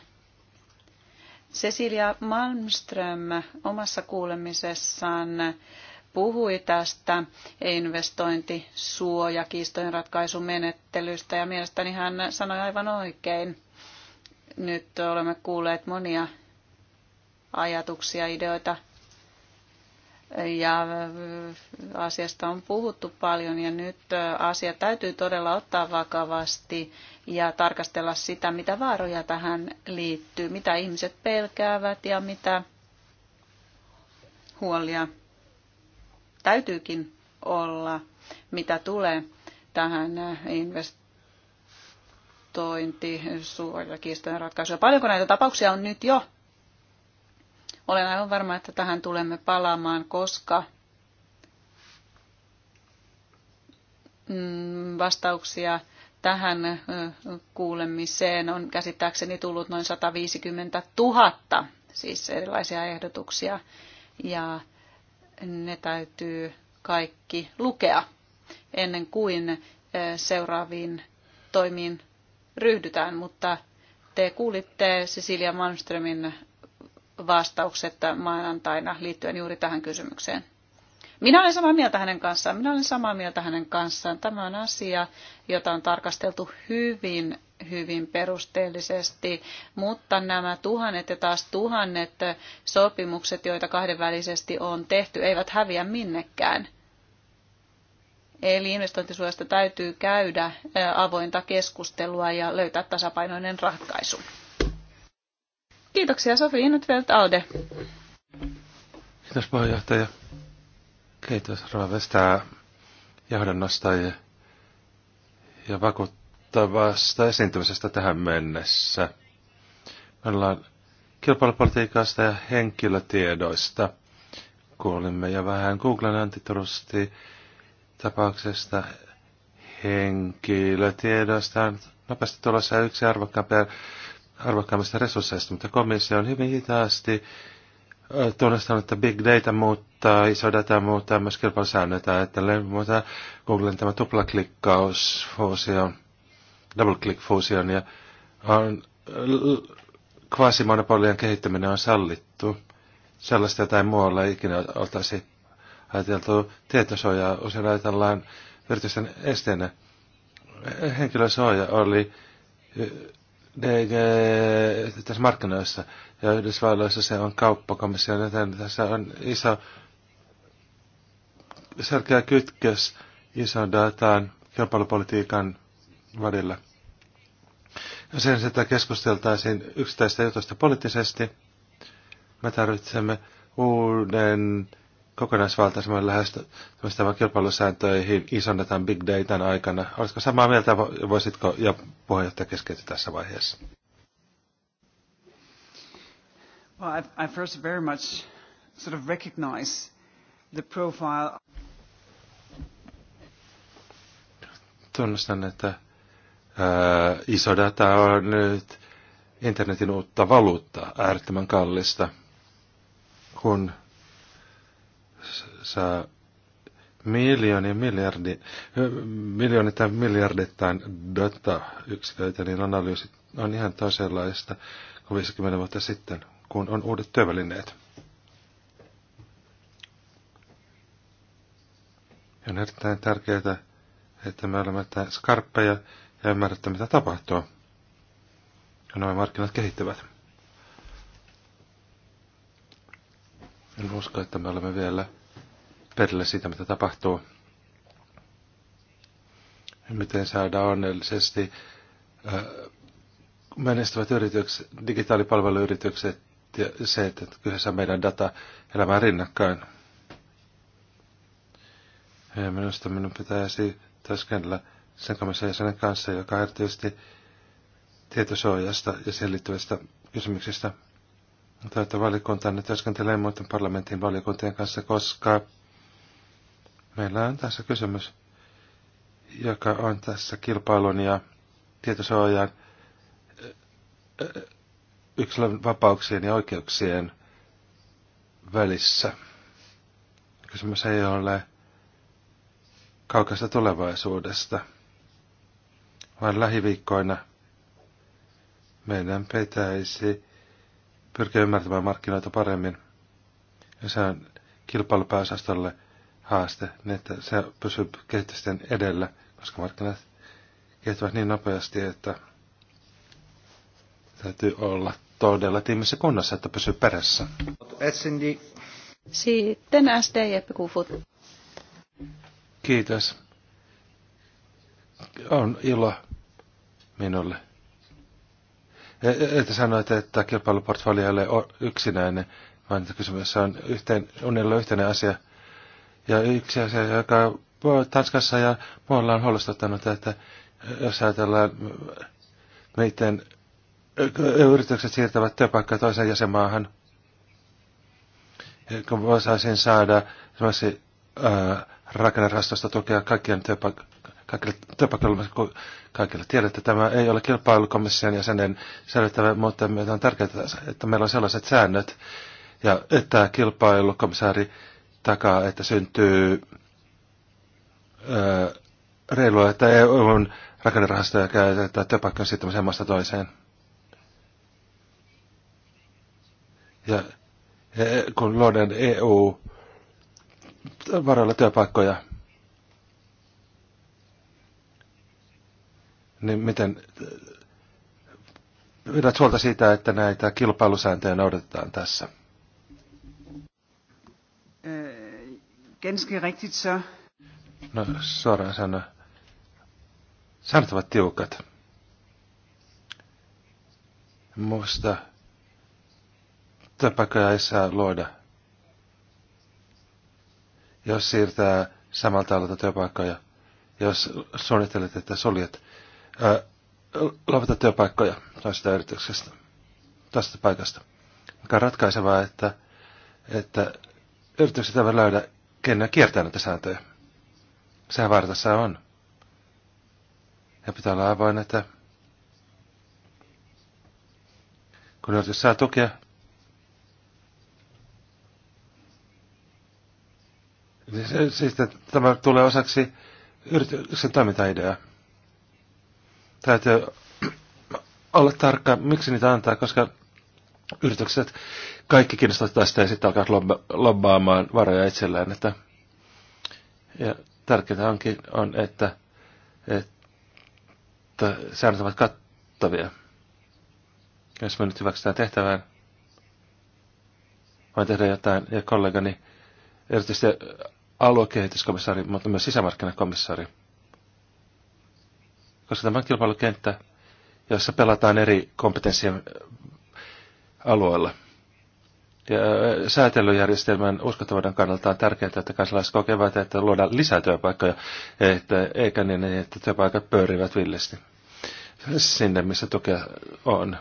Cecilia Malmström omassa kuulemisessaan puhui tästä investointisuojakiistojen ratkaisumenettelystä ja mielestäni hän sanoi aivan oikein. Nyt olemme kuulleet monia ajatuksia, ideoita ja äh, asiasta on puhuttu paljon ja nyt äh, asia täytyy todella ottaa vakavasti ja tarkastella sitä, mitä vaaroja tähän liittyy, mitä ihmiset pelkäävät ja mitä huolia täytyykin olla, mitä tulee tähän äh, investointisuojakiistojen ratkaisuun. Paljonko näitä tapauksia on nyt jo olen aivan varma, että tähän tulemme palaamaan, koska mm, vastauksia tähän kuulemiseen on käsittääkseni tullut noin 150 000, siis erilaisia ehdotuksia, ja ne täytyy kaikki lukea ennen kuin seuraaviin toimiin ryhdytään, mutta te kuulitte Cecilia Malmströmin vastaukset maanantaina liittyen juuri tähän kysymykseen. Minä olen samaa mieltä hänen kanssaan. Minä olen samaa mieltä hänen kanssaan. Tämä on asia, jota on tarkasteltu hyvin, hyvin perusteellisesti, mutta nämä tuhannet ja taas tuhannet sopimukset, joita kahdenvälisesti on tehty, eivät häviä minnekään. Eli investointisuojasta täytyy käydä avointa keskustelua ja löytää tasapainoinen ratkaisu. Kiitoksia Sofi Innetfeldt Alde. Kiitos puheenjohtaja. Kiitos Ravesta johdannosta ja, ja vakuuttavasta esiintymisestä tähän mennessä. Me ollaan kilpailupolitiikasta ja henkilötiedoista. Kuulimme jo vähän Googlen antitrusti tapauksesta henkilötiedoista nopeasti tulossa yksi arvokkaampia arvokkaimmista resursseista, mutta komissio on hyvin hitaasti tunnistanut, että big data muuttaa, iso data muuttaa, myös kilpailusäännöt että mutta Googlen tämä tuplaklikkaus, fuusio, double click fuusion ja on, kvasimonopolien kehittäminen on sallittu. Sellaista tai muualla ei ikinä oltaisi ajateltu tietosuojaa, usein ajatellaan yritysten esteenä. Henkilösuoja oli DG tässä markkinoissa ja Yhdysvalloissa se on kauppakomissio, joten tässä on iso selkeä kytkös ison dataan kilpailupolitiikan välillä. Ja sen sitä keskusteltaisiin yksittäistä jutusta poliittisesti. Me tarvitsemme uuden kokonaisvaltaisemman lähestymistavan kilpailusääntöihin isonnetaan big datan aikana. Olisiko samaa mieltä, voisitko ja puheenjohtaja keskeytyä tässä vaiheessa? Well, I, I first very much sort of recognize the profile. Tunnustan, että ää, äh, iso data on nyt internetin uutta valuuttaa, äärettömän kallista, kun maksaa miljoonia, miljardi, tai miljardittain yksiköitä niin analyysi on ihan toisenlaista kuin 50 vuotta sitten, kun on uudet työvälineet. on erittäin tärkeää, että me olemme skarppeja ja ymmärrämme, mitä tapahtuu. Ja nämä markkinat kehittyvät. En usko, että me olemme vielä perille siitä, mitä tapahtuu. Ja miten saada onnellisesti menestyvät yritykset, digitaalipalveluyritykset ja se, että kyseessä on meidän data elämään rinnakkain. Ja minusta minun pitäisi työskennellä sen komission kanssa, joka erityisesti tietosuojasta ja siihen liittyvistä kysymyksistä. Täyttä valiokuntaa nyt työskentelee muiden parlamentin valiokuntien kanssa, koska Meillä on tässä kysymys, joka on tässä kilpailun ja tietosuojan eh, yksilön vapauksien ja oikeuksien välissä. Kysymys ei ole kaukaisesta tulevaisuudesta, vaan lähiviikkoina meidän pitäisi pyrkiä ymmärtämään markkinoita paremmin. Ja se on kilpailupääosastolle haaste, niin että se pysyy kehitysten edellä, koska markkinat kehittyvät niin nopeasti, että täytyy olla todella tiimissä kunnossa, että pysyy perässä. Sitten SD Kiitos. On ilo minulle. E, e, että sanoit, että kilpailuportfolio ei ole yksinäinen, vaan kysymys on yhteen, unilla yhteinen asia – ja yksi asia, joka Tanskassa ja muualla on huolestuttanut, että jos ajatellaan, miten yritykset siirtävät työpaikkaa toiseen jäsenmaahan, kun voisin saada esimerkiksi rakennerastosta tukea kaikkien työpaik- kaikille työpaikoille, kun kaikille tiedätte, tämä ei ole kilpailukomission jäsenen säilyttävä, mutta meitä on tärkeää, että meillä on sellaiset säännöt, ja että kilpailukomissaari takaa, että syntyy öö, reilua, että EUn rakennerahastoja käytetään työpaikkojen siirtämiseen maasta toiseen. Ja, ja e, kun luodaan EU varoilla työpaikkoja, niin miten pidät huolta siitä, että näitä kilpailusääntöjä noudatetaan tässä? Øh, ganske rigtigt så... No suoraan sanoen, sanat ovat tiukat. Musta tapakaa ei saa luoda. Jos siirtää samalta alalta työpaikkoja, jos suunnittelet, että suljet, lopeta työpaikkoja toisesta yrityksestä, toisesta paikasta. Mikä on ratkaisevaa, että, että sitä voi löydä keinoja kiertää näitä sääntöjä. Sehän vartassa on. Ja pitää olla avoin, että kun yritys saa tukea, niin siis tämä tulee osaksi yrityksen toimintaideaa. Täytyy olla tarkka, miksi niitä antaa, koska yritykset kaikki kiinnostavat tästä ja sitten alkaa lobbaamaan varoja itselleen. Että, ja tärkeintä onkin, on, että, että säännöt ovat kattavia. Jos me nyt hyväksytään tehtävään, voin tehdä jotain, ja kollegani, erityisesti aluekehityskomissaari, mutta myös sisämarkkinakomissaari. Koska tämä on kilpailukenttä, jossa pelataan eri kompetenssien alueella. Ja äh, säätelyjärjestelmän uskottavuuden kannalta on tärkeää, että kansalaiset kokevat, että luodaan lisää työpaikkoja, että, eikä niin, että työpaikat pöörivät villisti sinne, missä tukea on.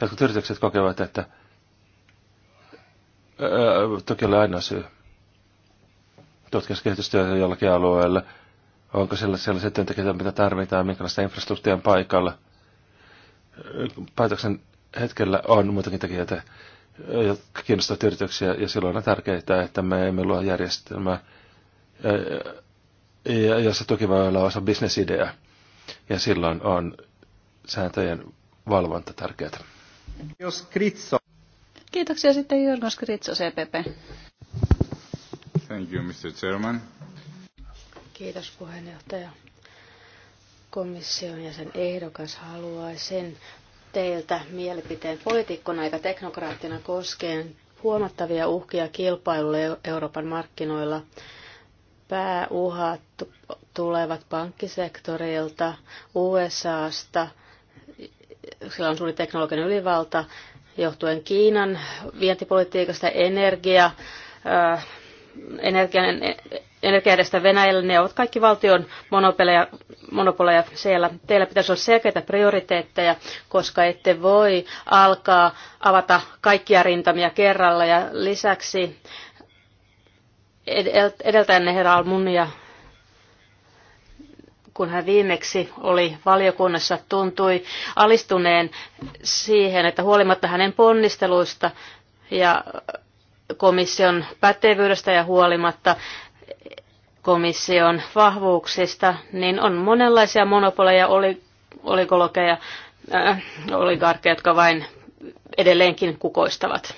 Jotkut yritykset kokevat, että äh, toki oli aina syy. Tutkimuskehitystyötä jollakin alueella. Onko siellä sellaisia työntekijöitä, mitä tarvitaan, minkälaista infrastruktuuria paikalla. Äh, päätöksen hetkellä on muutakin tekijöitä, jotka kiinnostavat yrityksiä, ja silloin on tärkeää, että me emme luo järjestelmää, jossa tuki voi olla osa bisnesidea, ja silloin on sääntöjen valvonta tärkeää. Jos Kritso. Kiitoksia sitten Jorgos Kritso, CPP. Thank you, Mr. Chairman. Kiitos puheenjohtaja komission ja sen ehdokas haluaa sen teiltä mielipiteen poliitikkona eikä teknokraattina koskien huomattavia uhkia kilpailulle Euroopan markkinoilla. Pääuhat tulevat pankkisektorilta, USAsta, sillä on suuri teknologinen ylivalta, johtuen Kiinan vientipolitiikasta, energia, äh, energian, energiajärjestä Venäjällä, ne ovat kaikki valtion monopoleja, monopoleja siellä. Teillä pitäisi olla selkeitä prioriteetteja, koska ette voi alkaa avata kaikkia rintamia kerralla. Ja lisäksi edeltäjänne herra Almunia, kun hän viimeksi oli valiokunnassa, tuntui alistuneen siihen, että huolimatta hänen ponnisteluista ja komission pätevyydestä ja huolimatta komission vahvuuksista, niin on monenlaisia monopoleja, oli, oligologeja, äh, oligarkkeja, jotka vain edelleenkin kukoistavat.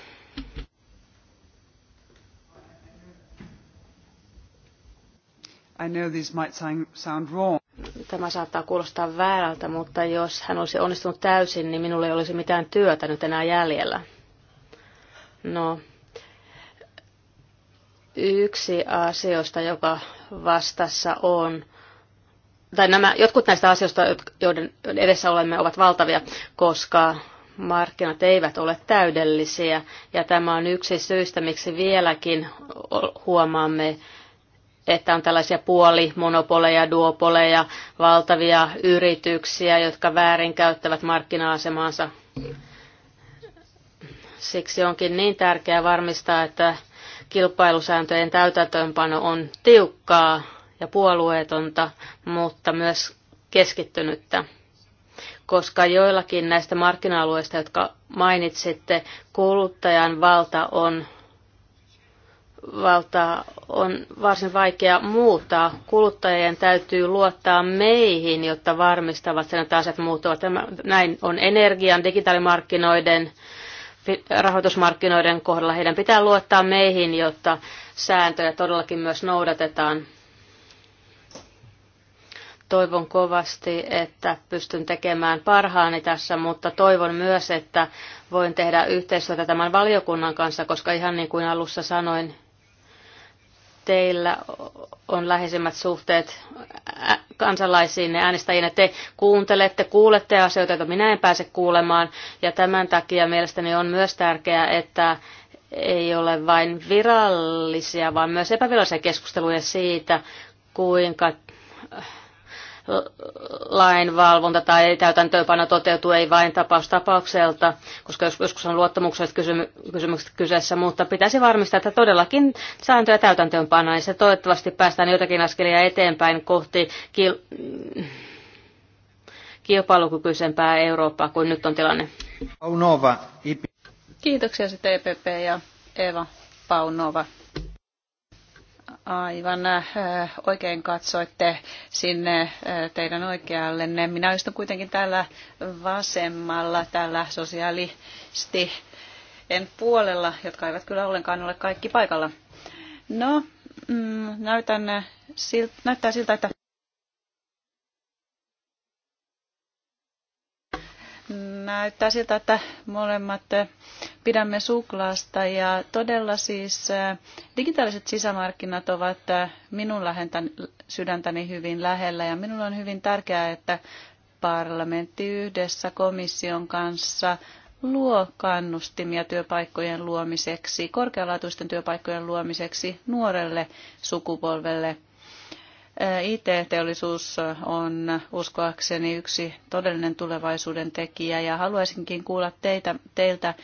I know this might sound wrong. Tämä saattaa kuulostaa väärältä, mutta jos hän olisi onnistunut täysin, niin minulle ei olisi mitään työtä nyt enää jäljellä. No, Yksi asioista, joka vastassa on, tai nämä, jotkut näistä asioista, joiden edessä olemme, ovat valtavia, koska markkinat eivät ole täydellisiä. Ja tämä on yksi syistä, miksi vieläkin huomaamme, että on tällaisia puolimonopoleja, duopoleja, valtavia yrityksiä, jotka väärinkäyttävät markkina-asemaansa. Siksi onkin niin tärkeää varmistaa, että kilpailusääntöjen täytäntöönpano on tiukkaa ja puolueetonta, mutta myös keskittynyttä koska joillakin näistä markkina-alueista, jotka mainitsitte, kuluttajan valta on, valta on varsin vaikea muuttaa. Kuluttajien täytyy luottaa meihin, jotta varmistavat sen, että asiat muuttuvat. näin on energian, digitaalimarkkinoiden rahoitusmarkkinoiden kohdalla. Heidän pitää luottaa meihin, jotta sääntöjä todellakin myös noudatetaan. Toivon kovasti, että pystyn tekemään parhaani tässä, mutta toivon myös, että voin tehdä yhteistyötä tämän valiokunnan kanssa, koska ihan niin kuin alussa sanoin, teillä on läheisemmät suhteet kansalaisiin ja että Te kuuntelette, kuulette asioita, joita minä en pääse kuulemaan. Ja tämän takia mielestäni on myös tärkeää, että ei ole vain virallisia, vaan myös epävirallisia keskusteluja siitä, kuinka lainvalvonta tai täytäntöönpano toteutuu ei vain tapaus tapaukselta, koska joskus on luottamukselliset kysymykset kyseessä, mutta pitäisi varmistaa, että todellakin sääntöjä täytäntöönpano, ja se toivottavasti päästään jotakin askelia eteenpäin kohti kil- kilpailukykyisempää Eurooppaa kuin nyt on tilanne. Paunova. Kiitoksia sitten EPP ja Eva Paunova. Aivan äh, oikein katsoitte sinne äh, teidän oikeallenne. Minä istun kuitenkin täällä vasemmalla, täällä sosiaalisti en puolella, jotka eivät kyllä ollenkaan ole kaikki paikalla. No, mm, näytän, äh, näyttää siltä, että näyttää siltä, että molemmat eh, pidämme suklaasta ja todella siis eh, digitaaliset sisämarkkinat ovat eh, minun lähentän, sydäntäni hyvin lähellä ja minulla on hyvin tärkeää, että parlamentti yhdessä komission kanssa luo kannustimia työpaikkojen luomiseksi, korkealaatuisten työpaikkojen luomiseksi nuorelle sukupolvelle – IT-teollisuus on uskoakseni yksi todellinen tulevaisuuden tekijä ja haluaisinkin kuulla teitä, teiltä,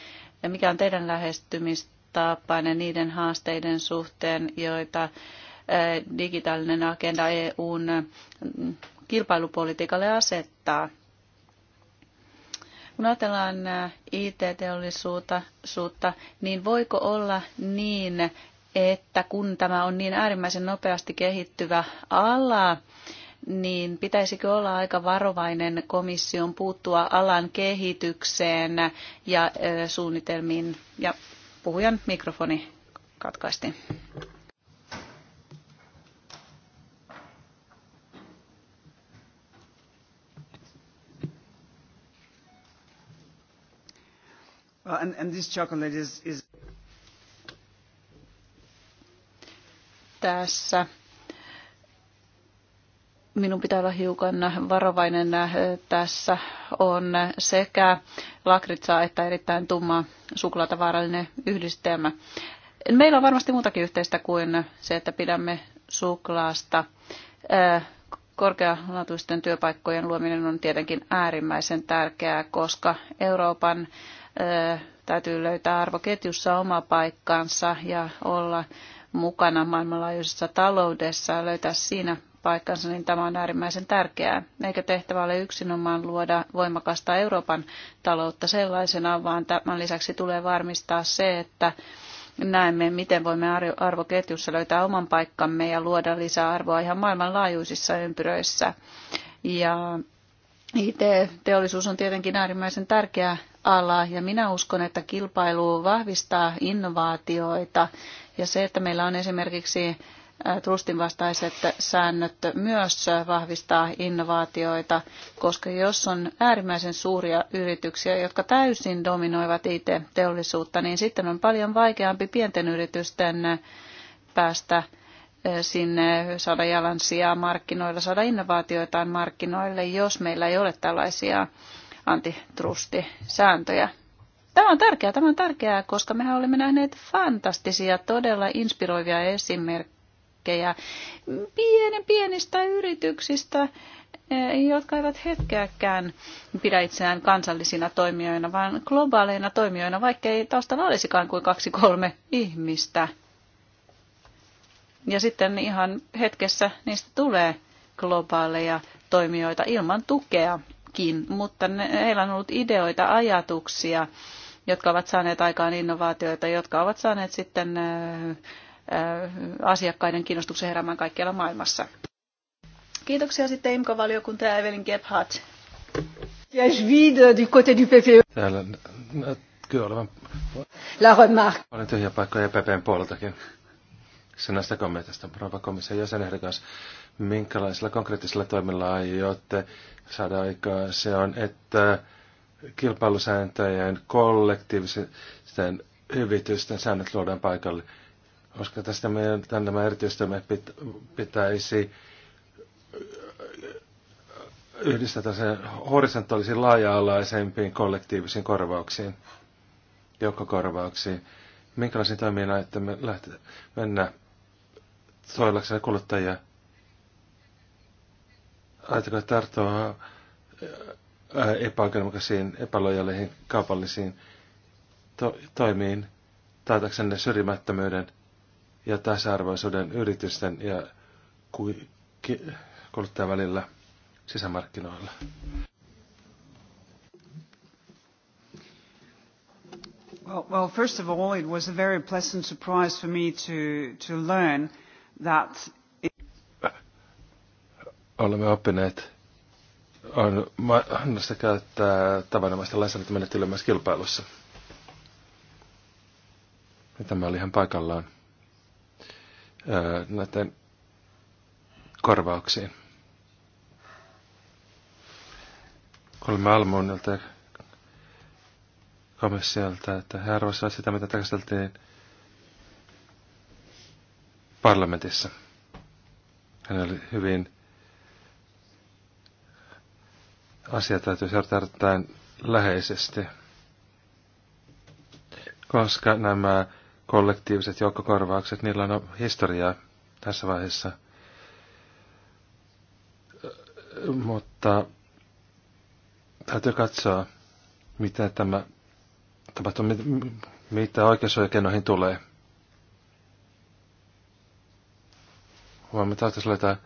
mikä on teidän lähestymistapanne niiden haasteiden suhteen, joita digitaalinen agenda EUn mm, kilpailupolitiikalle asettaa. Kun ajatellaan IT-teollisuutta, niin voiko olla niin, että kun tämä on niin äärimmäisen nopeasti kehittyvä ala, niin pitäisikö olla aika varovainen komission puuttua alan kehitykseen ja suunnitelmiin? Ja puhujan mikrofoni katkaistiin. Well, and, and this chocolate is, is... tässä minun pitää olla hiukan varovainen tässä on sekä lakritsaa että erittäin tumma suklaatavaarallinen yhdistelmä. Meillä on varmasti muutakin yhteistä kuin se, että pidämme suklaasta. Korkealaatuisten työpaikkojen luominen on tietenkin äärimmäisen tärkeää, koska Euroopan täytyy löytää arvoketjussa oma paikkansa ja olla mukana maailmanlaajuisessa taloudessa, löytää siinä paikkansa, niin tämä on äärimmäisen tärkeää. Eikä tehtävä ole yksinomaan luoda voimakasta Euroopan taloutta sellaisena, vaan tämän lisäksi tulee varmistaa se, että näemme, miten voimme arvoketjussa löytää oman paikkamme ja luoda lisää arvoa ihan maailmanlaajuisissa ympyröissä. Ja IT-teollisuus on tietenkin äärimmäisen tärkeä ala ja minä uskon, että kilpailu vahvistaa innovaatioita ja se, että meillä on esimerkiksi äh, trustin vastaiset säännöt myös äh, vahvistaa innovaatioita, koska jos on äärimmäisen suuria yrityksiä, jotka täysin dominoivat IT-teollisuutta, niin sitten on paljon vaikeampi pienten yritysten äh, päästä sinne saada jalansijaa markkinoilla, saada innovaatioitaan markkinoille, jos meillä ei ole tällaisia antitrustisääntöjä. Tämä on tärkeää, tämä on tärkeää, koska mehän olemme nähneet fantastisia, todella inspiroivia esimerkkejä pienen pienistä yrityksistä, eh, jotka eivät hetkeäkään pidä itseään kansallisina toimijoina, vaan globaaleina toimijoina, vaikka ei taustalla olisikaan kuin kaksi kolme ihmistä. Ja sitten ihan hetkessä niistä tulee globaaleja toimijoita ilman tukeakin, mutta ne, heillä on ollut ideoita, ajatuksia jotka ovat saaneet aikaan innovaatioita, jotka ovat saaneet sitten asiakkaiden kiinnostuksen heräämään kaikkialla maailmassa. Kiitoksia sitten imco valiokunta ja Evelin Gebhardt. E? Täällä näkyy olevan La remarque. Olen tyhjä paikka EPPn puoleltakin. Sen näistä komiteasta, rouva komission jäsenehdokas, minkälaisilla konkreettisilla toimilla aiotte saada aikaa? Se on, että kilpailusääntöjen kollektiivisten hyvitysten säännöt luodaan paikalle. Koska tästä meidän nämä erityistoimet pitäisi yhdistää sen horisontaalisiin laaja-alaisempiin kollektiivisiin korvauksiin, joukkokorvauksiin. Minkälaisiin toimiin että me lähtee mennä soillakseen kuluttajia? Ajatteko tarttua Äh, epäoikeudenmukaisiin, epälojaaleihin kaupallisiin to- toimiin taitaksenne syrjimättömyyden ja tasa-arvoisuuden yritysten ja ku- ki- kuluttajan välillä sisämarkkinoilla? Well, well, first of all, it was a very pleasant surprise for me to, to learn that... It... Olemme oppineet on mahdollista käyttää tavanomaista lainsäädäntömenettelyä myös kilpailussa. Ja tämä oli ihan paikallaan näiden korvauksiin. Kolme Almonilta ja komissiolta, että he arvoisivat sitä, mitä tarkasteltiin parlamentissa. Hän oli hyvin asia täytyy seurata erittäin läheisesti, koska nämä kollektiiviset joukkokorvaukset, niillä on historiaa tässä vaiheessa. Mutta täytyy katsoa, mitä tämä tapahtuu, mitä oikeusoikeinoihin tulee. Voimme taitaisi löytää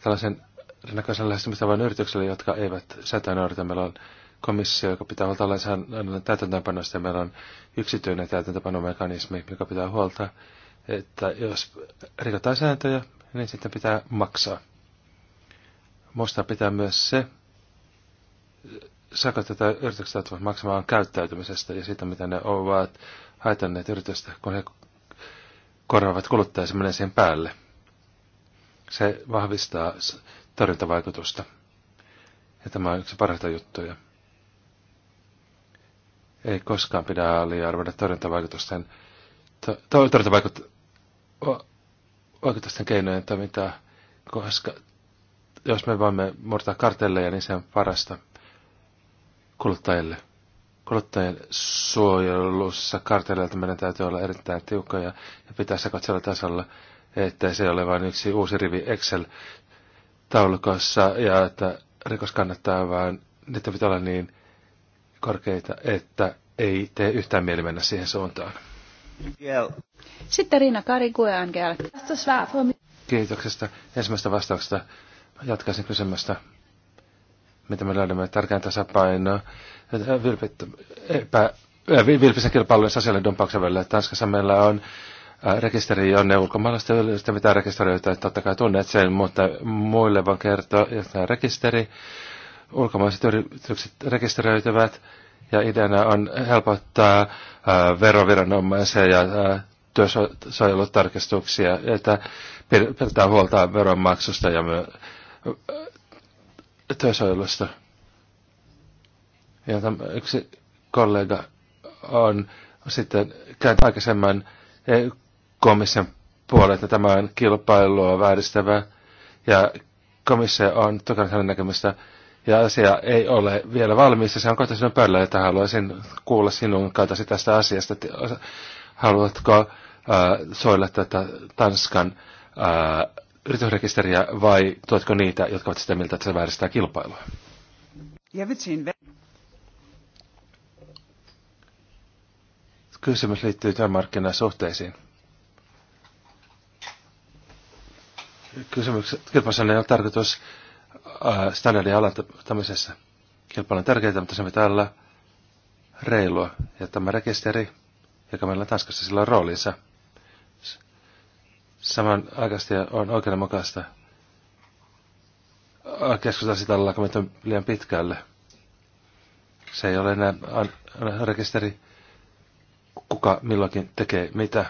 tällaisen rinnakkaisenä lähestymistavan yrityksellä, jotka eivät sätä noudata. Meillä on komissio, joka pitää huolta lainsäädännön täytäntöönpanosta, ja meillä on yksityinen täytäntöönpanomekanismi, joka pitää huolta, että jos rikotaan sääntöjä, niin sitten pitää maksaa. Muistaa pitää myös se, sakot, tätä yritykset joutuvat maksamaan käyttäytymisestä ja siitä, mitä ne ovat haitanneet yritystä, kun he korvaavat kuluttajia, se menee siihen päälle. Se vahvistaa tarjontavaikutusta. Ja tämä on yksi parhaita juttuja. Ei koskaan pidä aliarvoida tarjontavaikutusten to, to, torjuntavaikutusten keinojen toimintaa, koska jos me voimme murtaa kartelleja, niin se on parasta kuluttajille. Kuluttajien suojelussa kartelleilta meidän täytyy olla erittäin tiukkoja ja pitää sekoittaa tasolla, että se ole vain yksi uusi rivi Excel taulukossa ja että rikos kannattaa, vaan niitä pitää olla niin korkeita, että ei tee yhtään mieli mennä siihen suuntaan. Sitten Riina Kari Kueangel. Kiitoksesta ensimmäistä vastauksesta. Jatkaisin kysymästä, mitä me löydämme tärkeän tasapainoa. epä, vilpisen kilpailujen sosiaalidumpauksen välillä. Tanskassa meillä on Äh, rekisteri, jonne ulkomaalaista yritystä mitä rekisteröitä, totta kai tunnet sen, mutta muille vaan kertoa, että rekisteri, ulkomaiset yritykset rekisteröityvät, ja ideana on helpottaa äh, veroviranomaisia ja äh, työsuojelutarkistuksia, että pidetään huolta veronmaksusta ja myös työsuojelusta. Ja tämä yksi kollega on sitten käynyt aikaisemman komission puolelta tämä kilpailua vääristävä ja komissio on tukenut hänen näkemystä ja asia ei ole vielä valmis se on kohta sinun päällä, että haluaisin kuulla sinun kautasi tästä asiasta. Haluatko äh, soilla tätä Tanskan äh, yritysrekisteriä vai tuotko niitä, jotka ovat sitä mieltä, että se vääristää kilpailua? Kysymys liittyy työmarkkinasuhteisiin. kysymykset, kilpailun on tarkoitus äh, standardien alentamisessa. Kilpailu on tärkeää, mutta se pitää olla reilua. Ja tämä rekisteri, joka meillä on Tanskassa, sillä on roolinsa. Samanaikaisesti on oikeudenmukaista äh, keskustella sitä, ollaanko me liian pitkälle. Se ei ole enää rekisteri, kuka milloinkin tekee mitä.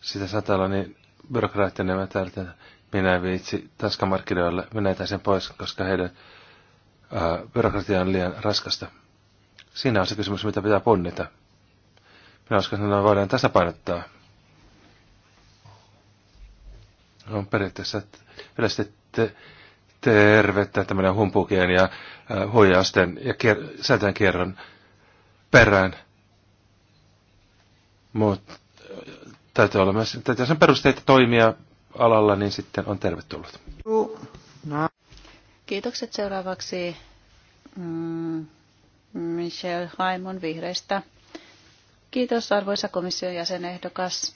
Sitä saattaa olla niin byrokraattinen mä täältä. Minä viitsi taskamarkkinoille, minä sen pois, koska heidän ää, byrokratia on liian raskasta. Siinä on se kysymys, mitä pitää punnita. Minä uskon, että voidaan tasapainottaa. On periaatteessa yleisesti te, tervettä tämmöinen humpukien ja äh, huijausten ja kier, säätään kierron perään. Mutta täytyy olla myös, täytyy sen perusteita toimia alalla, niin sitten on tervetullut. Kiitokset seuraavaksi mm, Michel Haimon vihreistä. Kiitos arvoisa komission jäsenehdokas.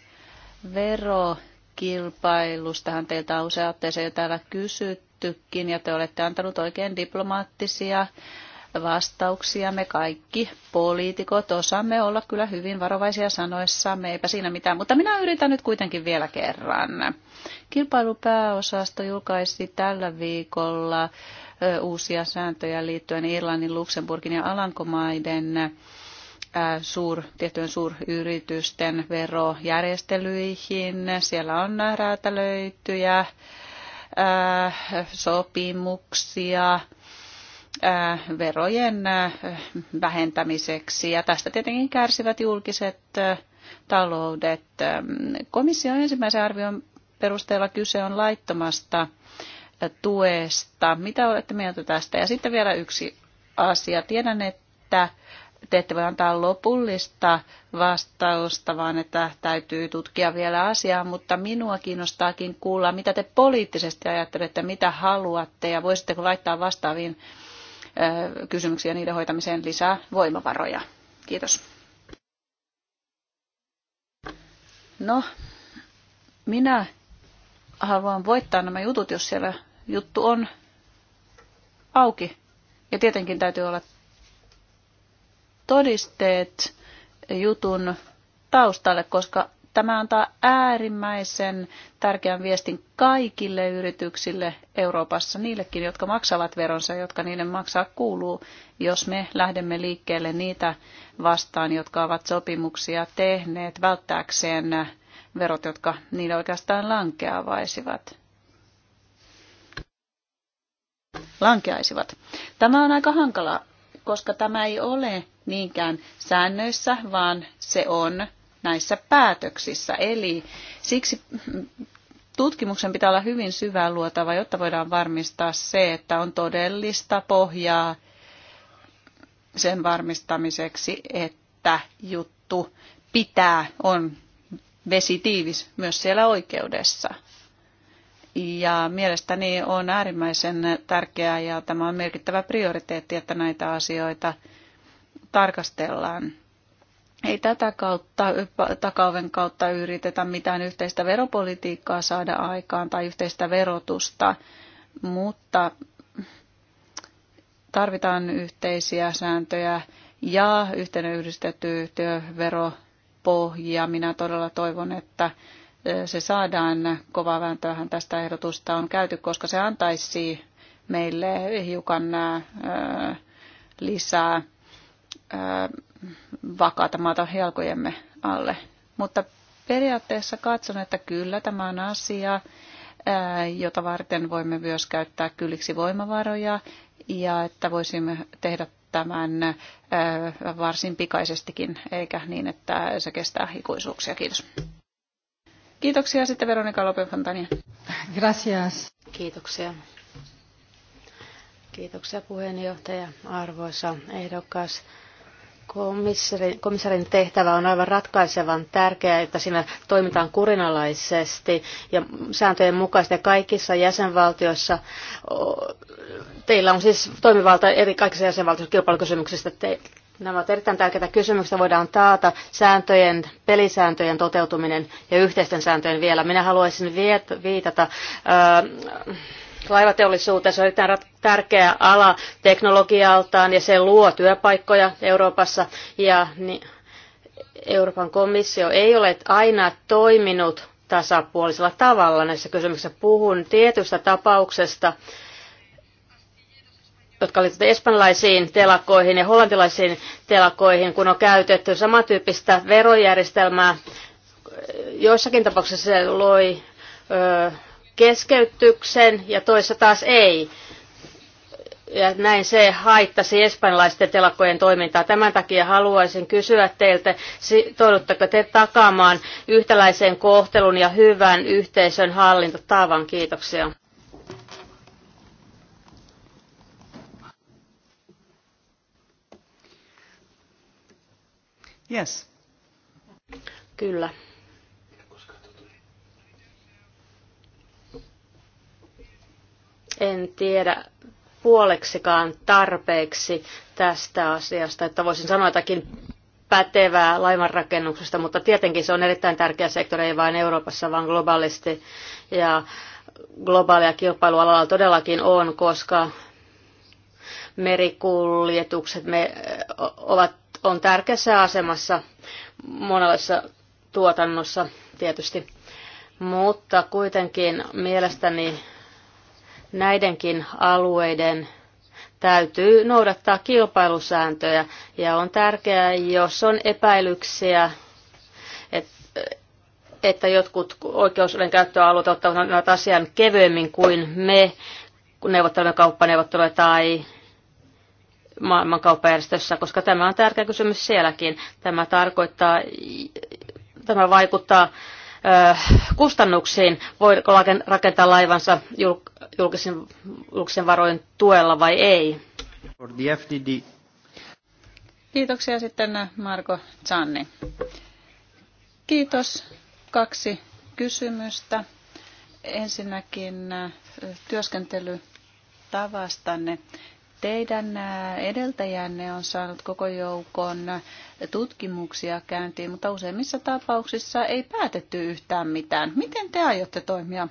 Verokilpailustahan teiltä on usea otteeseen jo täällä kysyttykin ja te olette antanut oikein diplomaattisia vastauksia. Me kaikki poliitikot osaamme olla kyllä hyvin varovaisia sanoissamme, eipä siinä mitään. Mutta minä yritän nyt kuitenkin vielä kerran. Kilpailupääosasto julkaisi tällä viikolla uusia sääntöjä liittyen Irlannin, Luxemburgin ja Alankomaiden suur, tiettyjen suuryritysten verojärjestelyihin. Siellä on räätälöityjä sopimuksia Äh, verojen äh, vähentämiseksi. Ja tästä tietenkin kärsivät julkiset äh, taloudet. Ähm, komission ensimmäisen arvion perusteella kyse on laittomasta tuesta. Mitä olette mieltä tästä? Ja sitten vielä yksi asia. Tiedän, että te ette voi antaa lopullista vastausta, vaan että täytyy tutkia vielä asiaa, mutta minua kiinnostaakin kuulla, mitä te poliittisesti ajattelette, mitä haluatte ja voisitteko laittaa vastaaviin kysymyksiä niiden hoitamiseen lisää voimavaroja. Kiitos. No, minä haluan voittaa nämä jutut, jos siellä juttu on auki. Ja tietenkin täytyy olla todisteet jutun taustalle, koska Tämä antaa äärimmäisen tärkeän viestin kaikille yrityksille Euroopassa, niillekin, jotka maksavat veronsa, jotka niiden maksaa kuuluu, jos me lähdemme liikkeelle niitä vastaan, jotka ovat sopimuksia tehneet välttääkseen verot, jotka niille oikeastaan lankeavaisivat. Lankeaisivat. Tämä on aika hankala, koska tämä ei ole niinkään säännöissä, vaan se on näissä päätöksissä. Eli siksi tutkimuksen pitää olla hyvin syvään luotava, jotta voidaan varmistaa se, että on todellista pohjaa sen varmistamiseksi, että juttu pitää, on vesitiivis myös siellä oikeudessa. Ja mielestäni on äärimmäisen tärkeää ja tämä on merkittävä prioriteetti, että näitä asioita tarkastellaan ei tätä kautta, takaoven kautta yritetä mitään yhteistä veropolitiikkaa saada aikaan tai yhteistä verotusta, mutta tarvitaan yhteisiä sääntöjä ja yhteinen yhdistetty työveropohja. Minä todella toivon, että se saadaan. Kovaa vääntöähän tästä ehdotusta on käyty, koska se antaisi meille hiukan lisää vakaata maata helkojemme alle. Mutta periaatteessa katson, että kyllä tämä on asia, jota varten voimme myös käyttää kylliksi voimavaroja ja että voisimme tehdä tämän varsin pikaisestikin, eikä niin, että se kestää ikuisuuksia. Kiitos. Kiitoksia sitten Veronika Lopenfantania. Gracias. Kiitoksia. Kiitoksia puheenjohtaja, arvoisa ehdokas. Komissarin, tehtävä on aivan ratkaisevan tärkeää, että siinä toimitaan kurinalaisesti ja sääntöjen mukaisesti kaikissa jäsenvaltioissa. Teillä on siis toimivalta eri kaikissa jäsenvaltioissa kilpailukysymyksistä. Te, nämä ovat erittäin tärkeitä kysymyksiä. Voidaan taata sääntöjen, pelisääntöjen toteutuminen ja yhteisten sääntöjen vielä. Minä haluaisin viitata... Laivateollisuutensa on erittäin tärkeä ala teknologialtaan ja se luo työpaikkoja Euroopassa ja niin, Euroopan komissio ei ole aina toiminut tasapuolisella tavalla näissä kysymyksissä. Puhun tietystä tapauksesta, jotka liittyvät espanjalaisiin telakoihin ja hollantilaisiin telakoihin, kun on käytetty samantyyppistä verojärjestelmää. Joissakin tapauksissa se loi ö, keskeytyksen ja toissa taas ei. Ja näin se haittasi espanjalaisten telakojen toimintaa. Tämän takia haluaisin kysyä teiltä, toivottako te takaamaan yhtäläisen kohtelun ja hyvän yhteisön hallintotavan? Kiitoksia. Yes. Kyllä. en tiedä puoleksikaan tarpeeksi tästä asiasta, että voisin sanoa jotakin pätevää laivanrakennuksesta, mutta tietenkin se on erittäin tärkeä sektori, ei vain Euroopassa, vaan globaalisti. Ja globaalia kilpailualalla todellakin on, koska merikuljetukset me ovat, on tärkeässä asemassa monessa tuotannossa tietysti. Mutta kuitenkin mielestäni Näidenkin alueiden täytyy noudattaa kilpailusääntöjä ja on tärkeää, jos on epäilyksiä, että jotkut oikeuden käyttöalueet ottavat asian kevyemmin kuin me, kun neuvottelemme kauppaneuvotteluja tai maailmankauppajärjestössä, koska tämä on tärkeä kysymys sielläkin. Tämä tarkoittaa, tämä vaikuttaa kustannuksiin, voiko rakentaa laivansa julkisen, julkisen varojen tuella vai ei. Kiitoksia sitten äh, Marko Zanni. Kiitos. Kaksi kysymystä. Ensinnäkin äh, työskentelytavastanne. Teidän äh, edeltäjänne on saanut koko joukon tutkimuksia käyntiin, mutta useimmissa tapauksissa ei päätetty yhtään mitään. Miten te aiotte toimia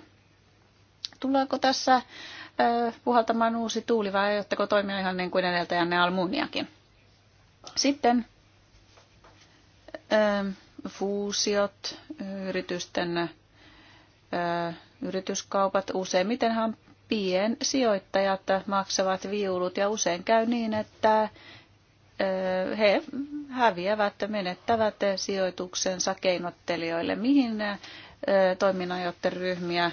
Tuleeko tässä puhaltamaan uusi tuuli vai aiotteko toimia ihan niin kuin edeltäjänne Almuniakin? Sitten fuusiot, yritysten yrityskaupat. Useimmitenhan piensijoittajat maksavat viulut ja usein käy niin, että he häviävät, menettävät sijoituksensa keinottelijoille. Mihin toiminnanjohtoryhmiä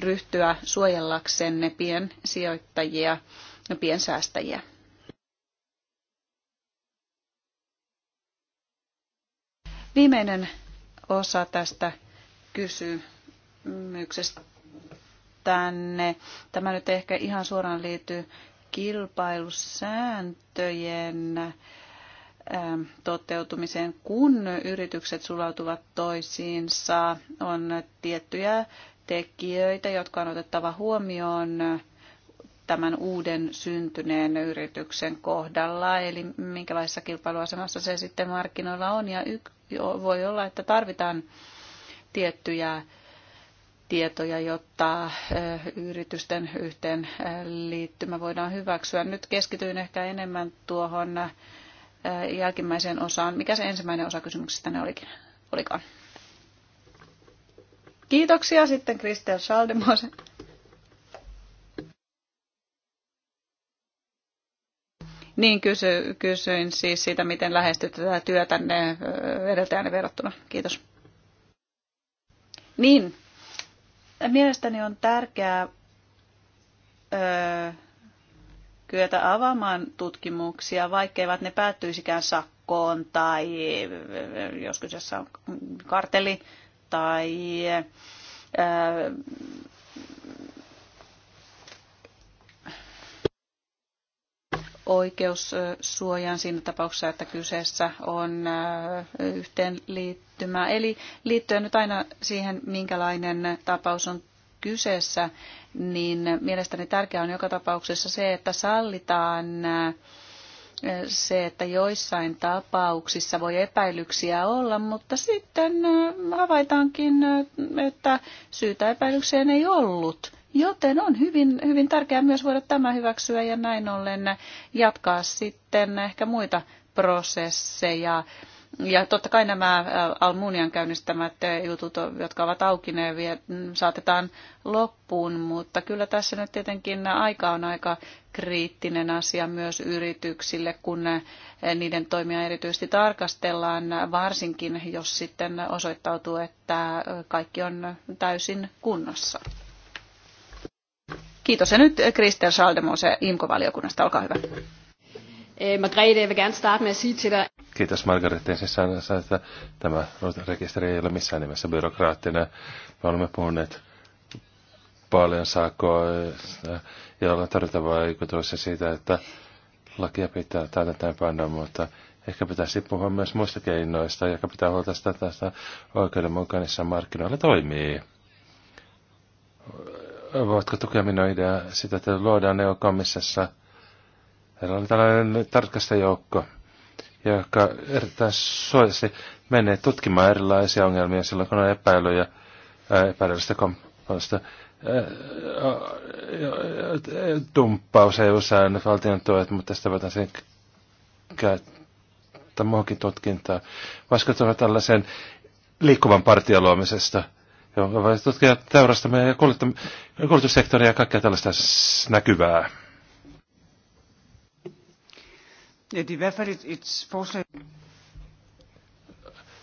ryhtyä suojellaksenne piensijoittajia ja piensäästäjiä? Viimeinen osa tästä kysymyksestä tänne. Tämä nyt ehkä ihan suoraan liittyy kilpailusääntöjen ähm, toteutumiseen, kun yritykset sulautuvat toisiinsa. On tiettyjä tekijöitä, jotka on otettava huomioon tämän uuden syntyneen yrityksen kohdalla, eli minkälaisessa kilpailuasemassa se sitten markkinoilla on. Ja voi olla, että tarvitaan tiettyjä tietoja, jotta yritysten yhteen liittymä voidaan hyväksyä. Nyt keskityin ehkä enemmän tuohon jälkimmäiseen osaan. Mikä se ensimmäinen osa kysymyksestä ne olikin? olikaan? Kiitoksia sitten Kristel Schaldemose. Niin kysy, kysyin siis siitä, miten lähestyt tätä työtänne edeltäjänne verrattuna. Kiitos. Niin, mielestäni on tärkeää öö, kyetä avaamaan tutkimuksia, vaikkeivat ne päättyisikään sakkoon tai jos kyseessä on karteli tai oikeussuojan siinä tapauksessa, että kyseessä on yhteenliittymä. Eli liittyen nyt aina siihen, minkälainen tapaus on kyseessä, niin mielestäni tärkeää on joka tapauksessa se, että sallitaan se, että joissain tapauksissa voi epäilyksiä olla, mutta sitten havaitaankin, että syytä epäilykseen ei ollut. Joten on hyvin, hyvin tärkeää myös voida tämä hyväksyä ja näin ollen jatkaa sitten ehkä muita prosesseja ja totta kai nämä Almunian käynnistämät jutut, jotka ovat auki, ne mm, saatetaan loppuun, mutta kyllä tässä nyt tietenkin aika on aika kriittinen asia myös yrityksille, kun niiden toimia erityisesti tarkastellaan, varsinkin jos sitten osoittautuu, että kaikki on täysin kunnossa. Kiitos ja nyt Kristel Schaldemose IMKO-valiokunnasta, olkaa hyvä. Øh, Margrethe, vil gerne starte med at sige til dig... Kiitos Margaret se sanoa, siis että tämä rekisteri ei ole missään nimessä byrokraattinen. Me olemme puhuneet paljon sakoista, eh, joilla tarvitaan vaikutus ja siitä, että lakia pitää täytetään panna, mutta ehkä pitäisi puhua myös muista keinoista, ja pitää huolta sitä, että tästä oikeudenmukaisessa markkinoilla toimii. Voitko tukea minun ideaa sitä, että luodaan EU-komissassa – Heillä oli tällainen tarkastajoukko, joka erittäin suojasti menee tutkimaan erilaisia ongelmia silloin, kun on epäilyjä epäilyllistä komponista. Tumppaus ei usein valtion tuet, mutta tästä voidaan sen käyttää muuhunkin tutkintaan. Voisiko tulla tällaisen liikkuvan partion luomisesta, joka voi tutkia teurastamme ja kuljetussektoria ja kaikkea tällaista näkyvää. Er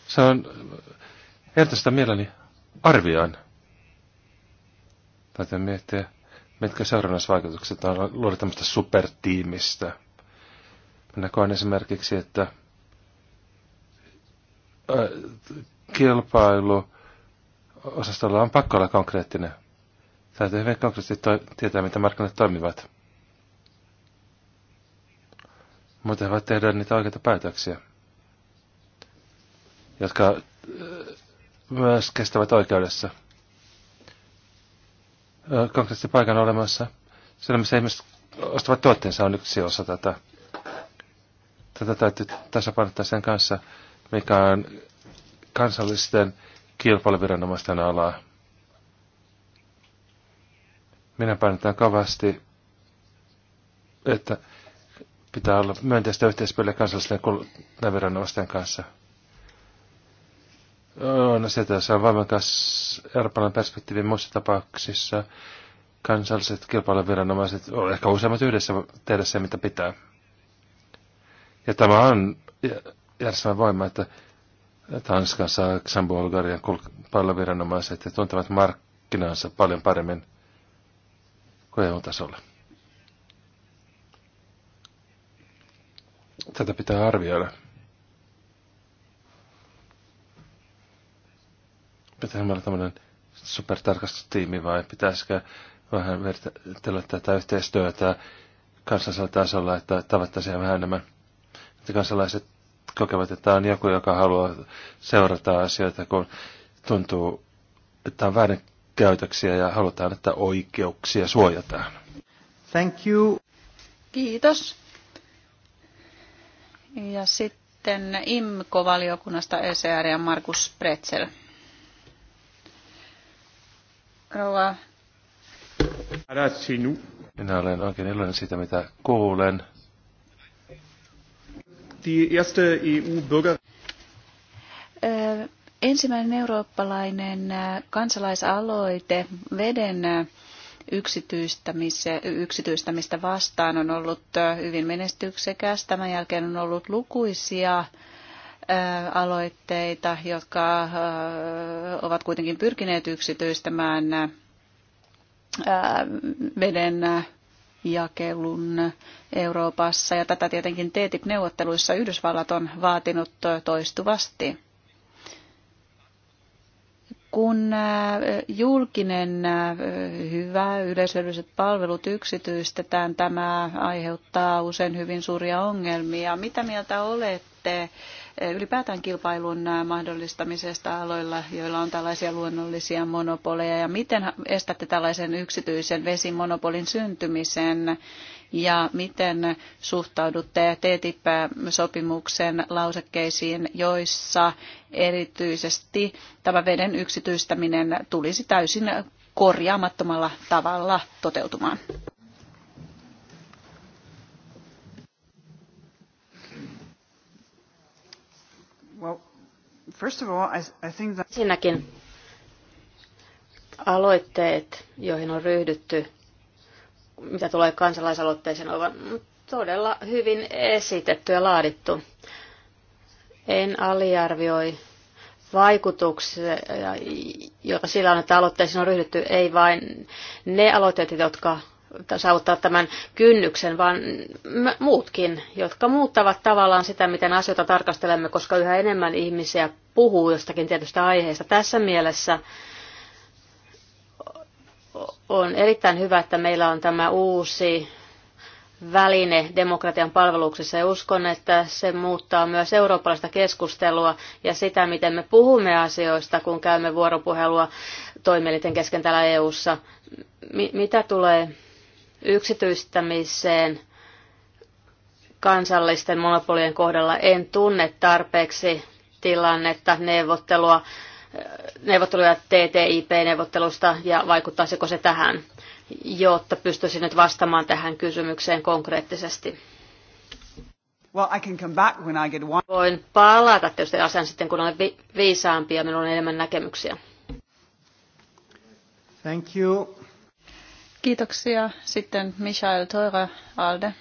Se on hertaista mieleni arvioin. Täytyy miettiä, mitkä seurannasvaikutukset on luoda tämmöistä supertiimistä. Minä koen esimerkiksi, että kilpailu osastolla on pakko olla konkreettinen. Täytyy hyvin konkreettisesti tietää, mitä markkinat toimivat. Mutta he voivat tehdä niitä oikeita päätöksiä, jotka äh, myös kestävät oikeudessa. Konkreettisesti paikan olemassa, siellä missä ihmiset ostavat tuotteensa on yksi osa tätä. Tätä täytyy tasapainottaa sen kanssa, mikä on kansallisten kilpailuviranomaisten alaa. Minä painotan kovasti, että Pitää olla myönteistä yhteispeliä kansallisten kuluttajaviranomaisten kanssa. No se, tässä on voimakas Euroopan perspektiivi muissa tapauksissa. Kansalliset kilpailuviranomaiset, ehkä useimmat yhdessä tehdä se, mitä pitää. Ja tämä on järjestelmä voima, että Tanskan, Saksan, Bulgarian kilpailuviranomaiset tuntevat markkinansa paljon paremmin kuin EU-tasolla. Tätä pitää arvioida. Pitää meillä tämmöinen supertarkastustiimi vai pitäisikö vähän vertailla tätä yhteistyötä kansallisella tasolla, että tavattaisiin vähän enemmän. Että kansalaiset kokevat, että on joku, joka haluaa seurata asioita, kun tuntuu, että on väärin käytöksiä ja halutaan, että oikeuksia suojataan. Thank you. Kiitos. Ja sitten IMKO-valiokunnasta ECR ja Markus Pretzel. Rouva. Minä olen oikein iloinen siitä, mitä kuulen. Die EU-Bürger e ensimmäinen eurooppalainen kansalaisaloite veden yksityistämistä vastaan on ollut hyvin menestyksekäs. Tämän jälkeen on ollut lukuisia aloitteita, jotka ovat kuitenkin pyrkineet yksityistämään veden jakelun Euroopassa. Ja tätä tietenkin TTIP-neuvotteluissa Yhdysvallat on vaatinut toistuvasti kun äh, julkinen äh, hyvä yleisölliset palvelut yksityistetään, tämä aiheuttaa usein hyvin suuria ongelmia. Mitä mieltä olette äh, ylipäätään kilpailun mahdollistamisesta aloilla, joilla on tällaisia luonnollisia monopoleja, ja miten estätte tällaisen yksityisen vesimonopolin syntymisen? ja miten suhtaudutte TTIP-sopimuksen lausekkeisiin, joissa erityisesti tämä veden yksityistäminen tulisi täysin korjaamattomalla tavalla toteutumaan? Well, first of all, I, I think that... Sinäkin aloitteet, joihin on ryhdytty mitä tulee kansalaisaloitteeseen, ovat todella hyvin esitetty ja laadittu. En aliarvioi vaikutuksia, joita sillä on, että aloitteisiin on ryhdytty, ei vain ne aloitteet, jotka saavuttavat tämän kynnyksen, vaan muutkin, jotka muuttavat tavallaan sitä, miten asioita tarkastelemme, koska yhä enemmän ihmisiä puhuu jostakin tietystä aiheesta. Tässä mielessä on erittäin hyvä, että meillä on tämä uusi väline demokratian palveluksessa ja uskon, että se muuttaa myös eurooppalaista keskustelua ja sitä, miten me puhumme asioista, kun käymme vuoropuhelua toimielinten kesken täällä EU-ssa. mitä tulee yksityistämiseen kansallisten monopolien kohdalla, en tunne tarpeeksi tilannetta, neuvottelua neuvotteluja TTIP-neuvottelusta ja vaikuttaisiko se tähän, jotta pystyisin nyt vastaamaan tähän kysymykseen konkreettisesti. Well, I can come back when I get one. Voin palata tietysti asian sitten, kun olen vi- viisaampi ja minulla on enemmän näkemyksiä. Thank you. Kiitoksia. Sitten Michael Toira Alde.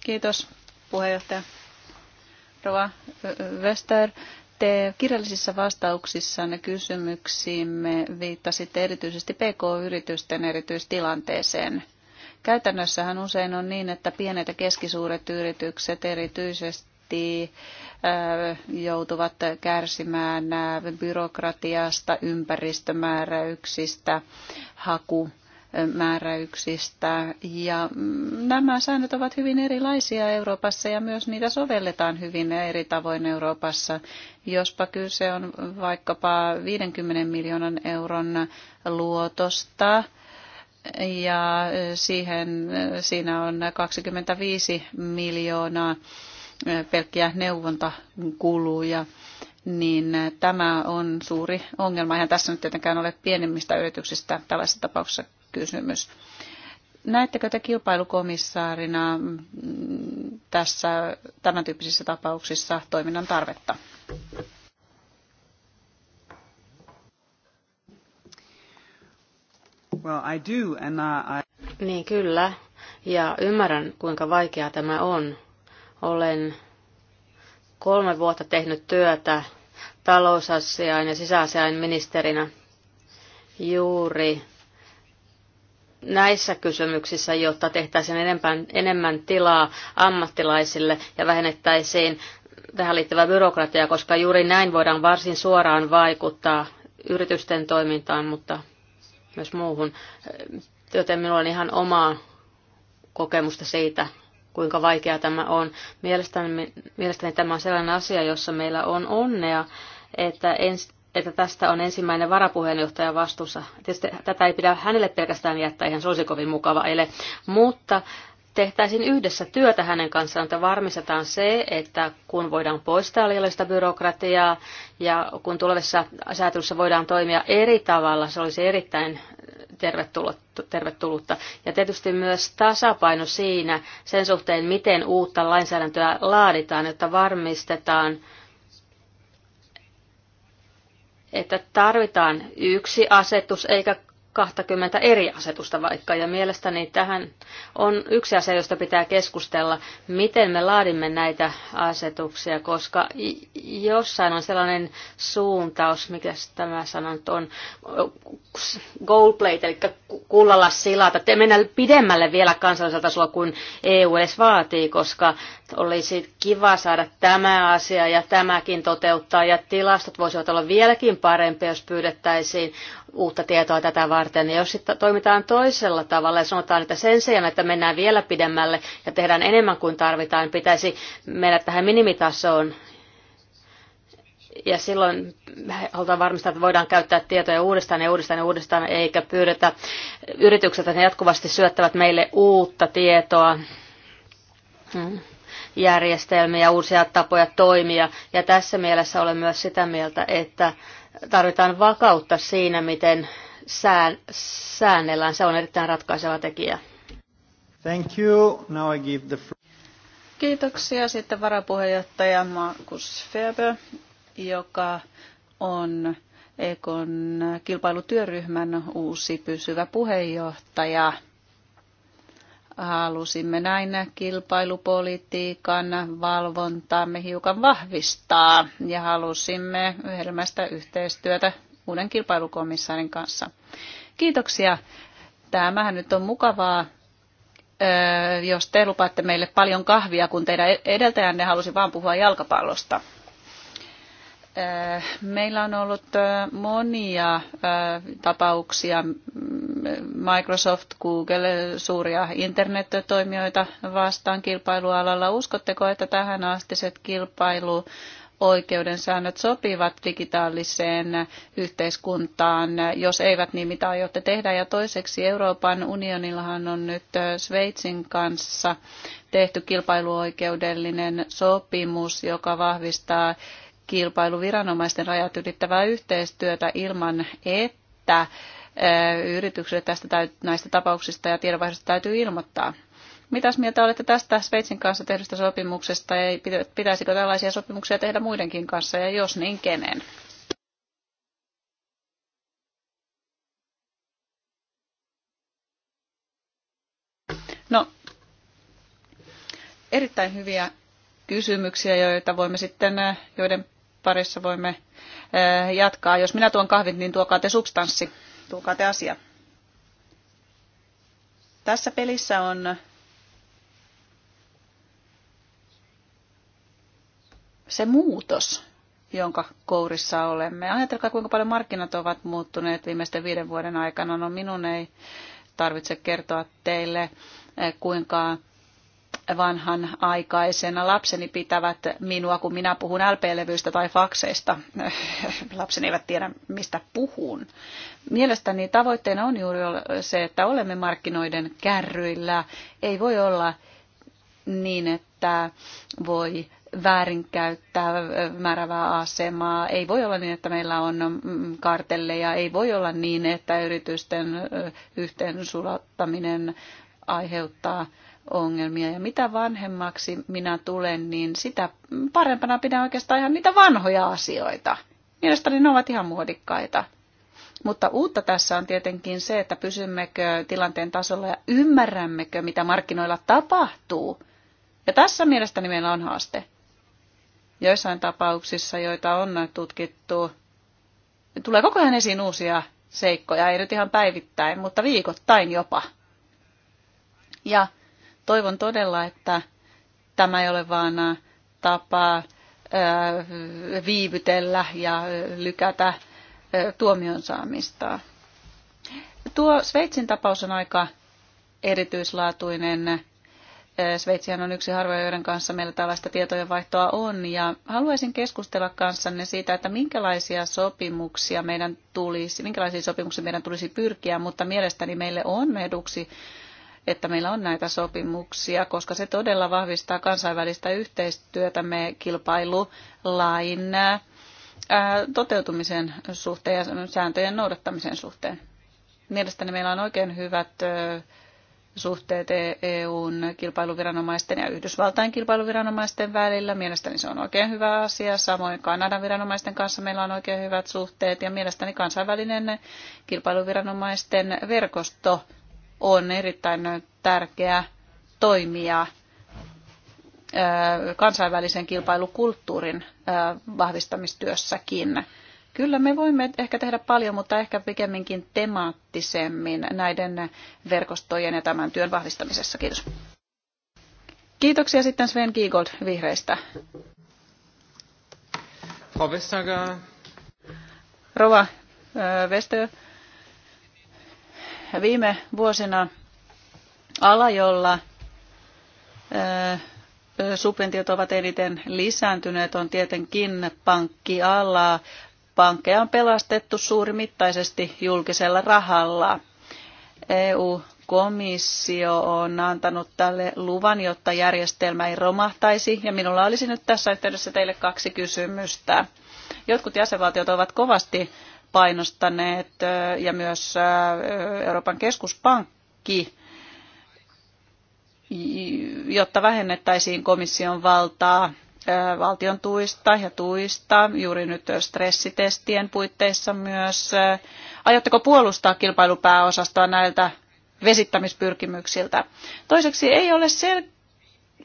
Kiitos puheenjohtaja. Rova Wester, te kirjallisissa vastauksissanne kysymyksiimme viittasitte erityisesti PK-yritysten erityistilanteeseen. Käytännössähän usein on niin, että pienet ja keskisuuret yritykset erityisesti äh, joutuvat kärsimään äh, byrokratiasta, ympäristömääräyksistä, haku määräyksistä. Ja mm, nämä säännöt ovat hyvin erilaisia Euroopassa ja myös niitä sovelletaan hyvin eri tavoin Euroopassa. Jospa kyse on vaikkapa 50 miljoonan euron luotosta, ja siihen, siinä on 25 miljoonaa eh, pelkkiä neuvontakuluja, niin eh, tämä on suuri ongelma. Eihän tässä nyt tietenkään ole pienemmistä yrityksistä tällaisessa tapauksessa kysymys. Näettekö te kilpailukomissaarina mm, tässä tämän tyyppisissä tapauksissa toiminnan tarvetta? Well, I do, and I... Niin kyllä, ja ymmärrän kuinka vaikeaa tämä on. Olen kolme vuotta tehnyt työtä talousasiain ja sisäasiain ministerinä juuri näissä kysymyksissä, jotta tehtäisiin enemmän, enemmän tilaa ammattilaisille ja vähennettäisiin tähän liittyvää byrokratiaa, koska juuri näin voidaan varsin suoraan vaikuttaa yritysten toimintaan, mutta myös muuhun. Joten minulla on ihan omaa kokemusta siitä, kuinka vaikeaa tämä on. Mielestäni, mielestäni tämä on sellainen asia, jossa meillä on onnea, että ens, että tästä on ensimmäinen varapuheenjohtaja vastuussa. Tietysti tätä ei pidä hänelle pelkästään jättää, ihan se olisi kovin mukava ele, mutta tehtäisiin yhdessä työtä hänen kanssaan, että varmistetaan se, että kun voidaan poistaa liiallista byrokratiaa ja kun tulevissa säätelyssä voidaan toimia eri tavalla, se olisi erittäin tervetullutta. Ja tietysti myös tasapaino siinä sen suhteen, miten uutta lainsäädäntöä laaditaan, jotta varmistetaan, että tarvitaan yksi asetus eikä 20 eri asetusta vaikka, ja mielestäni tähän on yksi asia, josta pitää keskustella, miten me laadimme näitä asetuksia, koska jossain on sellainen suuntaus, mikä tämä sana nyt on, gold plate, eli kullalla silata, mennä pidemmälle vielä kansallisella tasolla kuin EU edes vaatii, koska olisi kiva saada tämä asia ja tämäkin toteuttaa, ja tilastot voisivat olla vieläkin parempia, jos pyydettäisiin uutta tietoa tätä varten. Ja jos sitten toimitaan toisella tavalla ja sanotaan, että sen sijaan, että mennään vielä pidemmälle ja tehdään enemmän kuin tarvitaan, pitäisi mennä tähän minimitasoon. Ja silloin halutaan varmistaa, että voidaan käyttää tietoja uudestaan ja uudestaan ja uudestaan, eikä pyydetä yritykset, että ne jatkuvasti syöttävät meille uutta tietoa. Mm, järjestelmiä, uusia tapoja toimia. Ja tässä mielessä olen myös sitä mieltä, että tarvitaan vakautta siinä, miten sään, säännellään. Se on erittäin ratkaiseva tekijä. Thank you. Now I give the... Kiitoksia. Sitten varapuheenjohtaja Markus Feber, joka on EKon kilpailutyöryhmän uusi pysyvä puheenjohtaja halusimme näin kilpailupolitiikan valvontaamme hiukan vahvistaa ja halusimme yhdelmästä yhteistyötä uuden kilpailukomissaarin kanssa. Kiitoksia. Tämähän nyt on mukavaa, jos te lupaatte meille paljon kahvia, kun teidän edeltäjänne halusi vain puhua jalkapallosta. Äh, meillä on ollut äh, monia äh, tapauksia Microsoft, Google, suuria internettoimijoita vastaan kilpailualalla. Uskotteko, että tähän astiset kilpailu oikeuden säännöt sopivat digitaaliseen yhteiskuntaan? Jos eivät, niin mitä aiotte tehdä? Ja toiseksi Euroopan unionillahan on nyt Sveitsin kanssa tehty kilpailuoikeudellinen sopimus, joka vahvistaa kilpailuviranomaisten rajat ylittävää yhteistyötä ilman, että yrityksille tästä, näistä tapauksista ja tiedonvaihdosta täytyy ilmoittaa. Mitäs mieltä olette tästä Sveitsin kanssa tehdystä sopimuksesta ja pitäisikö tällaisia sopimuksia tehdä muidenkin kanssa ja jos niin kenen? No, erittäin hyviä kysymyksiä, joita voimme sitten, joiden parissa voimme eh, jatkaa. Jos minä tuon kahvit, niin tuokaa te substanssi, tuokaa te asia. Tässä pelissä on se muutos, jonka kourissa olemme. Ajatelkaa, kuinka paljon markkinat ovat muuttuneet viimeisten viiden vuoden aikana. No minun ei tarvitse kertoa teille, eh, kuinka vanhan aikaisena. Lapseni pitävät minua, kun minä puhun LP-levyistä tai fakseista. *laughs* Lapseni eivät tiedä, mistä puhun. Mielestäni tavoitteena on juuri se, että olemme markkinoiden kärryillä. Ei voi olla niin, että voi väärinkäyttää määrävää asemaa. Ei voi olla niin, että meillä on mm, kartelleja. Ei voi olla niin, että yritysten yhteensulattaminen aiheuttaa ongelmia. Ja mitä vanhemmaksi minä tulen, niin sitä parempana pidän oikeastaan ihan niitä vanhoja asioita. Mielestäni ne ovat ihan muodikkaita. Mutta uutta tässä on tietenkin se, että pysymmekö tilanteen tasolla ja ymmärrämmekö, mitä markkinoilla tapahtuu. Ja tässä mielestäni meillä on haaste. Joissain tapauksissa, joita on tutkittu, tulee koko ajan esiin uusia seikkoja, ei nyt ihan päivittäin, mutta viikoittain jopa. Ja Toivon todella, että tämä ei ole vain äh, tapa äh, viivytellä ja äh, lykätä tuomion saamista. Tuo Sveitsin tapaus on aika erityislaatuinen. Sveitsihän on yksi harvoja, joiden kanssa meillä tällaista tietojenvaihtoa on. Ja haluaisin keskustella kanssanne siitä, että minkälaisia sopimuksia meidän tulisi, minkälaisia sopimuksia meidän tulisi pyrkiä, mutta mielestäni meille on eduksi että meillä on näitä sopimuksia, koska se todella vahvistaa kansainvälistä yhteistyötä me kilpailulain toteutumisen suhteen ja sääntöjen noudattamisen suhteen. Mielestäni meillä on oikein hyvät suhteet e- EUn kilpailuviranomaisten ja Yhdysvaltain kilpailuviranomaisten välillä. Mielestäni se on oikein hyvä asia. Samoin Kanadan viranomaisten kanssa meillä on oikein hyvät suhteet ja mielestäni kansainvälinen kilpailuviranomaisten verkosto on erittäin tärkeä toimija kansainvälisen kilpailukulttuurin vahvistamistyössäkin. Kyllä me voimme ehkä tehdä paljon, mutta ehkä pikemminkin temaattisemmin näiden verkostojen ja tämän työn vahvistamisessa. Kiitos. Kiitoksia sitten Sven Giegold vihreistä. Rova Vestö viime vuosina ala, jolla subventiot ovat eniten lisääntyneet, on tietenkin pankkiala. Pankkeja on pelastettu suurimittaisesti julkisella rahalla. EU-komissio on antanut tälle luvan, jotta järjestelmä ei romahtaisi. Ja minulla olisi nyt tässä yhteydessä teille kaksi kysymystä. Jotkut jäsenvaltiot ovat kovasti painostaneet ja myös Euroopan keskuspankki, jotta vähennettäisiin komission valtaa valtion tuista ja tuista, juuri nyt stressitestien puitteissa myös. Aiotteko puolustaa kilpailupääosastoa näiltä vesittämispyrkimyksiltä? Toiseksi ei ole sel-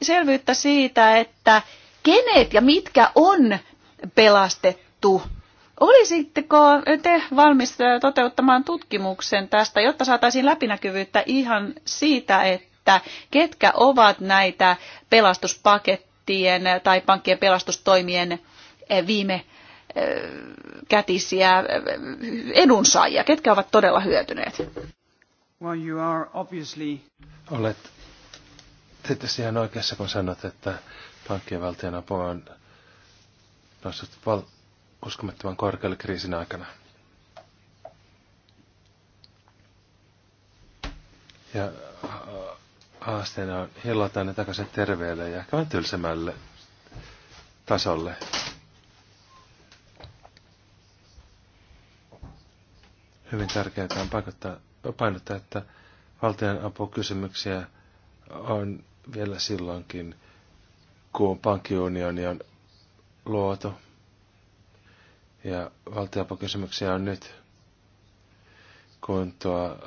selvyyttä siitä, että kenet ja mitkä on pelastettu Olisitteko te valmis toteuttamaan tutkimuksen tästä, jotta saataisiin läpinäkyvyyttä ihan siitä, että ketkä ovat näitä pelastuspakettien tai pankkien pelastustoimien viime kätisiä edunsaajia, ketkä ovat todella hyötyneet? Well, you are obviously... Olet tietysti ihan oikeassa, kun sanot, että pankkien valtionapu on noussut val- uskomattoman korkealle kriisin aikana. Ja äh, haasteena on hillata ne takaisin terveelle ja ehkä vähän tasolle. Hyvin tärkeää on painottaa, painottaa että valtion apukysymyksiä on vielä silloinkin, kun pankkiunioni on luotu. Ja valtionapukysymyksiä on nyt, kun tuo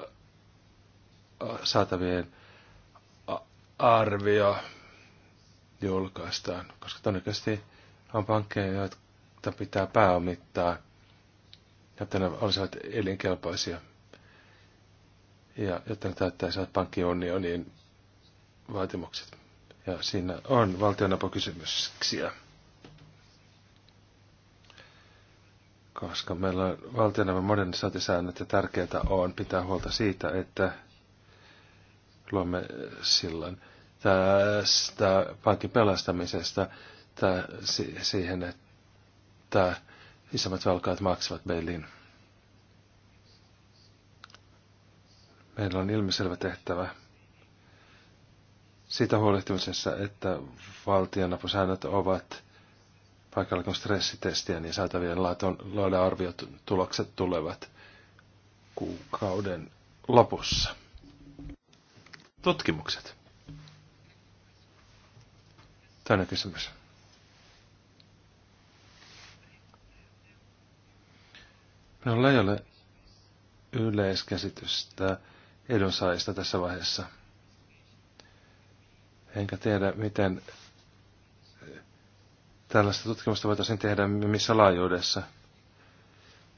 saatavien arvio julkaistaan, koska todennäköisesti on pankkeja, joita pitää pääomittaa, jotta ne olisivat elinkelpoisia. Ja jotta ne täyttäisivät pankkiunionin vaatimukset. Ja siinä on valtionapukysymyksiä. koska meillä on valtioneuvon modernisaatisäännöt ja tärkeää on pitää huolta siitä, että luomme silloin tästä pankin pelastamisesta tää, si, siihen, että isommat velkaat maksavat Beilin. Meillä on ilmiselvä tehtävä siitä huolehtimisessa, että valtionapusäännöt ovat paikalla kuin stressitestiä, niin saatavien laadun arviot tulokset tulevat kuukauden lopussa. Tutkimukset. Toinen kysymys. Minulla ei ole yleiskäsitystä edunsaajista tässä vaiheessa. Enkä tiedä, miten tällaista tutkimusta voitaisiin tehdä missä laajuudessa.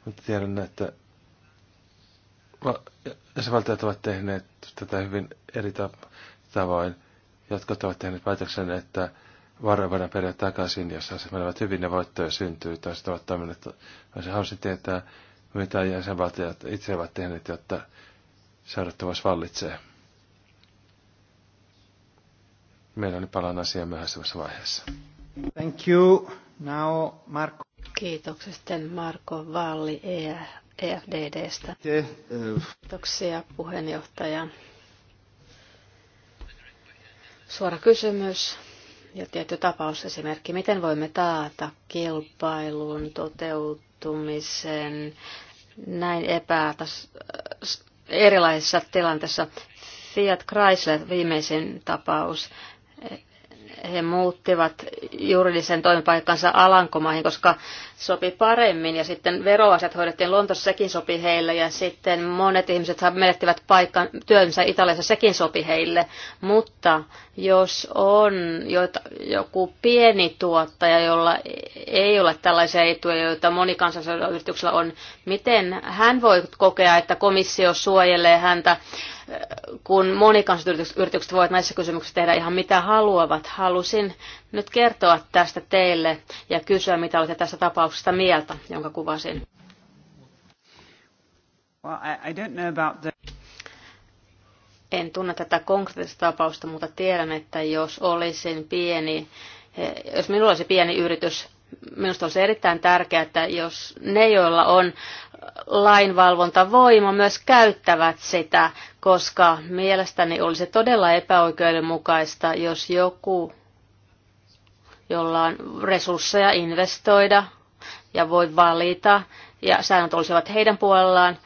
Mutta tiedän, että jäsenvaltiot ovat tehneet tätä hyvin eri tavoin. Jotkut ovat tehneet päätöksen, että varoja voidaan periä takaisin, jos asiat menevät hyvin ja voittoja syntyy. Tai sitten ovat toimineet, olisin halusin tietää, mitä jäsenvaltiot itse ovat tehneet, jotta seurattavuus vallitsee. Meillä on palaan asiaan myöhäisemmässä vaiheessa. Thank you. Now Kiitoksia Marko Valli EFDDstä. Kiitoksia puheenjohtaja. Suora kysymys ja tietty tapausesimerkki. Miten voimme taata kilpailun toteutumisen näin epätas erilaisessa tilanteessa Fiat Chrysler, viimeisin tapaus, he muuttivat juridisen toimipaikkansa Alankomaihin, koska sopi paremmin ja sitten veroasiat hoidettiin Lontossa, sekin sopi heille ja sitten monet ihmiset menettivät paikan työnsä Italiassa, sekin sopi heille. Mutta jos on joku pieni tuottaja, jolla ei ole tällaisia etuja, joita monikansallisella yrityksellä on, miten hän voi kokea, että komissio suojelee häntä kun monikansalliset voivat näissä kysymyksissä tehdä ihan mitä haluavat. Halusin nyt kertoa tästä teille ja kysyä, mitä olette tässä tapauksesta mieltä, jonka kuvasin. Well, I, I don't know about the... En tunne tätä konkreettista tapausta, mutta tiedän, että jos olisin pieni, eh, jos minulla olisi pieni yritys, minusta olisi erittäin tärkeää, että jos ne, joilla on lainvalvontavoima myös käyttävät sitä, koska mielestäni olisi todella epäoikeudenmukaista, jos joku, jolla on resursseja investoida ja voi valita, ja säännöt olisivat heidän puolellaan,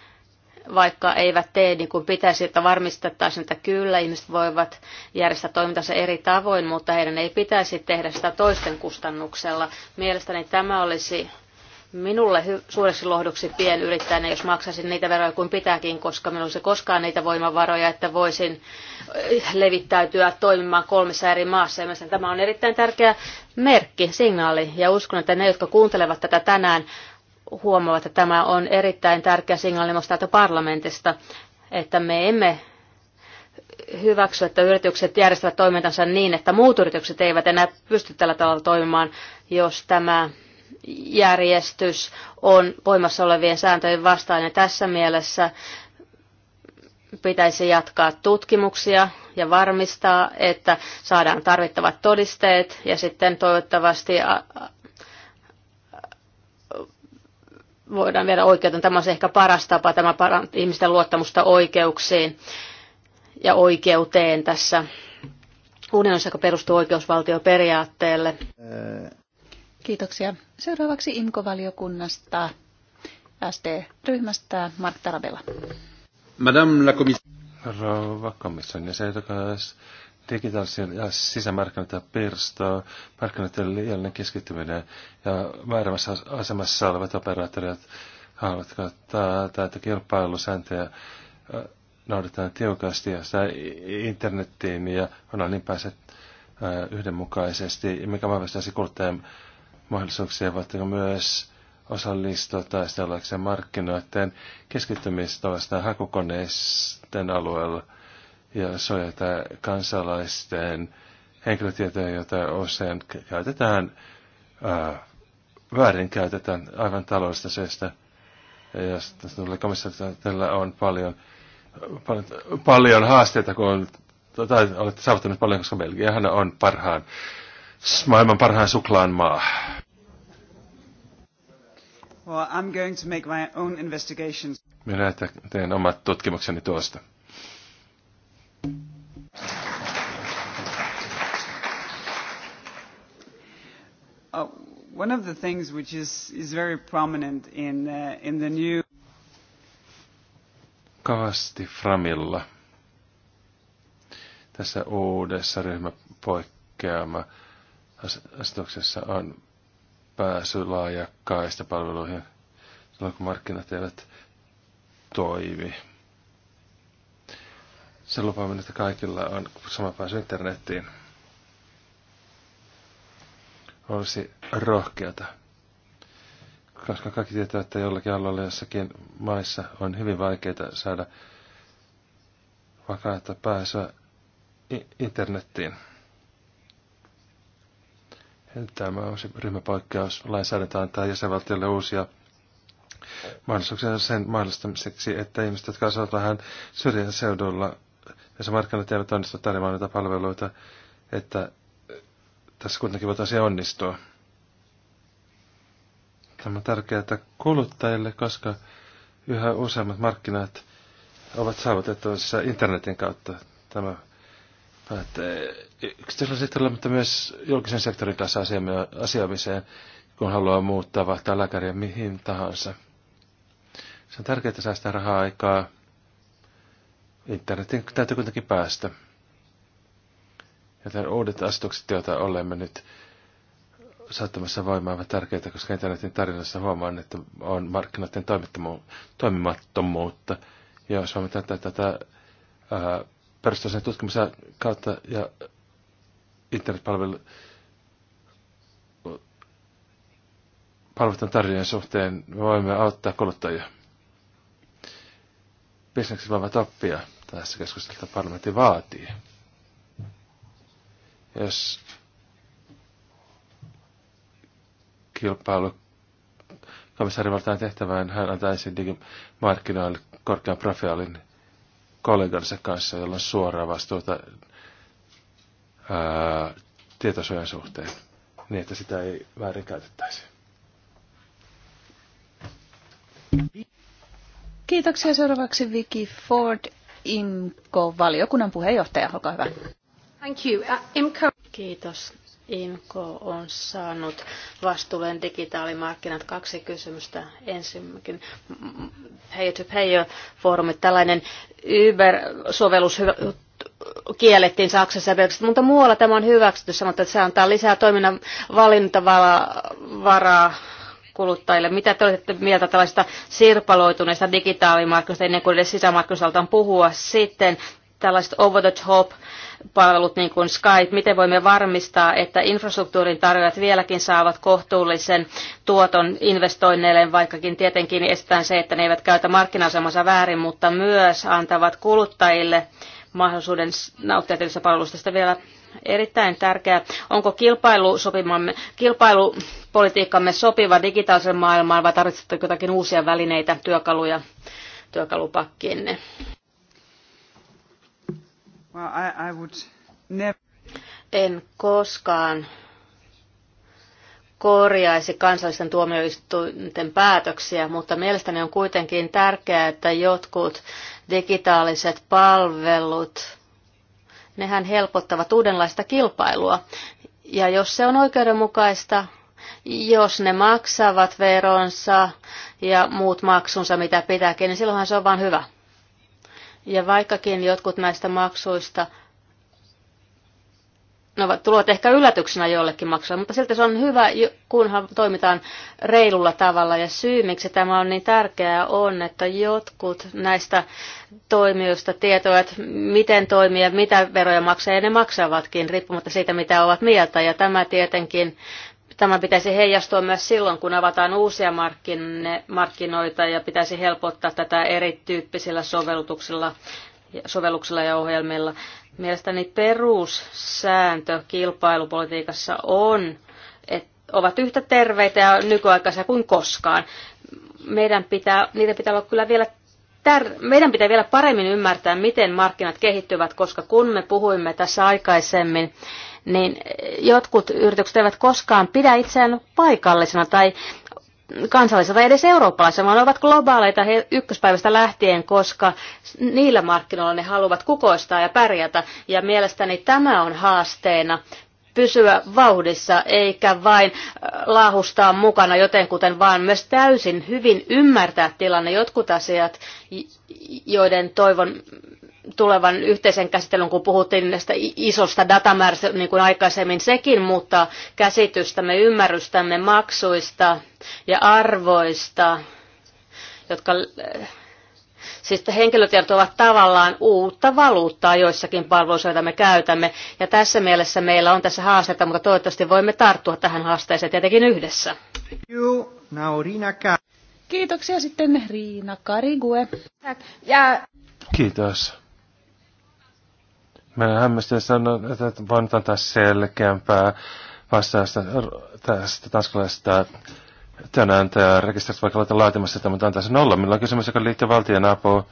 vaikka eivät tee niin kuin pitäisi, että varmistettaisiin, että kyllä ihmiset voivat järjestää toimintansa eri tavoin, mutta heidän ei pitäisi tehdä sitä toisten kustannuksella. Mielestäni tämä olisi minulle suureksi lohduksi pienyrittäjänä, jos maksaisin niitä veroja kuin pitääkin, koska minulla olisi koskaan niitä voimavaroja, että voisin eh, levittäytyä toimimaan kolmessa eri maassa. Ja tämä on erittäin tärkeä merkki, signaali, ja uskon, että ne, jotka kuuntelevat tätä tänään, huomaavat, että tämä on erittäin tärkeä signaali myös täältä parlamentista, että me emme hyväksy, että yritykset järjestävät toimintansa niin, että muut yritykset eivät enää pysty tällä tavalla toimimaan, jos tämä järjestys on voimassa olevien sääntöjen vastainen. Tässä mielessä pitäisi jatkaa tutkimuksia ja varmistaa, että saadaan tarvittavat todisteet ja sitten toivottavasti voidaan viedä oikeuteen. Tämä on ehkä paras tapa, tämä ihmisten luottamusta oikeuksiin ja oikeuteen tässä unionissa, joka perustuu oikeusvaltioperiaatteelle. Ää Kiitoksia. Seuraavaksi IMKO-valiokunnasta SD-ryhmästä Mark Tarabella. Madame la commission. Rouva komission jäsenetokas, digitaalisen ja sisämarkkinoita pirstoa, markkinoiden liiallinen keskittyminen ja väärämässä asemassa olevat operaattorit haluavat taata, että kilpailusääntöjä noudatetaan tiukasti ja sitä internettiin ja on niin pääset yhdenmukaisesti, mikä vahvistaisi kuluttajan mahdollisuuksia, voitteko myös osallistua taistellakseen markkinoiden keskittymistä vastaan hakukoneisten alueella ja suojata kansalaisten henkilötietoja, joita usein käytetään, ää, äh, väärin käytetään aivan taloudellista syystä. Ja tässä tulee tällä on paljon, paljon, paljon haasteita, kun tai olette saavuttaneet paljon, koska Belgiahan on parhaan maailman parhaan suklaan maa. Well, I'm going to make my own investigations. Minä teen omat tutkimukseni tuosta. Uh, one of the things which is, is very prominent in, uh, in the new... Kavasti Framilla. Tässä uudessa ryhmäpoikkeama asetuksessa on pääsy laajakkaista palveluihin silloin, kun markkinat eivät toimi. Se lupaaminen, että kaikilla on sama pääsy internettiin, olisi rohkeata. Koska kaikki tietävät, että jollakin alueella jossakin maissa on hyvin vaikeaa saada vakaata pääsyä internettiin. Tämä se ryhmäpoikkeus lainsäädäntö antaa jäsenvaltiolle uusia mahdollisuuksia sen mahdollistamiseksi, että ihmiset, jotka asuvat vähän syrjän seudulla, ja se markkinat eivät onnistu tarjoamaan näitä palveluita, että tässä kuitenkin voitaisiin onnistua. Tämä on tärkeää kuluttajille, koska yhä useammat markkinat ovat saavutettavissa internetin kautta. Tämä päättää yksityisellä sektorilla, mutta myös julkisen sektorin kanssa asioimiseen, kun haluaa muuttaa vaihtaa lääkäriä mihin tahansa. Se on tärkeää että säästää rahaa aikaa. Internetin täytyy kuitenkin päästä. Joten uudet asetukset, joita olemme nyt saattamassa voimaan, ovat tärkeitä, koska internetin tarinassa huomaan, että on markkinoiden toimimattomuutta. Ja jos tätä, tätä perustuslain tutkimuksen kautta ja internetpalvelu palvelutan tarjoajan suhteen me voimme auttaa kuluttajia. Bisnekset voivat oppia tässä keskustelussa, parlamentti vaatii. Jos kilpailu valtaan tehtävään, hän antaisi digimarkkinoille korkean profiilin kollegansa kanssa, jolla on suoraa vastuuta tietosuojan suhteen, niin että sitä ei käytettäisi. Kiitoksia. Seuraavaksi Vicky Ford, IMCO, valiokunnan puheenjohtaja. Olkaa hyvä. Thank you. Uh, IMCO. Kiitos. IMCO on saanut vastuulleen digitaalimarkkinat kaksi kysymystä. Ensinnäkin mm, mm, pay-to-pay-foorumi, tällainen Uber-sovellus kiellettiin Saksassa ja Belgiassa, mutta muualla tämä on hyväksytty, sanotaan, että se antaa lisää toiminnan valintavaraa kuluttajille. Mitä te olette mieltä tällaista sirpaloituneista digitaalimarkkinoista ennen kuin edes sisämarkkinoista puhua sitten? Tällaiset over the top palvelut niin kuin Skype, miten voimme varmistaa, että infrastruktuurin tarjoajat vieläkin saavat kohtuullisen tuoton investoinneille, vaikkakin tietenkin estetään se, että ne eivät käytä markkina väärin, mutta myös antavat kuluttajille mahdollisuuden nauttia tietystä palvelusta. Sitä vielä erittäin tärkeää, onko kilpailupolitiikkamme sopiva digitaalisen maailmaan vai tarvitsetteko jotakin uusia välineitä, työkaluja työkalupakkiinne? Well, I, I would never... En koskaan korjaisi kansallisten tuomioistuinten päätöksiä, mutta mielestäni on kuitenkin tärkeää, että jotkut digitaaliset palvelut, nehän helpottavat uudenlaista kilpailua. Ja jos se on oikeudenmukaista, jos ne maksavat veronsa ja muut maksunsa, mitä pitääkin, niin silloinhan se on vain hyvä. Ja vaikkakin jotkut näistä maksuista – no, ovat, tulevat ehkä yllätyksenä joillekin maksua, mutta silti se on hyvä, kunhan toimitaan reilulla tavalla. Ja syy, miksi tämä on niin tärkeää, on, että jotkut näistä toimijoista tietävät, miten toimia, mitä veroja maksaa, ja ne maksavatkin, riippumatta siitä, mitä ovat mieltä. Ja tämä tietenkin Tämä pitäisi heijastua myös silloin, kun avataan uusia markkinoita ja pitäisi helpottaa tätä erityyppisillä sovelluksilla ja ohjelmilla. Mielestäni perussääntö kilpailupolitiikassa on, että ovat yhtä terveitä ja nykyaikaisia kuin koskaan. Meidän pitää, niitä pitää olla kyllä vielä tär- meidän pitää vielä paremmin ymmärtää, miten markkinat kehittyvät, koska kun me puhuimme tässä aikaisemmin, niin jotkut yritykset eivät koskaan pidä itseään paikallisena tai kansallisella tai edes eurooppalaisella, vaan ne ovat globaaleita he ykköspäivästä lähtien, koska niillä markkinoilla ne haluavat kukoistaa ja pärjätä. Ja mielestäni tämä on haasteena pysyä vauhdissa eikä vain äh, laahustaa mukana jotenkuten, vaan myös täysin hyvin ymmärtää tilanne. Jotkut asiat, joiden toivon tulevan yhteisen käsittelyn, kun puhuttiin näistä isosta datamäärästä niin kuin aikaisemmin sekin, mutta käsitystämme, ymmärrystämme maksuista ja arvoista, jotka eh, Siis henkilötiedot ovat tavallaan uutta valuuttaa joissakin palveluissa, joita me käytämme. Ja tässä mielessä meillä on tässä haasteita, mutta toivottavasti voimme tarttua tähän haasteeseen tietenkin yhdessä. Kiitoksia sitten Riina Karigue. Kiitos. Mä hämmästyn sanoa, että voin antaa selkeämpää vastausta tästä tanskalaisesta tämä rekisteristä, vaikka olette laatimassa sitä, mutta antaa se nolla. Meillä on kysymys, joka liittyy valtion apuun.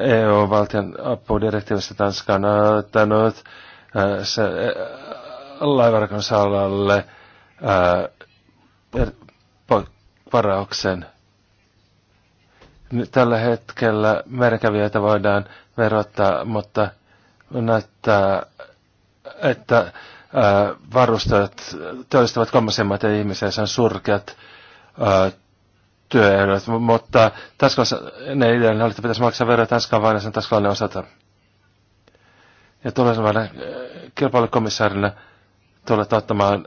EU-valtion apudirektiivistä Tanska on ottanut se laivarakon salalle varauksen. tällä hetkellä merkävijöitä voidaan verottaa, mutta näyttää, että varustajat työllistävät kolmasemmat ja ihmisiä, sen surkeat työehdot, mutta Tanskassa ne ideoille oli, että pitäisi maksaa veroja Tanskan vain sen tanskalainen osata. Ja tulevaisuuden kilpailukomissaarille tulla ottamaan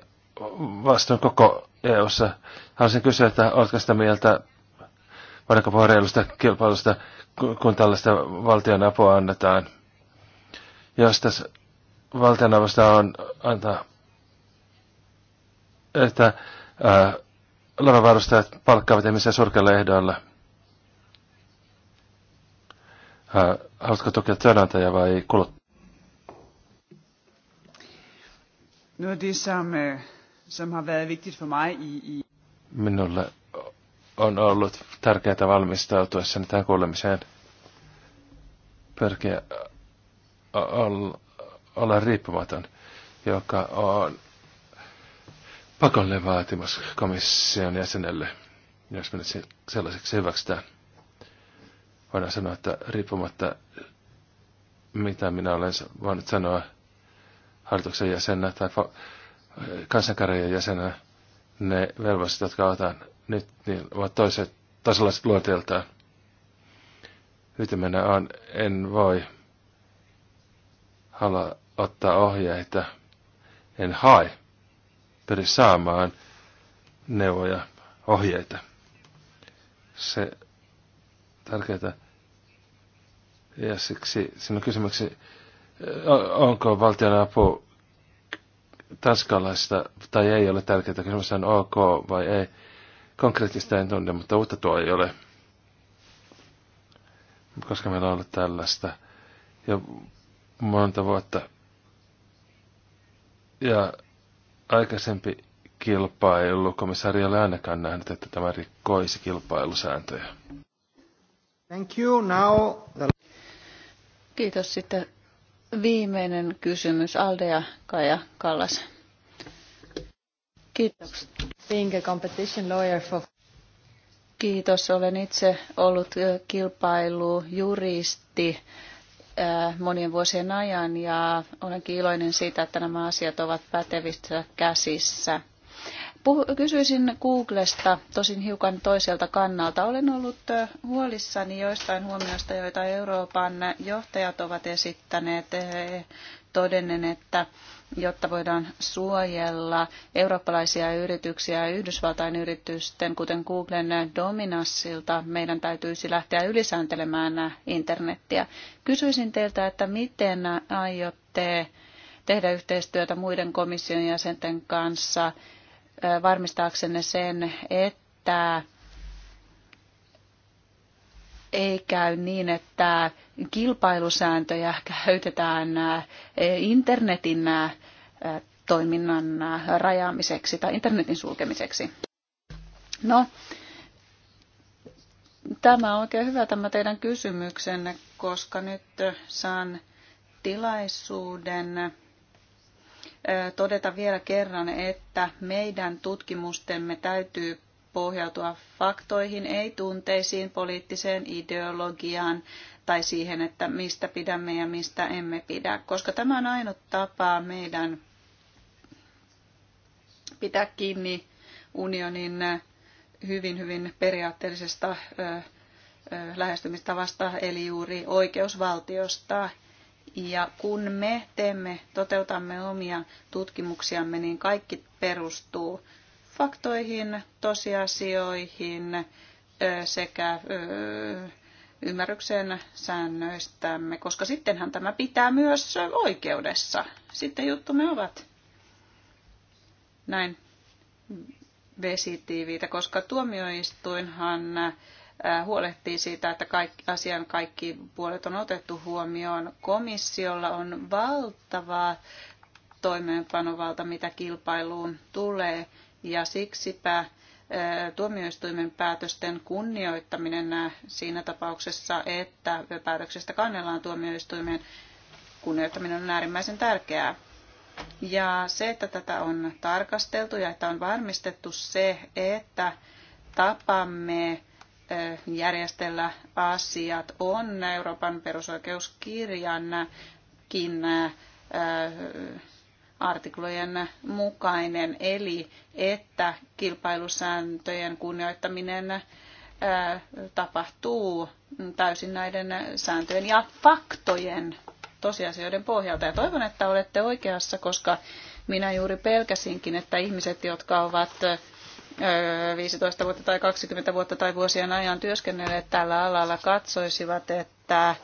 vastuun koko EU-ssa. Haluaisin kysyä, että oletko sitä mieltä, vaikka puhua reilusta kilpailusta, kun tällaista valtion apua annetaan? jos tässä valtioneuvosto on antaa, että lavanvarustajat palkkaavat ihmisiä surkeilla ehdoilla. haluatko tukea työnantaja vai kuluttajaa? Noget af det, som, øh, som har været vigtigt for mig i, i... Minulle on ollut tärkeää valmistautua sen tähän kuulemiseen. Pyrkiä olla riippumaton, joka on pakollinen vaatimus komission jäsenelle, jos me nyt sellaiseksi hyväksytään. Voidaan sanoa, että riippumatta mitä minä olen voinut sanoa hallituksen jäsenä tai kansankarjan jäsenä, ne velvoiset, jotka otan nyt, niin ovat toiset tasolaiset luonteeltaan. Ytimenä on, en voi halua ottaa ohjeita. En hae. Pyri saamaan neuvoja, ohjeita. Se tärkeää. Ja siksi sinun kysymyksi, onko valtion apu tanskalaista tai ei ole tärkeää, kysymys on ok vai ei. Konkreettista en tunne, mutta uutta tuo ei ole. Koska meillä on ollut tällaista. Ja monta vuotta. Ja aikaisempi kilpailu, komissaari ei ole ainakaan nähnyt, että tämä rikkoisi kilpailusääntöjä. Thank you. Now the... Kiitos. Sitten viimeinen kysymys. Aldea Kaja Kallas. Kiitos. Being a competition lawyer for... Kiitos. Olen itse ollut kilpailujuristi Äh, monien vuosien ajan ja olenkin iloinen siitä, että nämä asiat ovat pätevissä käsissä. Puhu, kysyisin Googlesta tosin hiukan toiselta kannalta. Olen ollut äh, huolissani joistain huomioista, joita Euroopan johtajat ovat esittäneet äh, todennen, että jotta voidaan suojella eurooppalaisia yrityksiä ja Yhdysvaltain yritysten, kuten Googlen dominanssilta, meidän täytyisi lähteä ylisääntelemään internettiä. Kysyisin teiltä, että miten aiotte tehdä yhteistyötä muiden komission jäsenten kanssa varmistaaksenne sen, että ei käy niin, että kilpailusääntöjä käytetään eh, internetin eh, toiminnan eh, rajaamiseksi tai internetin sulkemiseksi. No, tämä on oikein hyvä tämä teidän kysymyksenne, koska nyt saan tilaisuuden todeta vielä kerran, että meidän tutkimustemme täytyy pohjautua faktoihin, ei tunteisiin, poliittiseen ideologiaan tai siihen, että mistä pidämme ja mistä emme pidä, koska tämä on ainut tapa meidän pitää kiinni unionin hyvin, hyvin periaatteellisesta lähestymistavasta, eli juuri oikeusvaltiosta. Ja kun me teemme, toteutamme omia tutkimuksiamme, niin kaikki perustuu faktoihin, tosiasioihin sekä ymmärrykseen säännöistämme, koska sittenhän tämä pitää myös oikeudessa. Sitten juttumme ovat näin vesitiiviitä, koska tuomioistuinhan huolehtii siitä, että kaikki, asian kaikki puolet on otettu huomioon. Komissiolla on valtavaa toimeenpanovalta, mitä kilpailuun tulee. Ja siksipä tuomioistuimen päätösten kunnioittaminen siinä tapauksessa, että päätöksestä kannellaan tuomioistuimen kunnioittaminen on äärimmäisen tärkeää. Ja se, että tätä on tarkasteltu ja että on varmistettu se, että tapamme järjestellä asiat on Euroopan perusoikeuskirjankin artiklojen mukainen, eli että kilpailusääntöjen kunnioittaminen tapahtuu täysin näiden sääntöjen ja faktojen tosiasioiden pohjalta. Ja toivon, että olette oikeassa, koska minä juuri pelkäsinkin, että ihmiset, jotka ovat 15 vuotta tai 20 vuotta tai vuosien ajan työskennelleet tällä alalla, katsoisivat, että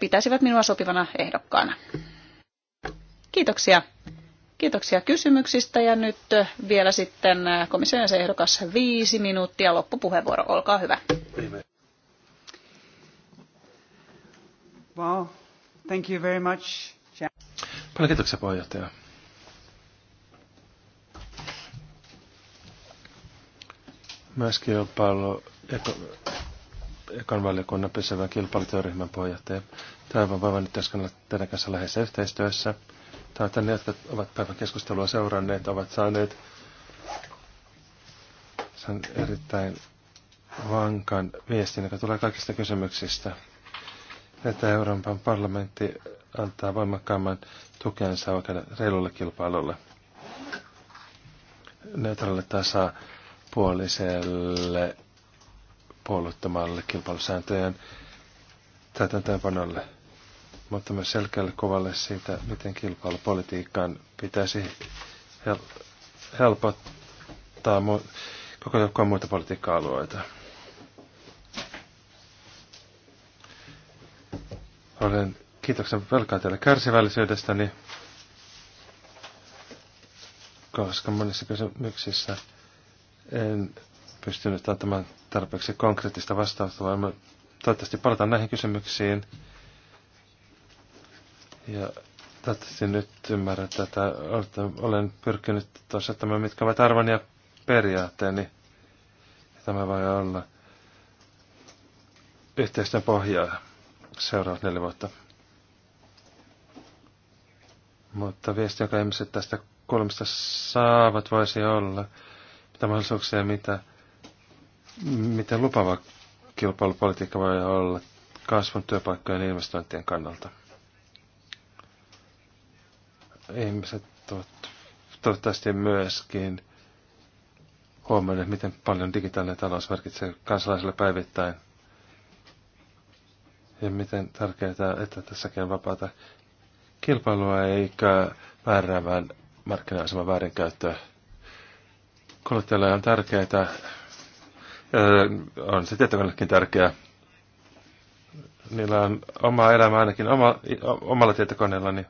pitäisivät minua sopivana ehdokkaana. Kiitoksia. Kiitoksia kysymyksistä ja nyt vielä sitten komission ehdokas viisi minuuttia loppupuheenvuoro. Olkaa hyvä. Well, Thank you very much. Paljon kiitoksia puheenjohtaja. on paljon ekan valiokunnan pysyvän kilpailutyöryhmän puheenjohtaja. Toivon voivan työskennellä teidän kanssa läheisessä yhteistyössä. Täältä ne, jotka ovat päivän keskustelua seuranneet, ovat saaneet sen erittäin vankan viestin, joka tulee kaikista kysymyksistä. Että Euroopan parlamentti antaa voimakkaamman tukensa oikealle reilulle kilpailulle. Neutraalille tasapuoliselle puolueettomalle kilpailusääntöjen täytäntöönpanolle, mutta myös selkeälle kovalle siitä, miten kilpailupolitiikkaan pitäisi hel- helpottaa mu- koko joukkoa muita politiikka-alueita. Olen kiitoksen velkaa teille kärsivällisyydestäni, koska monissa kysymyksissä en pystynyt antamaan tarpeeksi konkreettista vastausta, vaan me toivottavasti palataan näihin kysymyksiin. Ja toivottavasti nyt ymmärrän tätä. Olen pyrkinyt tuossa tämän, mitkä ovat arvon ja periaatteeni. Tämä voi olla yhteisten pohjaa seuraavat neljä vuotta. Mutta viesti, joka ihmiset tästä kolmesta saavat, voisi olla, mitä mahdollisuuksia, mitä miten lupava kilpailupolitiikka voi olla kasvun työpaikkojen ja investointien kannalta. Ihmiset ovat toivottavasti myöskin huomioineet, miten paljon digitaalinen talous merkitsee kansalaisille päivittäin. Ja miten tärkeää, että tässäkin on vapaata kilpailua eikä määräävän markkina-aseman väärinkäyttöä. Kuluttajalle on tärkeää on se tietokoneellekin tärkeää. Niillä on oma elämä ainakin oma, omalla tietokoneellani.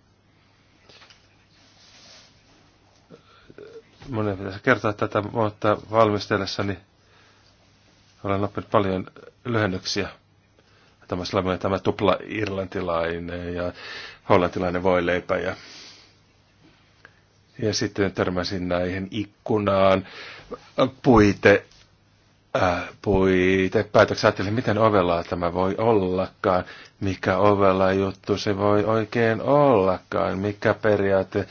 Mun ei pitäisi kertoa tätä, mutta valmistellessani olen oppinut paljon lyhennyksiä. Tämä, tämä tupla irlantilainen ja hollantilainen voileipä ja ja sitten törmäsin näihin ikkunaan, puite, Äh, puitepäätöksen ajattelin, miten ovelaa tämä voi ollakaan, mikä ovella juttu se voi oikein ollakaan, mikä periaate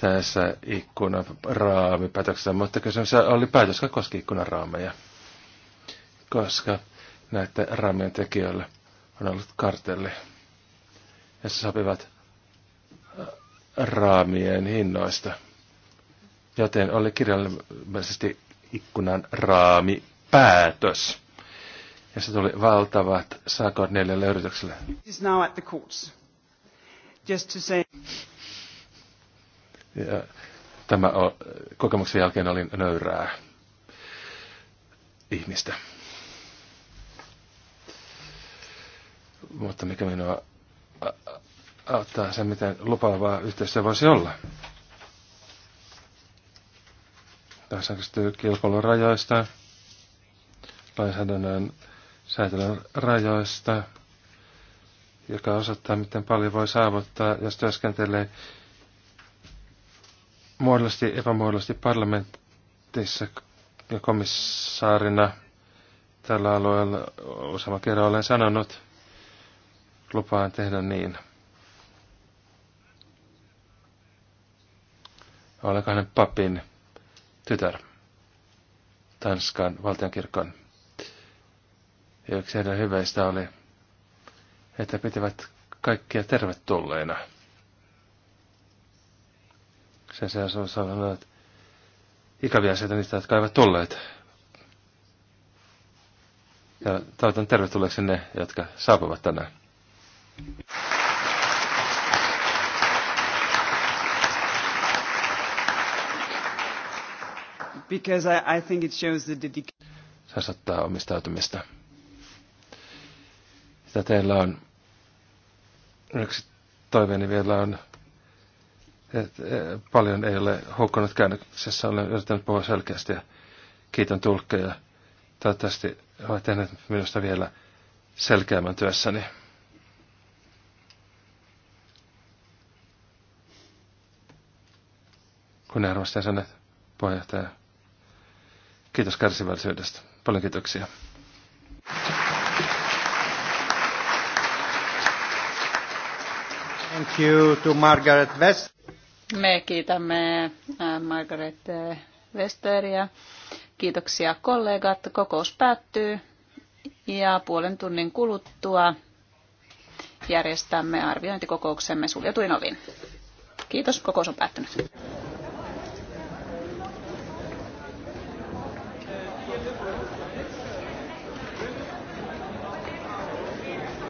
tässä ikkunan raamipäätöksessä, mutta kysymys oli päätös, joka koski ikkunaraameja, koska näiden raamien tekijöillä on ollut kartelli, jossa sopivat äh, raamien hinnoista, joten oli kirjallisesti ikkunan raami päätös. Ja se tuli valtavat sakot neljälle yritykselle. Ja tämä o, kokemuksen jälkeen olin nöyrää ihmistä. Mutta mikä minua auttaa sen, miten lupaavaa yhteistyö voisi olla. Tässä kysyy kilpailun rajoista lainsäädännön säätelyn rajoista, joka osoittaa, miten paljon voi saavuttaa, jos työskentelee muodollisesti epämuodollisesti parlamentissa ja komissaarina tällä alueella useamman kerran olen sanonut, lupaan tehdä niin. Olen kahden papin tytär Tanskan valtionkirkon ja yksi heidän hyveistä oli, että pitivät kaikkia tervetulleina. Sen sijaan on sanonut ikäviä asioita niistä, jotka eivät tulleet. Ja toivotan tervetulleeksi ne, jotka saapuvat tänään. Because I, I think it shows the dedication. Se osoittaa omistautumista. Mitä teillä on? Yksi toiveeni vielä on, että e, paljon ei ole hukkunut käännöksessä. Olen yrittänyt puhua selkeästi ja kiitän tulkkeja. Toivottavasti ovat tehnyt minusta vielä selkeämmän työssäni. Kunnianarvoiset jäsenet, puheenjohtaja. Kiitos kärsivällisyydestä. Paljon kiitoksia. Thank you to Margaret West. Me kiitämme äh, Margaret äh, Westeria. Kiitoksia kollegat. Kokous päättyy ja puolen tunnin kuluttua järjestämme arviointikokouksemme suljetuin ovin. Kiitos, kokous on päättynyt.